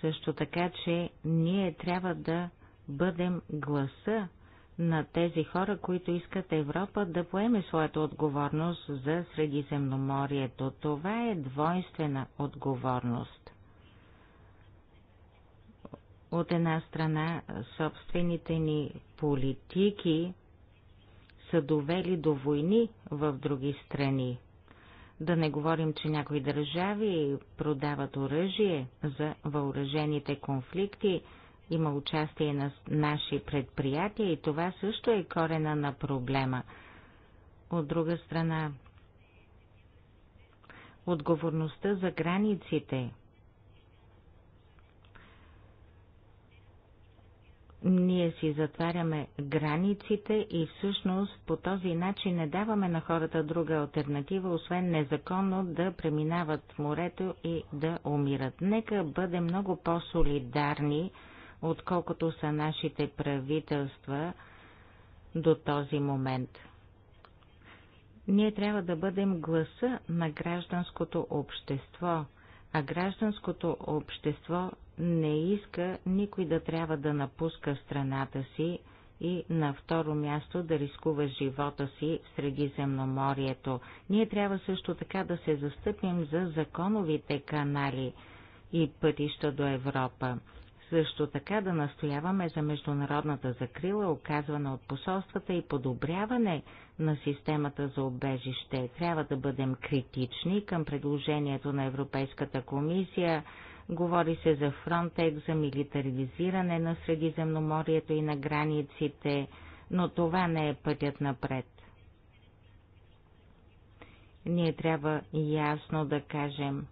също така, че ние трябва да бъдем гласа на тези хора, които искат Европа да поеме своята отговорност за Средиземноморието. Това е двойствена отговорност. От една страна, собствените ни политики са довели до войни в други страни. Да не говорим, че някои държави продават оръжие за въоръжените конфликти, има участие на наши предприятия и това също е корена на проблема. От друга страна, отговорността за границите – ние си затваряме границите и всъщност по този начин не даваме на хората друга альтернатива, освен незаконно да преминават в морето и да умират. Нека бъдем много по-солидарни, отколкото са нашите правителства до този момент. Ние трябва да бъдем гласа на гражданското общество, а гражданското общество не иска никой да трябва да напуска страната си и на второ място да рискува живота си в Средиземноморието. Ние трябва също така да се застъпим за законовите канали и пътища до Европа. Също така да настояваме за международната закрила, оказвана от посолствата и подобряване на системата за обежище. Трябва да бъдем критични към предложението на Европейската комисия Говори се за Фронтек, за милитаризиране на Средиземноморието и на границите, но това не е пътят напред. Ние трябва ясно да кажем,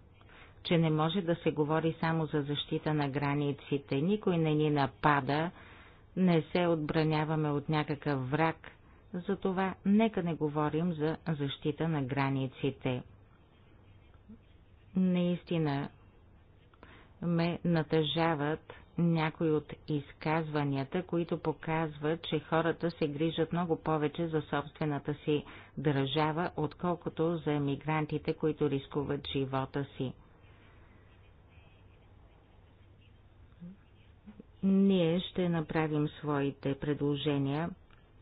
че не може да се говори само за защита на границите. Никой не ни напада, не се отбраняваме от някакъв враг, затова нека не говорим за защита на границите. Наистина, ме натъжават някои от изказванията, които показват, че хората се грижат много повече за собствената си държава, отколкото за емигрантите, които рискуват живота си. Ние ще направим своите предложения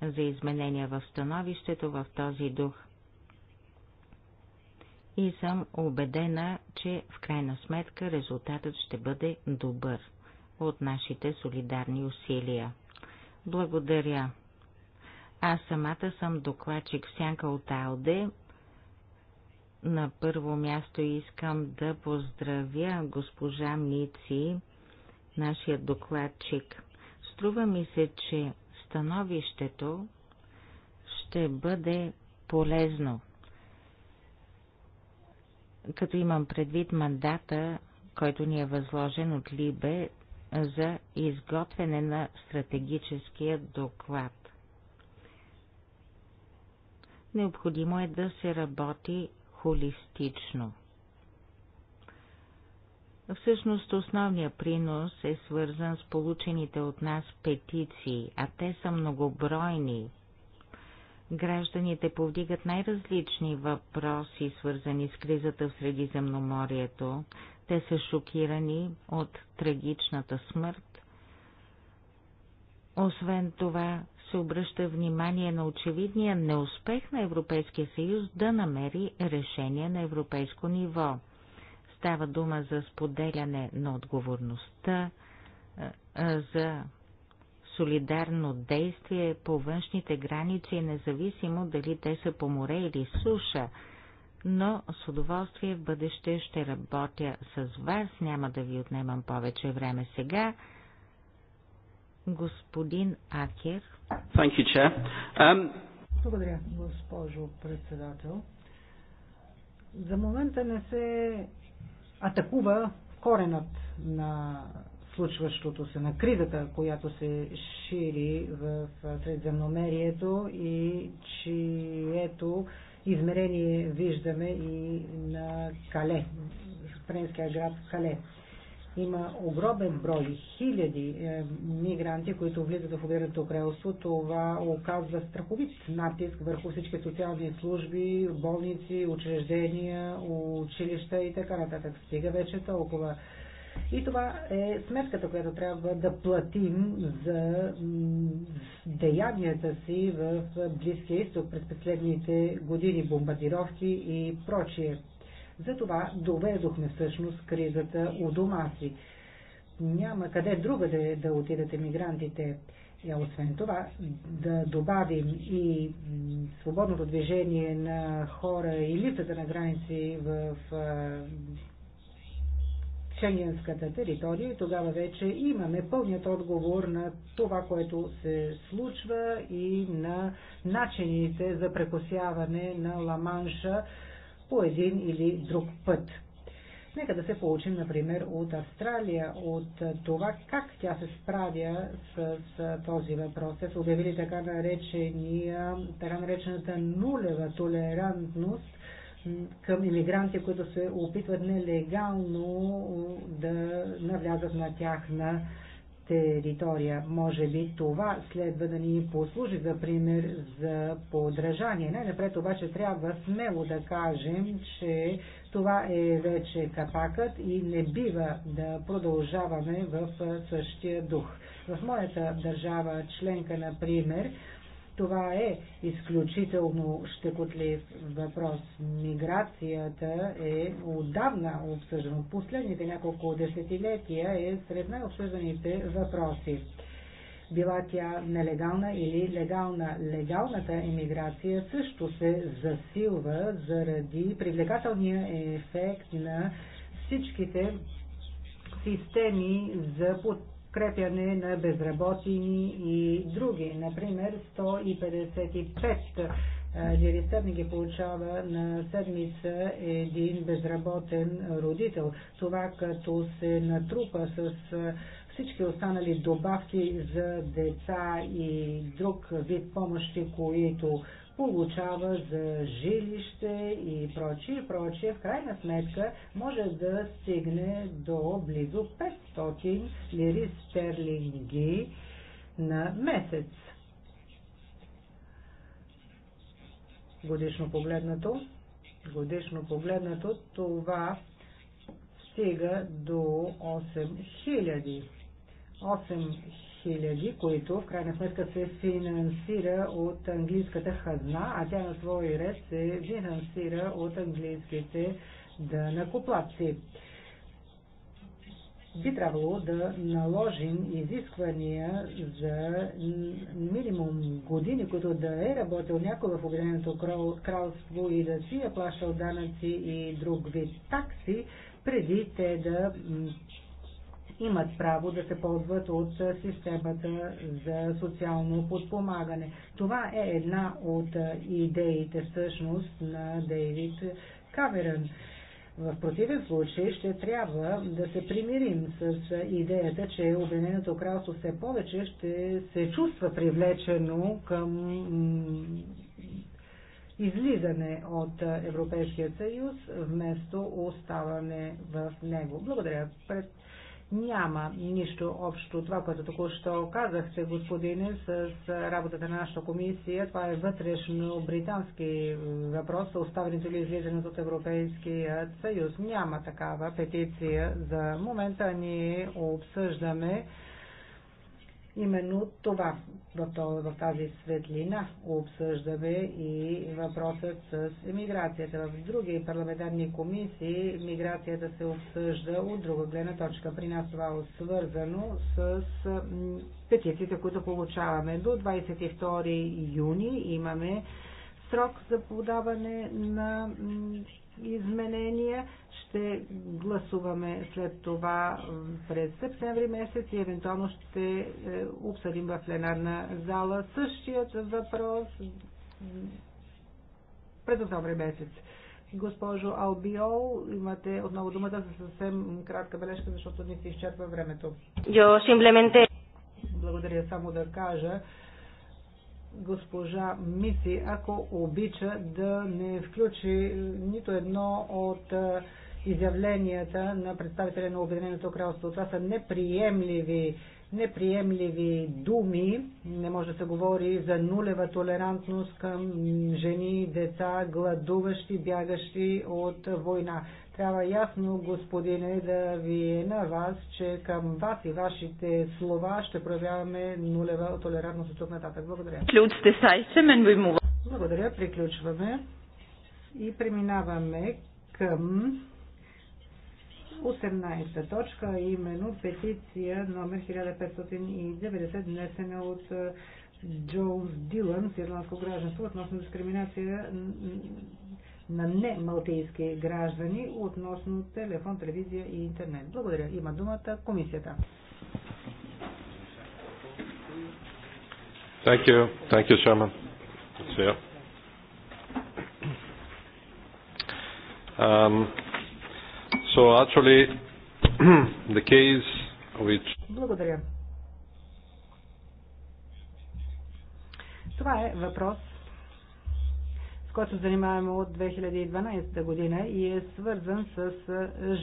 за изменения в становището в този дух – и съм убедена, че в крайна сметка резултатът ще бъде добър от нашите солидарни усилия. Благодаря. Аз самата съм докладчик Сянка от Алде. На първо място искам да поздравя госпожа Мици, нашия докладчик. Струва ми се, че становището ще бъде полезно като имам предвид мандата, който ни е възложен от Либе за изготвяне на стратегическия доклад. Необходимо е да се работи холистично. Всъщност основният принос е свързан с получените от нас петиции, а те са многобройни Гражданите повдигат най-различни въпроси, свързани с кризата в Средиземноморието. Те са шокирани от трагичната смърт. Освен това, се обръща внимание на очевидния неуспех на Европейския съюз да намери решение на европейско ниво. Става дума за споделяне на отговорността, за солидарно действие по външните граници, независимо дали те са по море или суша. Но с удоволствие в бъдеще ще работя с вас, няма да ви отнемам повече време сега. Господин Акер. Thank you, chair. Um... Благодаря, госпожо председател. За момента не се атакува коренът на случващото се, на кризата, която се шири в Средземномерието и чието измерение виждаме и на Кале, френския град Кале. Има огромен брой, хиляди е, мигранти, които влизат в Обединеното кралство. Това оказва страховит натиск върху всички социални служби, болници, учреждения, училища и така нататък. Стига вече толкова. И това е сметката, която трябва да платим за деянията си в Близкия изток през последните години, бомбардировки и прочие. Затова доведохме всъщност кризата у дома си. Няма къде другаде да отидат емигрантите. И е, освен това, да добавим и свободното движение на хора и липсата на граници в Шенгенската територия и тогава вече имаме пълният отговор на това, което се случва и на начините за прекосяване на Ламанша по един или друг път. Нека да се получим, например, от Австралия, от това как тя се справя с, с този въпрос. Те са обявили така, наречения, така наречената нулева толерантност към иммигранти, които се опитват нелегално да навлязат на тяхна територия. Може би това следва да ни послужи за пример за подражание. Най-напред обаче трябва смело да кажем, че това е вече капакът и не бива да продължаваме в същия дух. В моята държава членка, например, това е изключително щекотлив въпрос. Миграцията е отдавна обсъждана. Последните няколко десетилетия е сред най-обсъжданите въпроси. Била тя нелегална или легална. Легалната емиграция също се засилва заради привлекателния ефект на всичките системи за под подкрепяне на безработни и други. Например, 155 е, директорни ги получава на седмица един безработен родител. Това като се натрупа с е, всички останали добавки за деца и друг вид помощи, които получава за жилище и прочие, прочие, в крайна сметка може да стигне до близо 500 лири стерлинги на месец. Годишно погледнато, годишно погледнато това стига до 8000 хиляди, които в крайна сметка се финансира от английската хазна, а тя на свой ред се финансира от английските дънакоплатци. Би трябвало да наложим изисквания за минимум години, които да е работил някой в Обединеното кралство и да си е плащал данъци и друг вид такси, преди те да имат право да се ползват от системата за социално подпомагане. Това е една от идеите всъщност на Дейвид Каверън. В противен случай ще трябва да се примирим с идеята, че Обединеното кралство все повече ще се чувства привлечено към излизане от Европейския съюз, вместо оставане в него. Благодаря няма нищо общо. Това, което току-що казахте, господине, с работата на нашата комисия, това е вътрешно британски въпрос, оставените ли излизането от Европейския съюз. Няма такава петиция за момента. Ние обсъждаме Именно това в тази светлина обсъждаме и въпросът с миграцията. В други парламентарни комисии миграцията се обсъжда от друга гледна точка. При нас това е свързано с петициите, които получаваме. До 22 юни имаме срок за подаване на изменения. Ще гласуваме след това през септември месец и евентуално ще е, обсъдим в пленарна зала същият въпрос през октомври месец. Госпожо Албиол, имате отново думата за съвсем кратка бележка, защото не се изчерпва времето. Благодаря само да кажа, госпожа Миси, ако обича да не включи нито едно от изявленията на представителя на Обединеното кралство. Това са неприемливи неприемливи думи. Не може да се говори за нулева толерантност към жени, деца, гладуващи, бягащи от война. Трябва ясно, господине, да ви е на вас, че към вас и вашите слова ще проявяваме нулева толерантност от тук нататък. Благодаря. Благодаря, приключваме и преминаваме към 18 точка, именно петиция номер 1590, днесена от Джоунс Дилан с ирландско гражданство относно дискриминация на немалтийски граждани относно телефон, телевизия и интернет. Благодаря. Има думата комисията. Thank you. Thank you, Chairman. Um, So actually, *clears throat* the case which... Благодаря. Това е въпрос, с който занимаваме от 2012 година и е свързан с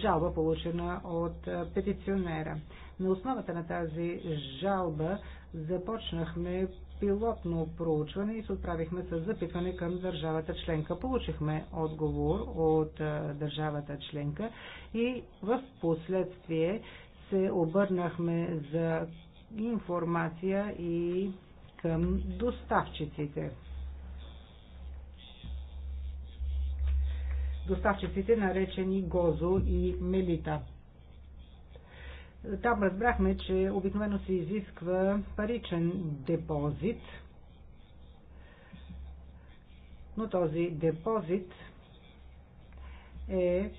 жалба, получена от петиционера. На основата на тази жалба започнахме пилотно проучване и се отправихме с запитване към държавата членка. Получихме отговор от държавата членка и в последствие се обърнахме за информация и към доставчиците. Доставчиците наречени Гозо и Мелита. Там разбрахме, че обикновено се изисква паричен депозит, но този депозит е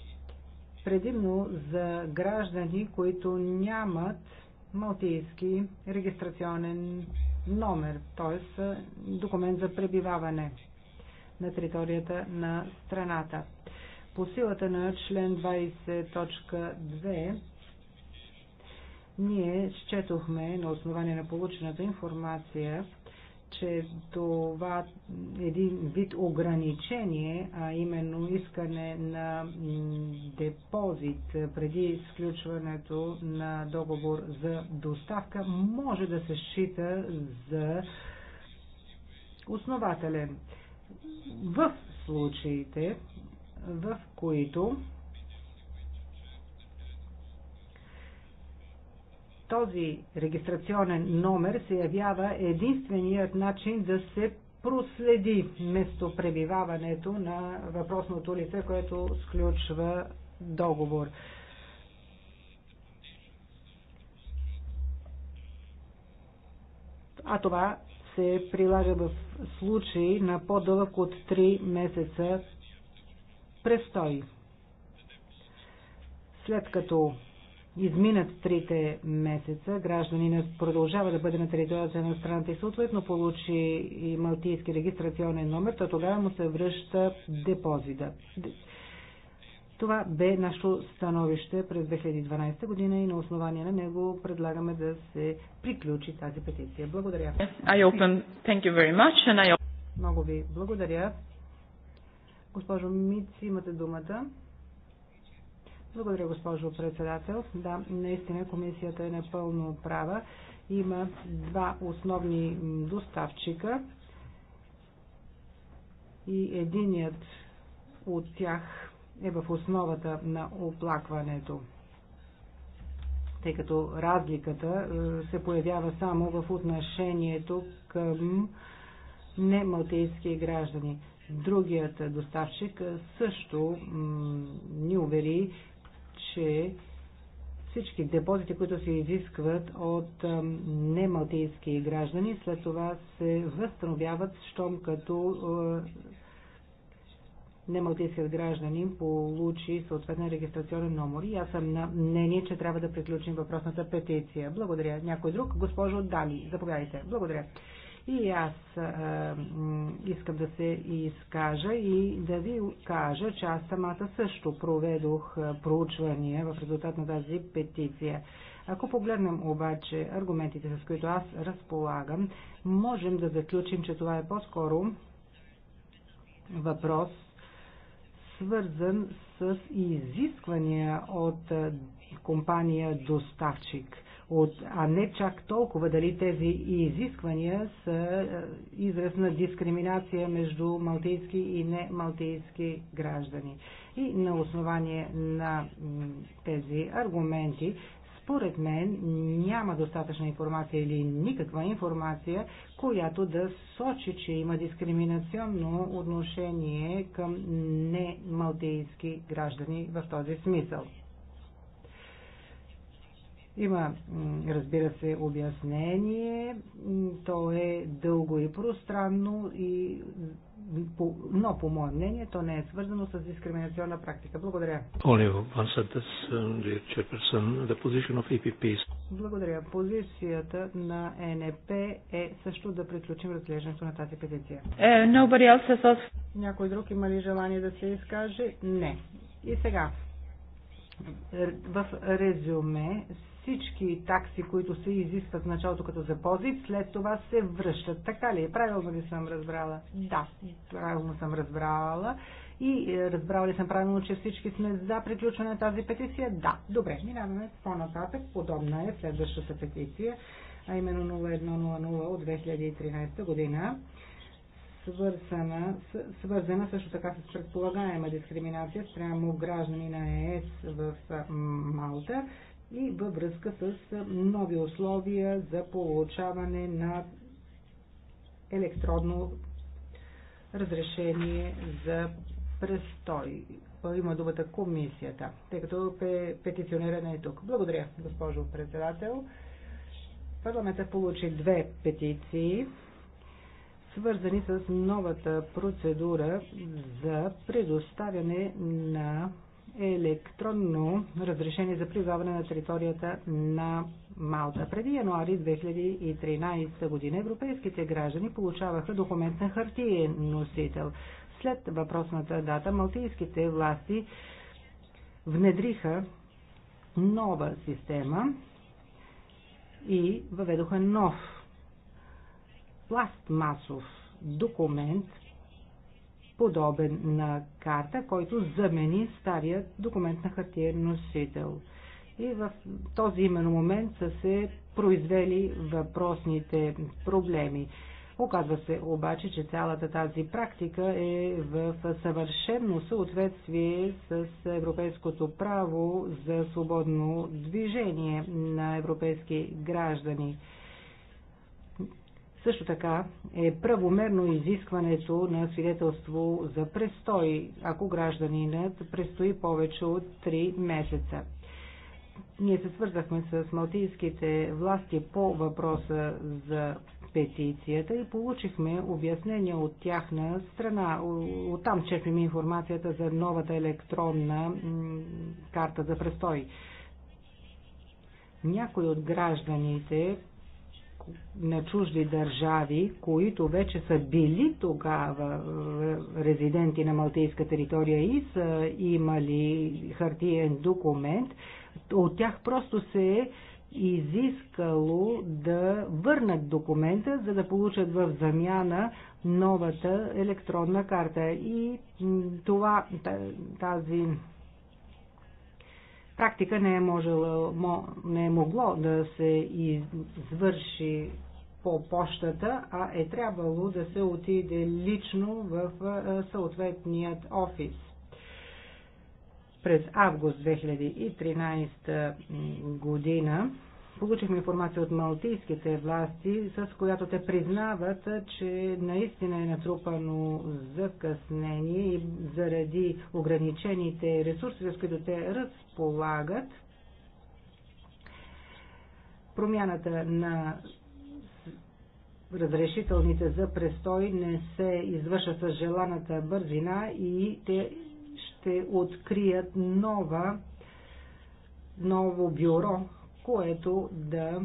предимно за граждани, които нямат малтийски регистрационен номер, т.е. документ за пребиваване на територията на страната. По силата на член 20.2 ние счетохме на основание на получената информация, че това е един вид ограничение, а именно искане на депозит преди сключването на договор за доставка, може да се счита за основателен в случаите, в които този регистрационен номер се явява единственият начин да се проследи местопребиваването на въпросното лице, което сключва договор. А това се прилага в случай на по-дълъг от 3 месеца престой. След като изминат трите месеца, гражданинът продължава да бъде на територията на страната и съответно получи и малтийски регистрационен номер, то тогава му се връща депозита. Това бе нашето становище през 2012 година и на основание на него предлагаме да се приключи тази петиция. Благодаря. I open. Thank you very much and I... Много ви благодаря. Госпожо Миц, имате думата. Благодаря, госпожо председател. Да, наистина комисията е напълно права. Има два основни доставчика и единият от тях е в основата на оплакването, тъй като разликата е, се появява само в отношението към немалтийски граждани. Другият доставчик е, също ни увери, че всички депозити, които се изискват от немалтийски граждани, след това се възстановяват, щом като немалтийският гражданин получи съответен регистрационен номер. И аз съм на мнение, че трябва да приключим въпросната петиция. Благодаря. Някой друг? Госпожо Дали, заповядайте. Благодаря. И аз а, искам да се изкажа и да ви кажа, че аз самата също проведох проучвания в резултат на тази петиция. Ако погледнем обаче аргументите, с които аз разполагам, можем да заключим, че това е по-скоро въпрос свързан с изисквания от компания доставчик – от, а не чак толкова дали тези изисквания са е, израз на дискриминация между малтийски и не малтийски граждани. И на основание на тези аргументи според мен няма достатъчна информация или никаква информация, която да сочи, че има дискриминационно отношение към немалтийски граждани в този смисъл. Има, разбира се, обяснение. То е дълго и пространно, и, но по мое мнение то не е свързано с дискриминационна практика. Благодаря. Um, e Благодаря. Позицията на НП е също да приключим разглеждането на тази петиция. Uh, Някой друг има ли желание да се изкаже? Не. И сега в резюме всички такси, които се изискват в началото като запозит, след това се връщат. Така ли? Е? Правилно ли съм разбрала? Да, правилно съм разбрала. И е, разбрала ли съм правилно, че всички сме за приключване на тази петиция? Да. Добре, минаваме по-нататък. Подобна е следващата петиция, а именно 0100 от 2013 година свързана, свързана също така с предполагаема дискриминация спрямо граждани на ЕС в Малта и във връзка с нови условия за получаване на електронно разрешение за престой. Е, има думата комисията, тъй като петиционирана е тук. Благодаря, госпожо председател. Парламентът получи две петиции, свързани с новата процедура за предоставяне на електронно разрешение за призоване на територията на Малта. Преди януари 2013 година европейските граждани получаваха документ на хартиен носител. След въпросната дата малтийските власти внедриха нова система и въведоха нов пластмасов документ, подобен на карта, който замени стария документ на хартиен носител. И в този именно момент са се произвели въпросните проблеми. Оказва се обаче, че цялата тази практика е в съвършено съответствие с европейското право за свободно движение на европейски граждани. Също така е правомерно изискването на свидетелство за престой, ако гражданинът престои повече от 3 месеца. Ние се свързахме с малтийските власти по въпроса за петицията и получихме обяснение от тяхна страна. Оттам черпим информацията за новата електронна карта за престой. Някои от гражданите на чужди държави, които вече са били тогава резиденти на малтийска територия и са имали хартиен документ, от тях просто се е изискало да върнат документа, за да получат в замяна новата електронна карта. И това, тази практика не е, можело, не е могло да се извърши по почтата, а е трябвало да се отиде лично в съответният офис. През август 2013 година Получихме информация от малтийските власти, с която те признават, че наистина е натрупано закъснение и заради ограничените ресурси, с които те разполагат. Промяната на разрешителните за престой не се извършва с желаната бързина и те ще открият нова, ново бюро което да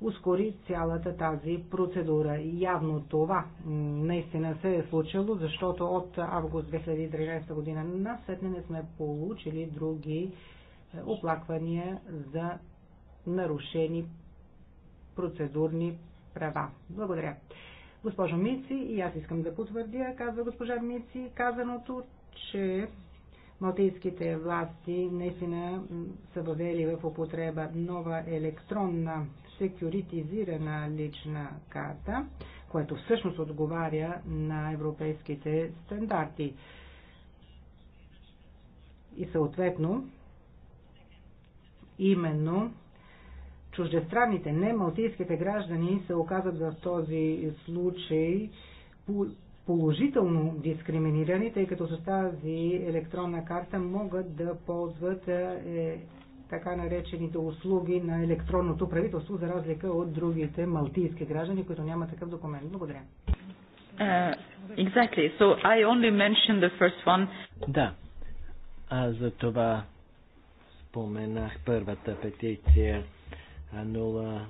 ускори цялата тази процедура. Явно това наистина се е случило, защото от август 2013 година на сетне не сме получили други е, оплаквания за нарушени процедурни права. Благодаря. Госпожо Мици, и аз искам да потвърдя, казва госпожа Мици, казаното, че Малтийските власти наистина са въвели в употреба нова електронна секюритизирана лична карта, което всъщност отговаря на европейските стандарти. И съответно, именно чуждестранните, не малтийските граждани се оказват в този случай положително дискриминирани, тъй като с тази електронна карта могат да ползват е, така наречените услуги на електронното правителство, за разлика от другите малтийски граждани, които нямат такъв документ. Благодаря. Uh, exactly. So I only mentioned the first one. Да. А за това споменах първата петиция 0100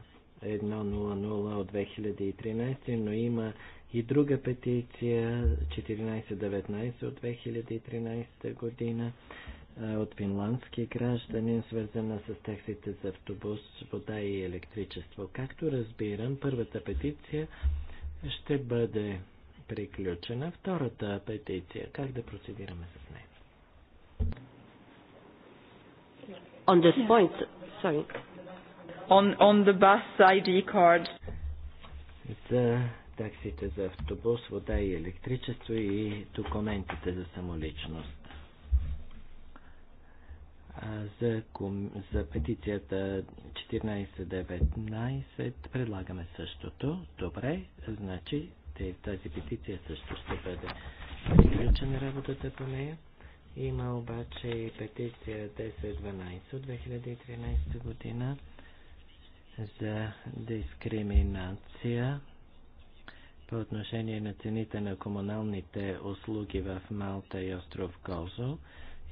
от 2013, но има и друга петиция 1419 от 2013 година от финландски гражданин, свързана с таксите за автобус, вода и електричество. Както разбирам, първата петиция ще бъде приключена. Втората петиция, как да процедираме с нея? On this point, sorry. On, on the bus ID card. За таксите за автобус, вода и електричество и документите за самоличност. За, ком... за петицията 1419 предлагаме същото. Добре, значи тази петиция също ще бъде приключена работата по нея. Има обаче и петиция 1012 от 2013 година за дискриминация по отношение на цените на комуналните услуги в Малта и остров Козо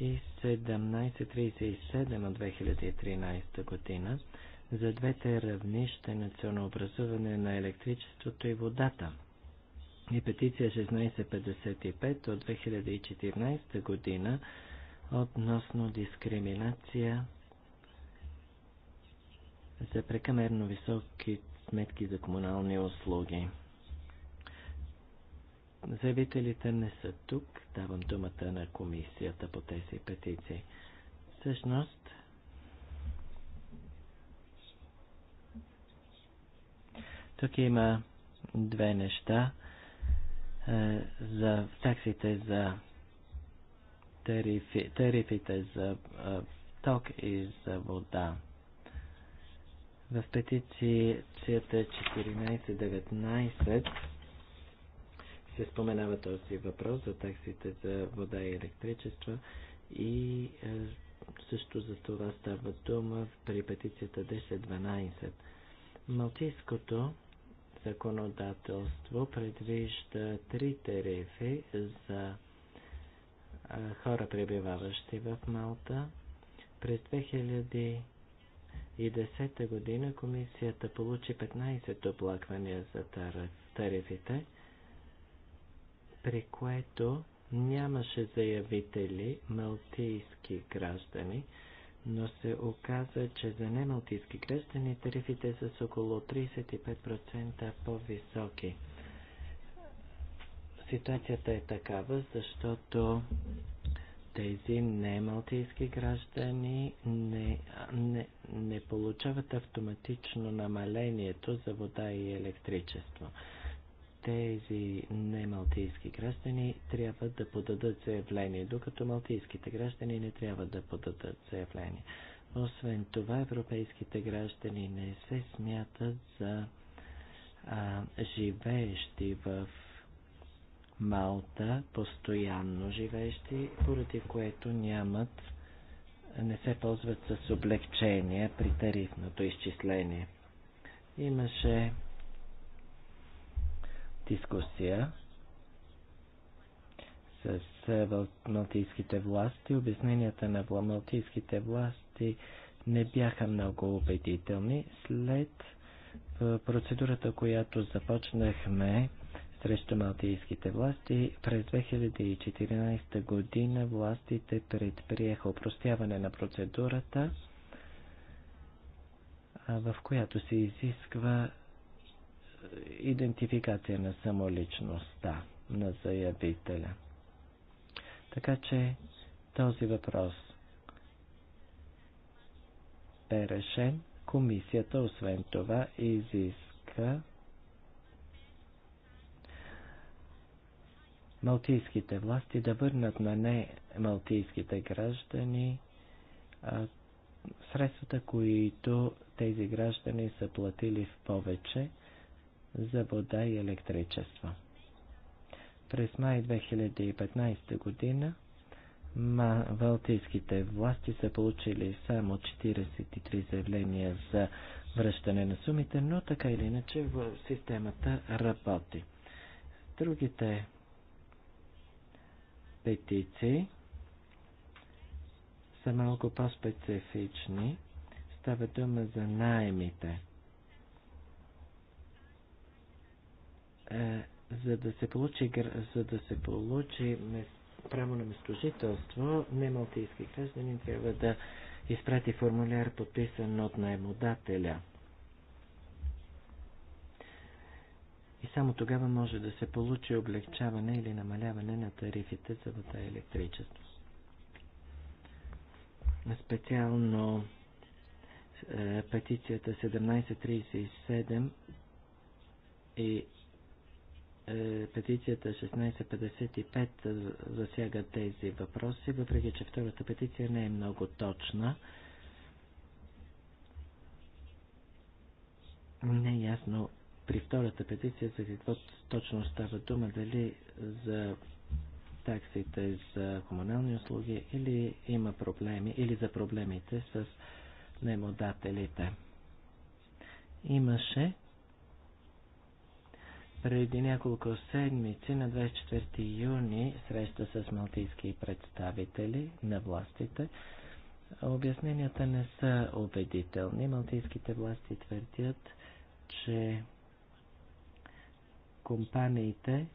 и 1737 от 2013 година за двете равнища на ценообразуване на електричеството и водата. И петиция 1655 от 2014 година относно дискриминация за прекамерно високи сметки за комунални услуги. Заявителите не са тук. Давам думата на комисията по тези петиции. Всъщност, тук има две неща е, за таксите за тарифи, тарифите за е, ток и за вода. В петицията 1419 се споменава този въпрос за таксите за вода и електричество и е, също за това става дума при петицията 1012. Малтийското законодателство предвижда три тарифи за е, хора, пребиваващи в Малта. През 2010 година комисията получи 15 оплаквания за тарифите при което нямаше заявители малтийски граждани, но се оказа, че за немалтийски граждани тарифите са с около 35% по-високи. Ситуацията е такава, защото тези немалтийски граждани не, не, не получават автоматично намалението за вода и електричество тези немалтийски граждани трябва да подадат заявление, докато малтийските граждани не трябва да подадат заявление. Освен това, европейските граждани не се смятат за а, живеещи в Малта, постоянно живеещи, поради което нямат, не се ползват с облегчение при тарифното изчисление. Имаше дискусия с малтийските власти. Обясненията на малтийските власти не бяха много убедителни. След процедурата, която започнахме срещу малтийските власти, през 2014 година властите предприеха упростяване на процедурата, в която се изисква идентификация на самоличността на заявителя. Така че този въпрос е решен. Комисията, освен това, изиска малтийските власти да върнат на не малтийските граждани а, средствата, които тези граждани са платили в повече за вода и електричество. През май 2015 година Ма, Балтийските власти са получили само 43 заявления за връщане на сумите, но така или иначе в системата работи. Другите петиции са малко по-специфични. Става дума за найемите. Е, за да се получи, за да се получи право на местожителство, немалтийски гражданин трябва да изпрати формуляр, подписан от наемодателя. И само тогава може да се получи облегчаване или намаляване на тарифите за вода и електричество. Специално е, петицията 1737 и е, петицията 1655 засяга тези въпроси, въпреки че втората петиция не е много точна. Не е ясно при втората петиция за какво точно става дума, дали за таксите за комунални услуги или има проблеми, или за проблемите с немодателите. Имаше преди няколко седмици, на 24 юни, среща с малтийски представители на властите. Обясненията не са убедителни. Малтийските власти твърдят, че компаниите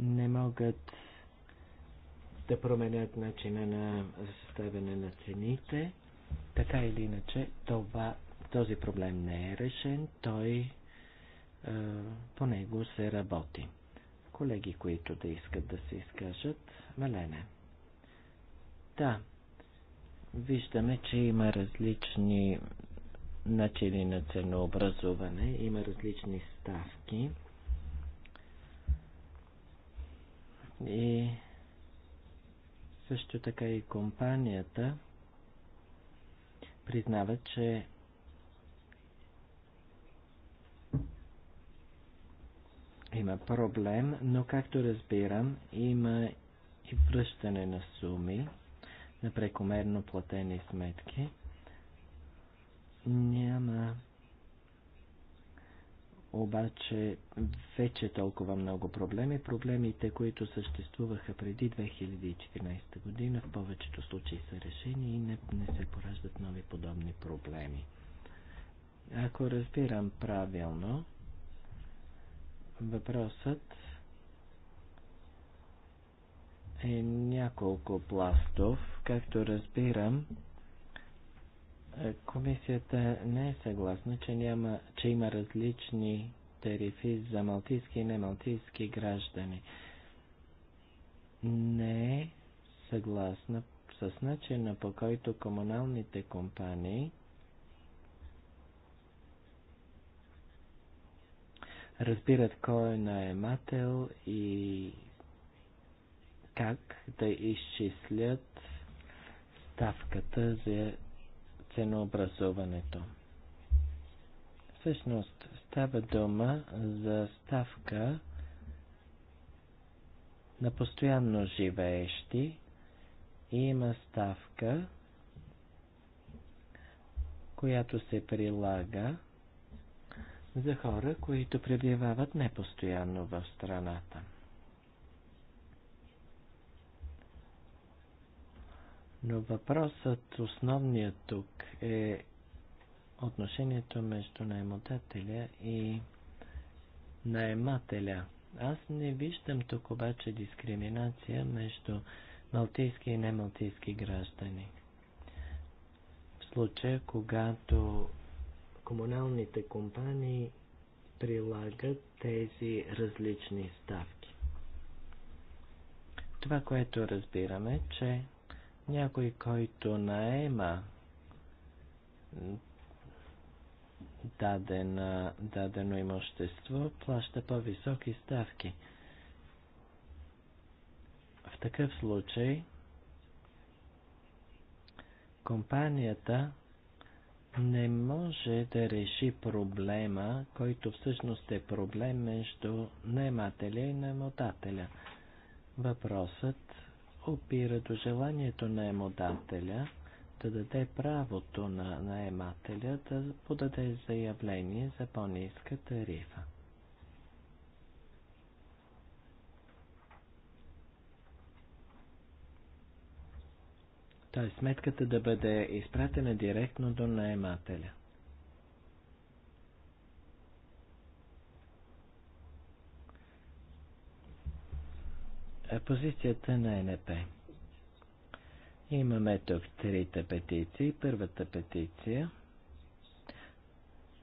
не могат да променят начина на съставяне на цените. Така или иначе, това този проблем не е решен, той е, по него се работи. Колеги, които да искат да се изкажат, Мелене. Да, виждаме, че има различни начини на ценообразуване, има различни ставки. И също така и компанията признава, че има проблем, но както разбирам, има и връщане на суми на прекомерно платени сметки. Няма обаче вече толкова много проблеми. Проблемите, които съществуваха преди 2014 година, в повечето случаи са решени и не, не се пораждат нови подобни проблеми. Ако разбирам правилно, Въпросът е няколко пластов. Както разбирам, комисията не е съгласна, че, няма, че има различни тарифи за малтийски и немалтийски граждани. Не е съгласна с начина по който комуналните компании разбират кой е наемател и как да изчислят ставката за ценообразуването. Всъщност става дума за ставка на постоянно живеещи и има ставка, която се прилага за хора, които пребивават непостоянно в страната. Но въпросът основният тук е отношението между наемодателя и наемателя. Аз не виждам тук обаче дискриминация между малтийски и немалтийски граждани. В случая, когато комуналните компании прилагат тези различни ставки. Това, което разбираме, че някой, който наема дадена, дадено имущество, плаща по-високи ставки. В такъв случай компанията не може да реши проблема, който всъщност е проблем между наемателя и наемодателя. Въпросът опира до желанието на емодателя да даде правото на наемателя да подаде заявление за по-ниска тарифа. т.е. сметката да бъде изпратена директно до наемателя. Позицията на НП. Имаме тук трите петиции. Първата петиция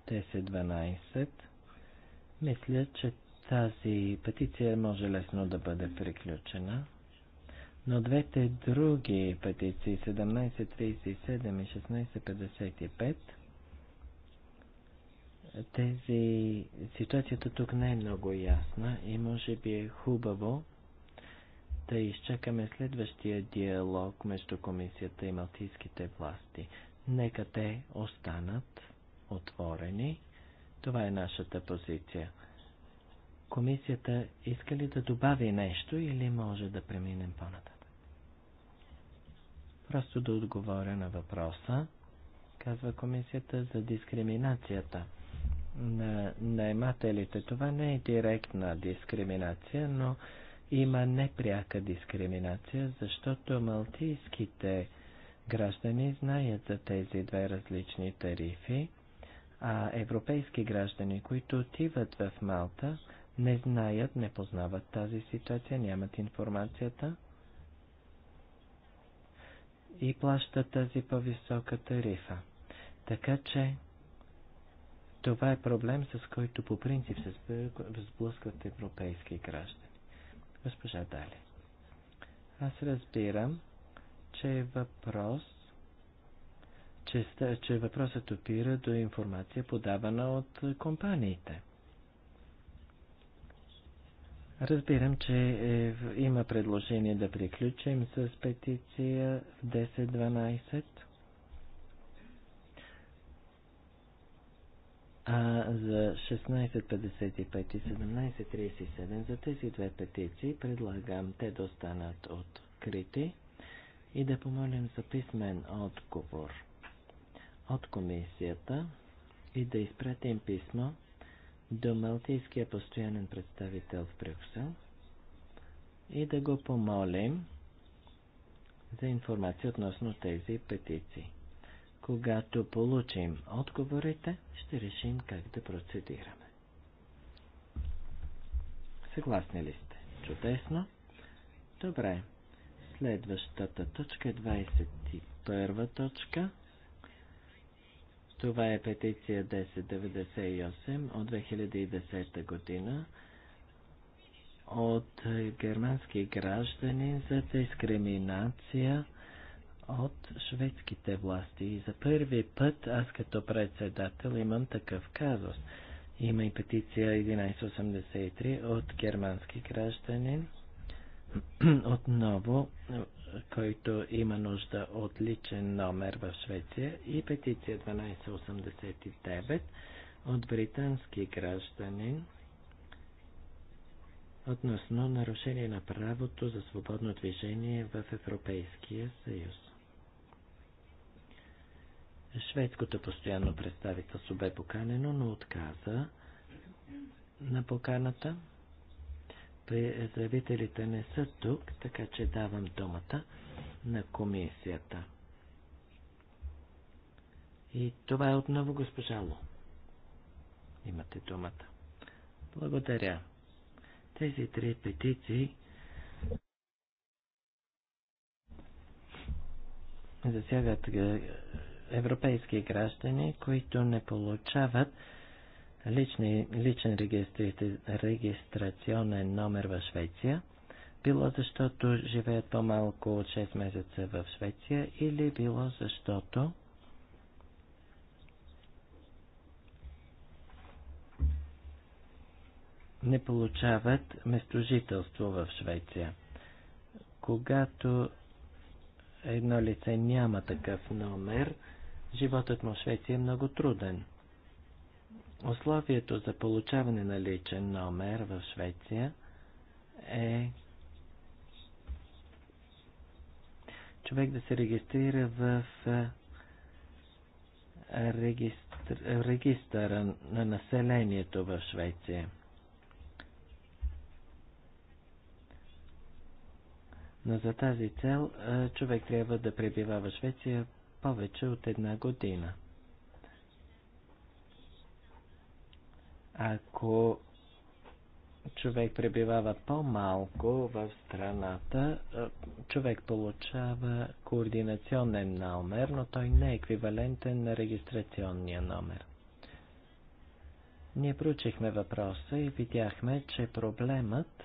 10-12. Мисля, че тази петиция може лесно да бъде приключена. Но двете други петиции, 1737 и 1655, тези, ситуацията тук не е много ясна и може би е хубаво да изчакаме следващия диалог между комисията и малтийските власти. Нека те останат отворени. Това е нашата позиция. Комисията иска ли да добави нещо или може да преминем по-нататък? Просто да отговоря на въпроса, казва комисията за дискриминацията на наемателите. Това не е директна дискриминация, но има непряка дискриминация, защото малтийските граждани знаят за тези две различни тарифи, а европейски граждани, които отиват в Малта, не знаят, не познават тази ситуация, нямат информацията и плащат тази по-висока тарифа. Така че това е проблем, с който по принцип се сблъскват европейски граждани. Госпожа Дали, аз разбирам, че е въпрос, че, че въпросът опира до информация подавана от компаниите – Разбирам, че е, има предложение да приключим с петиция 10-12. А за 16.55 и 17.37 за тези две петиции предлагам те да останат открити и да помолим за писмен отговор от комисията и да изпратим писмо до Малтийския постоянен представител в Брюксел и да го помолим за информация относно тези петиции. Когато получим отговорите, ще решим как да процедираме. Съгласни ли сте? Чудесно. Добре. Следващата точка е 21 точка – това е петиция 1098 от 2010 година от германски граждани за дискриминация от шведските власти. И за първи път аз като председател имам такъв казус. Има и петиция 1183 от германски гражданин. *clears throat* Отново който има нужда от личен номер в Швеция и петиция 1289 от британски гражданин относно нарушение на правото за свободно движение в Европейския съюз. Шведското постоянно представителство бе поканено, но отказа на поканата заявителите не са тук, така че давам думата на комисията. И това е отново госпожа Ло. Имате думата. Благодаря. Тези три петиции засягат европейски граждани, които не получават лични, личен регистр, регистрационен номер в Швеция, било защото живеят по-малко от 6 месеца в Швеция или било защото не получават местожителство в Швеция. Когато едно лице няма такъв номер, животът му в Швеция е много труден. Условието за получаване на личен номер в Швеция е човек да се регистрира в регистр... регистъра на населението в Швеция. Но за тази цел човек трябва да пребива в Швеция повече от една година. Ако човек пребивава по-малко в страната, човек получава координационен номер, но той не е еквивалентен на регистрационния номер. Ние проучихме въпроса и видяхме, че проблемът,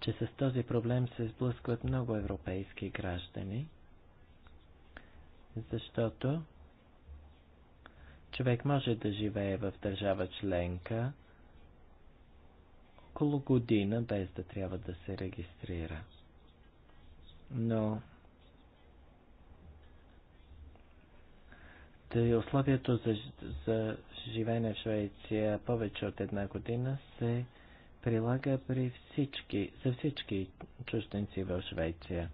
че с този проблем се сблъскват много европейски граждани, защото Човек може да живее в държава членка около година, без да трябва да се регистрира. Но Тъй условието за, за живеене в Швеция повече от една година се прилага при всички, за всички чужденци в Швеция.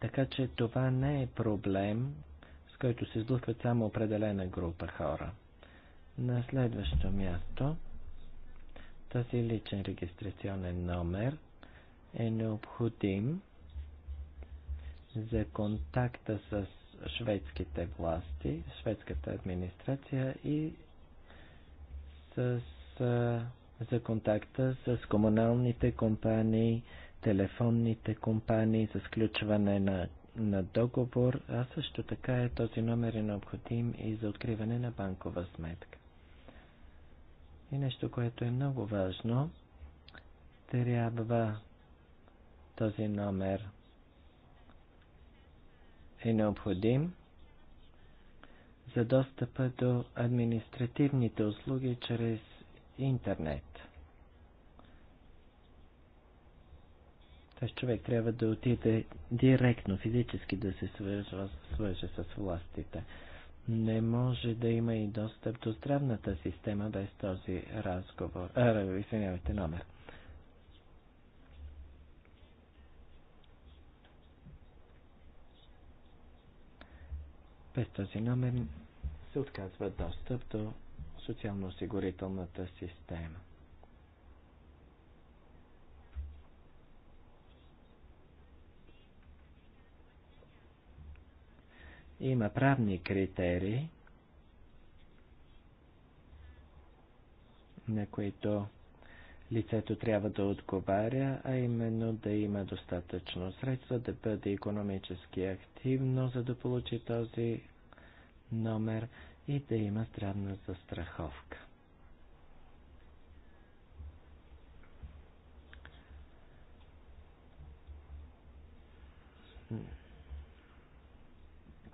Така че това не е проблем, с който се сблъскват само определена група хора. На следващо място, този личен регистрационен номер е необходим за контакта с шведските власти, шведската администрация и с, за контакта с комуналните компании, телефонните компании за сключване на, на договор, а също така е този номер е необходим и за откриване на банкова сметка. И нещо, което е много важно, трябва този номер е необходим за достъпа до административните услуги чрез интернет. Т.е. човек трябва да отиде директно, физически да се свържа, с властите. Не може да има и достъп до здравната система без този разговор. А, извинявайте, номер. Без този номер се отказва достъп до социално-осигурителната система. Има правни критерии, на които лицето трябва да отговаря, а именно да има достатъчно средства, да бъде економически активно, за да получи този номер и да има здравна застраховка.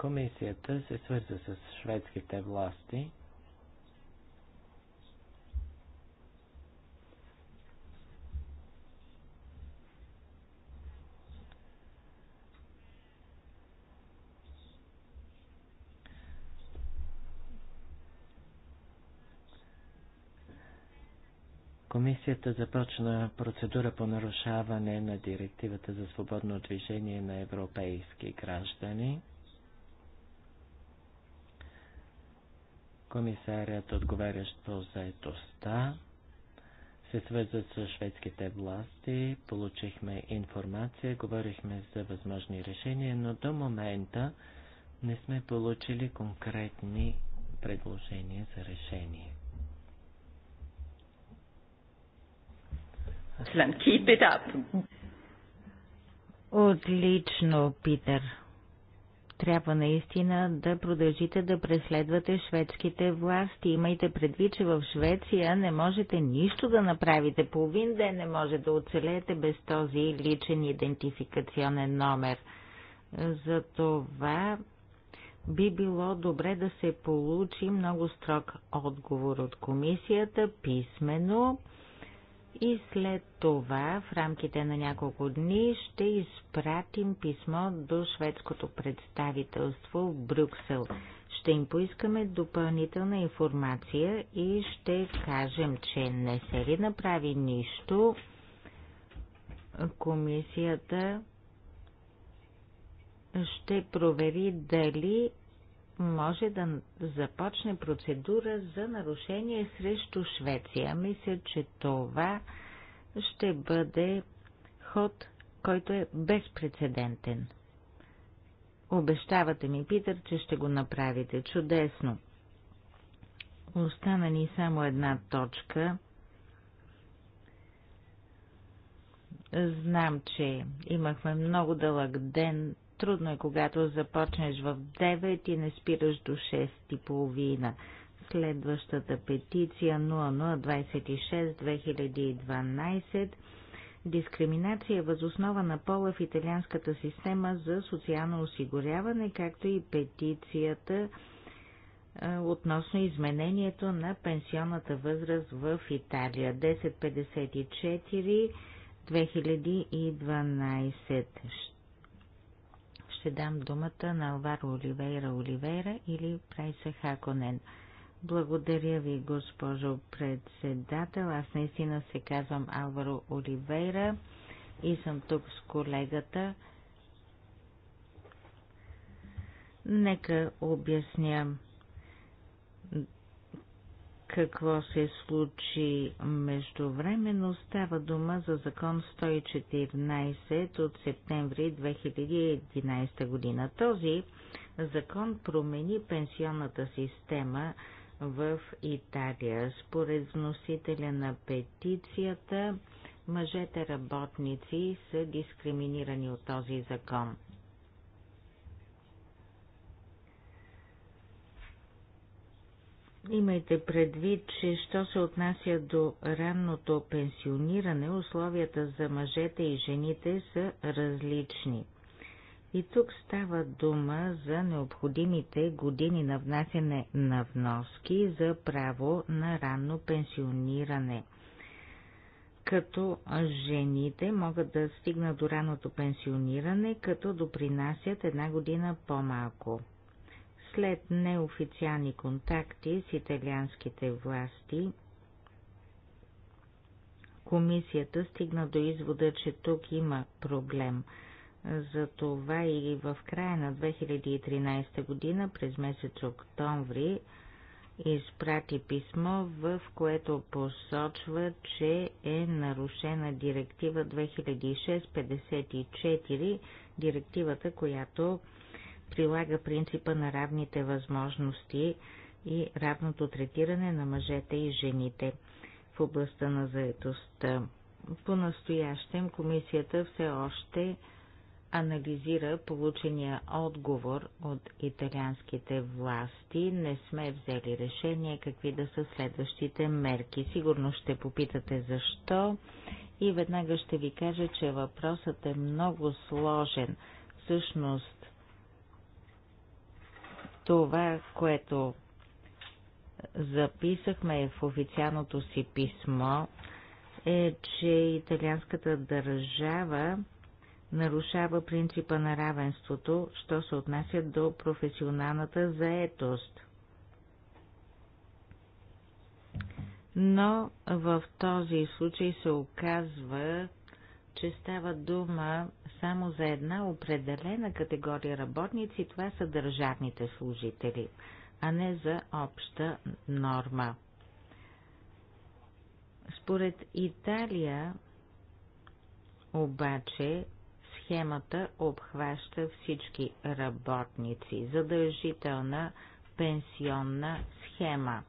Комисията се свърза с шведските власти Комисията започна процедура по нарушаване на директивата за свободно движение на европейски граждани. комисарят, отговарящ по заедостта, се свързат с шведските власти, получихме информация, говорихме за възможни решения, но до момента не сме получили конкретни предложения за решение. Keep it up. Отлично, Питер трябва наистина да продължите да преследвате шведските власти. Имайте предвид, че в Швеция не можете нищо да направите. Половин ден не може да оцелеете без този личен идентификационен номер. За това би било добре да се получи много строг отговор от комисията писменно и след това, в рамките на няколко дни, ще изпратим писмо до шведското представителство в Брюксел. Ще им поискаме допълнителна информация и ще кажем, че не се ли направи нищо, комисията ще провери дали може да започне процедура за нарушение срещу Швеция. Мисля, че това ще бъде ход, който е безпредседентен. Обещавате ми, Питър, че ще го направите. Чудесно! Остана ни само една точка. Знам, че имахме много дълъг ден Трудно е, когато започнеш в 9 и не спираш до 6 и половина. Следващата петиция 0026-2012 Дискриминация възоснова на пола в италианската система за социално осигуряване, както и петицията е, относно изменението на пенсионната възраст в Италия 1054 2012 ще дам думата на Алваро Оливейра Оливейра или Прайса Хаконен. Благодаря ви, госпожо председател. Аз наистина се казвам Алваро Оливейра и съм тук с колегата. Нека обясня какво се случи междувременно. Става дума за закон 114 от септември 2011 година. Този закон промени пенсионната система в Италия. Според вносителя на петицията, мъжете работници са дискриминирани от този закон. Имайте предвид, че що се отнася до ранното пенсиониране, условията за мъжете и жените са различни. И тук става дума за необходимите години на внасяне на вноски за право на ранно пенсиониране. Като жените могат да стигнат до раното пенсиониране, като допринасят една година по-малко. След неофициални контакти с италианските власти, комисията стигна до извода, че тук има проблем. Затова и в края на 2013 година, през месец октомври, изпрати писмо, в което посочва, че е нарушена директива 2654, директивата, която прилага принципа на равните възможности и равното третиране на мъжете и жените в областта на заедостта. По-настоящем комисията все още анализира получения отговор от италианските власти. Не сме взели решение какви да са следващите мерки. Сигурно ще попитате защо и веднага ще ви кажа, че въпросът е много сложен. Всъщност това, което записахме в официалното си писмо, е, че италианската държава нарушава принципа на равенството, що се отнася до професионалната заетост. Но в този случай се оказва, че става дума само за една определена категория работници, това са държавните служители, а не за обща норма. Според Италия обаче схемата обхваща всички работници, задължителна пенсионна схема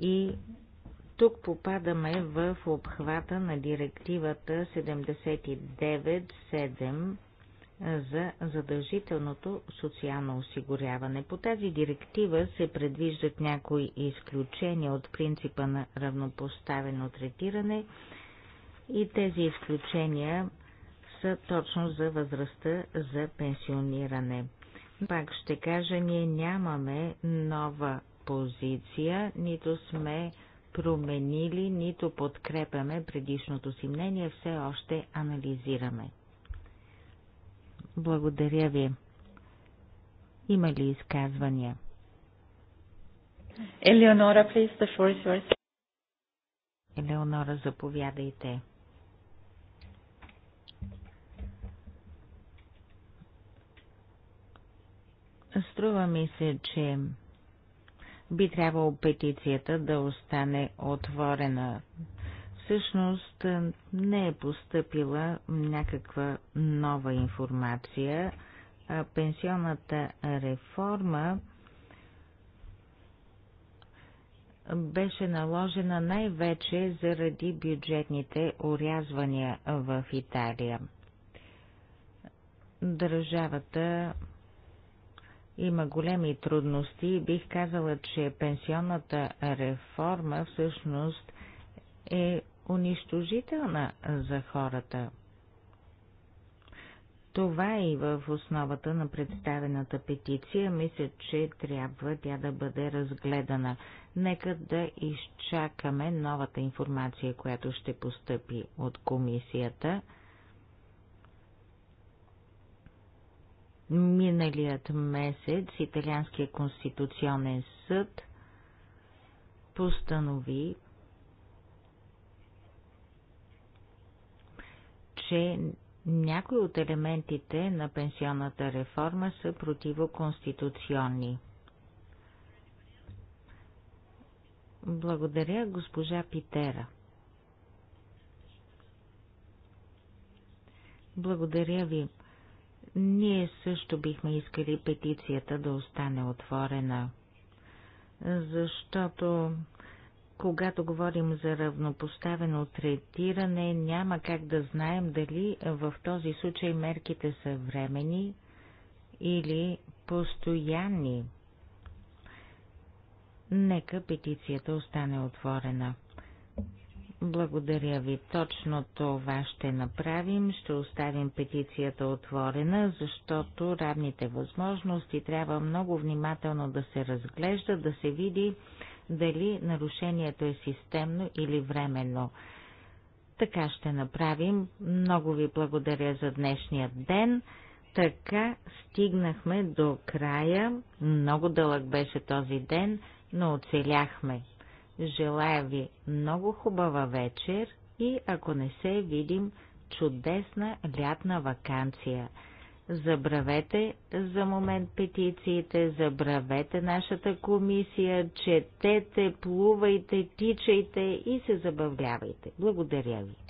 и тук попадаме в обхвата на директивата 797 за задължителното социално осигуряване. По тази директива се предвиждат някои изключения от принципа на равнопоставено третиране и тези изключения са точно за възрастта за пенсиониране. Пак ще кажа, ние нямаме нова позиция, нито сме променили, нито подкрепяме предишното си мнение, все още анализираме. Благодаря ви. Има ли изказвания? Елеонора, please, the floor is yours. Елеонора, заповядайте. Струва ми се, че би трябвало петицията да остане отворена. Всъщност е, не е поступила някаква нова информация. А пенсионната реформа беше наложена най-вече заради бюджетните урязвания в Италия. Държавата има големи трудности и бих казала, че пенсионната реформа всъщност е унищожителна за хората. Това е и в основата на представената петиция. Мисля, че трябва тя да бъде разгледана. Нека да изчакаме новата информация, която ще постъпи от комисията. Миналият месец Италианския конституционен съд постанови, че някои от елементите на пенсионната реформа са противоконституционни. Благодаря, госпожа Питера. Благодаря ви. Ние също бихме искали петицията да остане отворена, защото когато говорим за равнопоставено третиране, няма как да знаем дали в този случай мерките са времени или постоянни. Нека петицията остане отворена. Благодаря ви. Точно това ще направим. Ще оставим петицията отворена, защото равните възможности трябва много внимателно да се разглежда, да се види дали нарушението е системно или временно. Така ще направим. Много ви благодаря за днешния ден. Така стигнахме до края. Много дълъг беше този ден, но оцеляхме. Желая ви много хубава вечер и ако не се видим, чудесна лятна вакансия. Забравете за момент петициите, забравете нашата комисия, четете, плувайте, тичайте и се забавлявайте. Благодаря ви.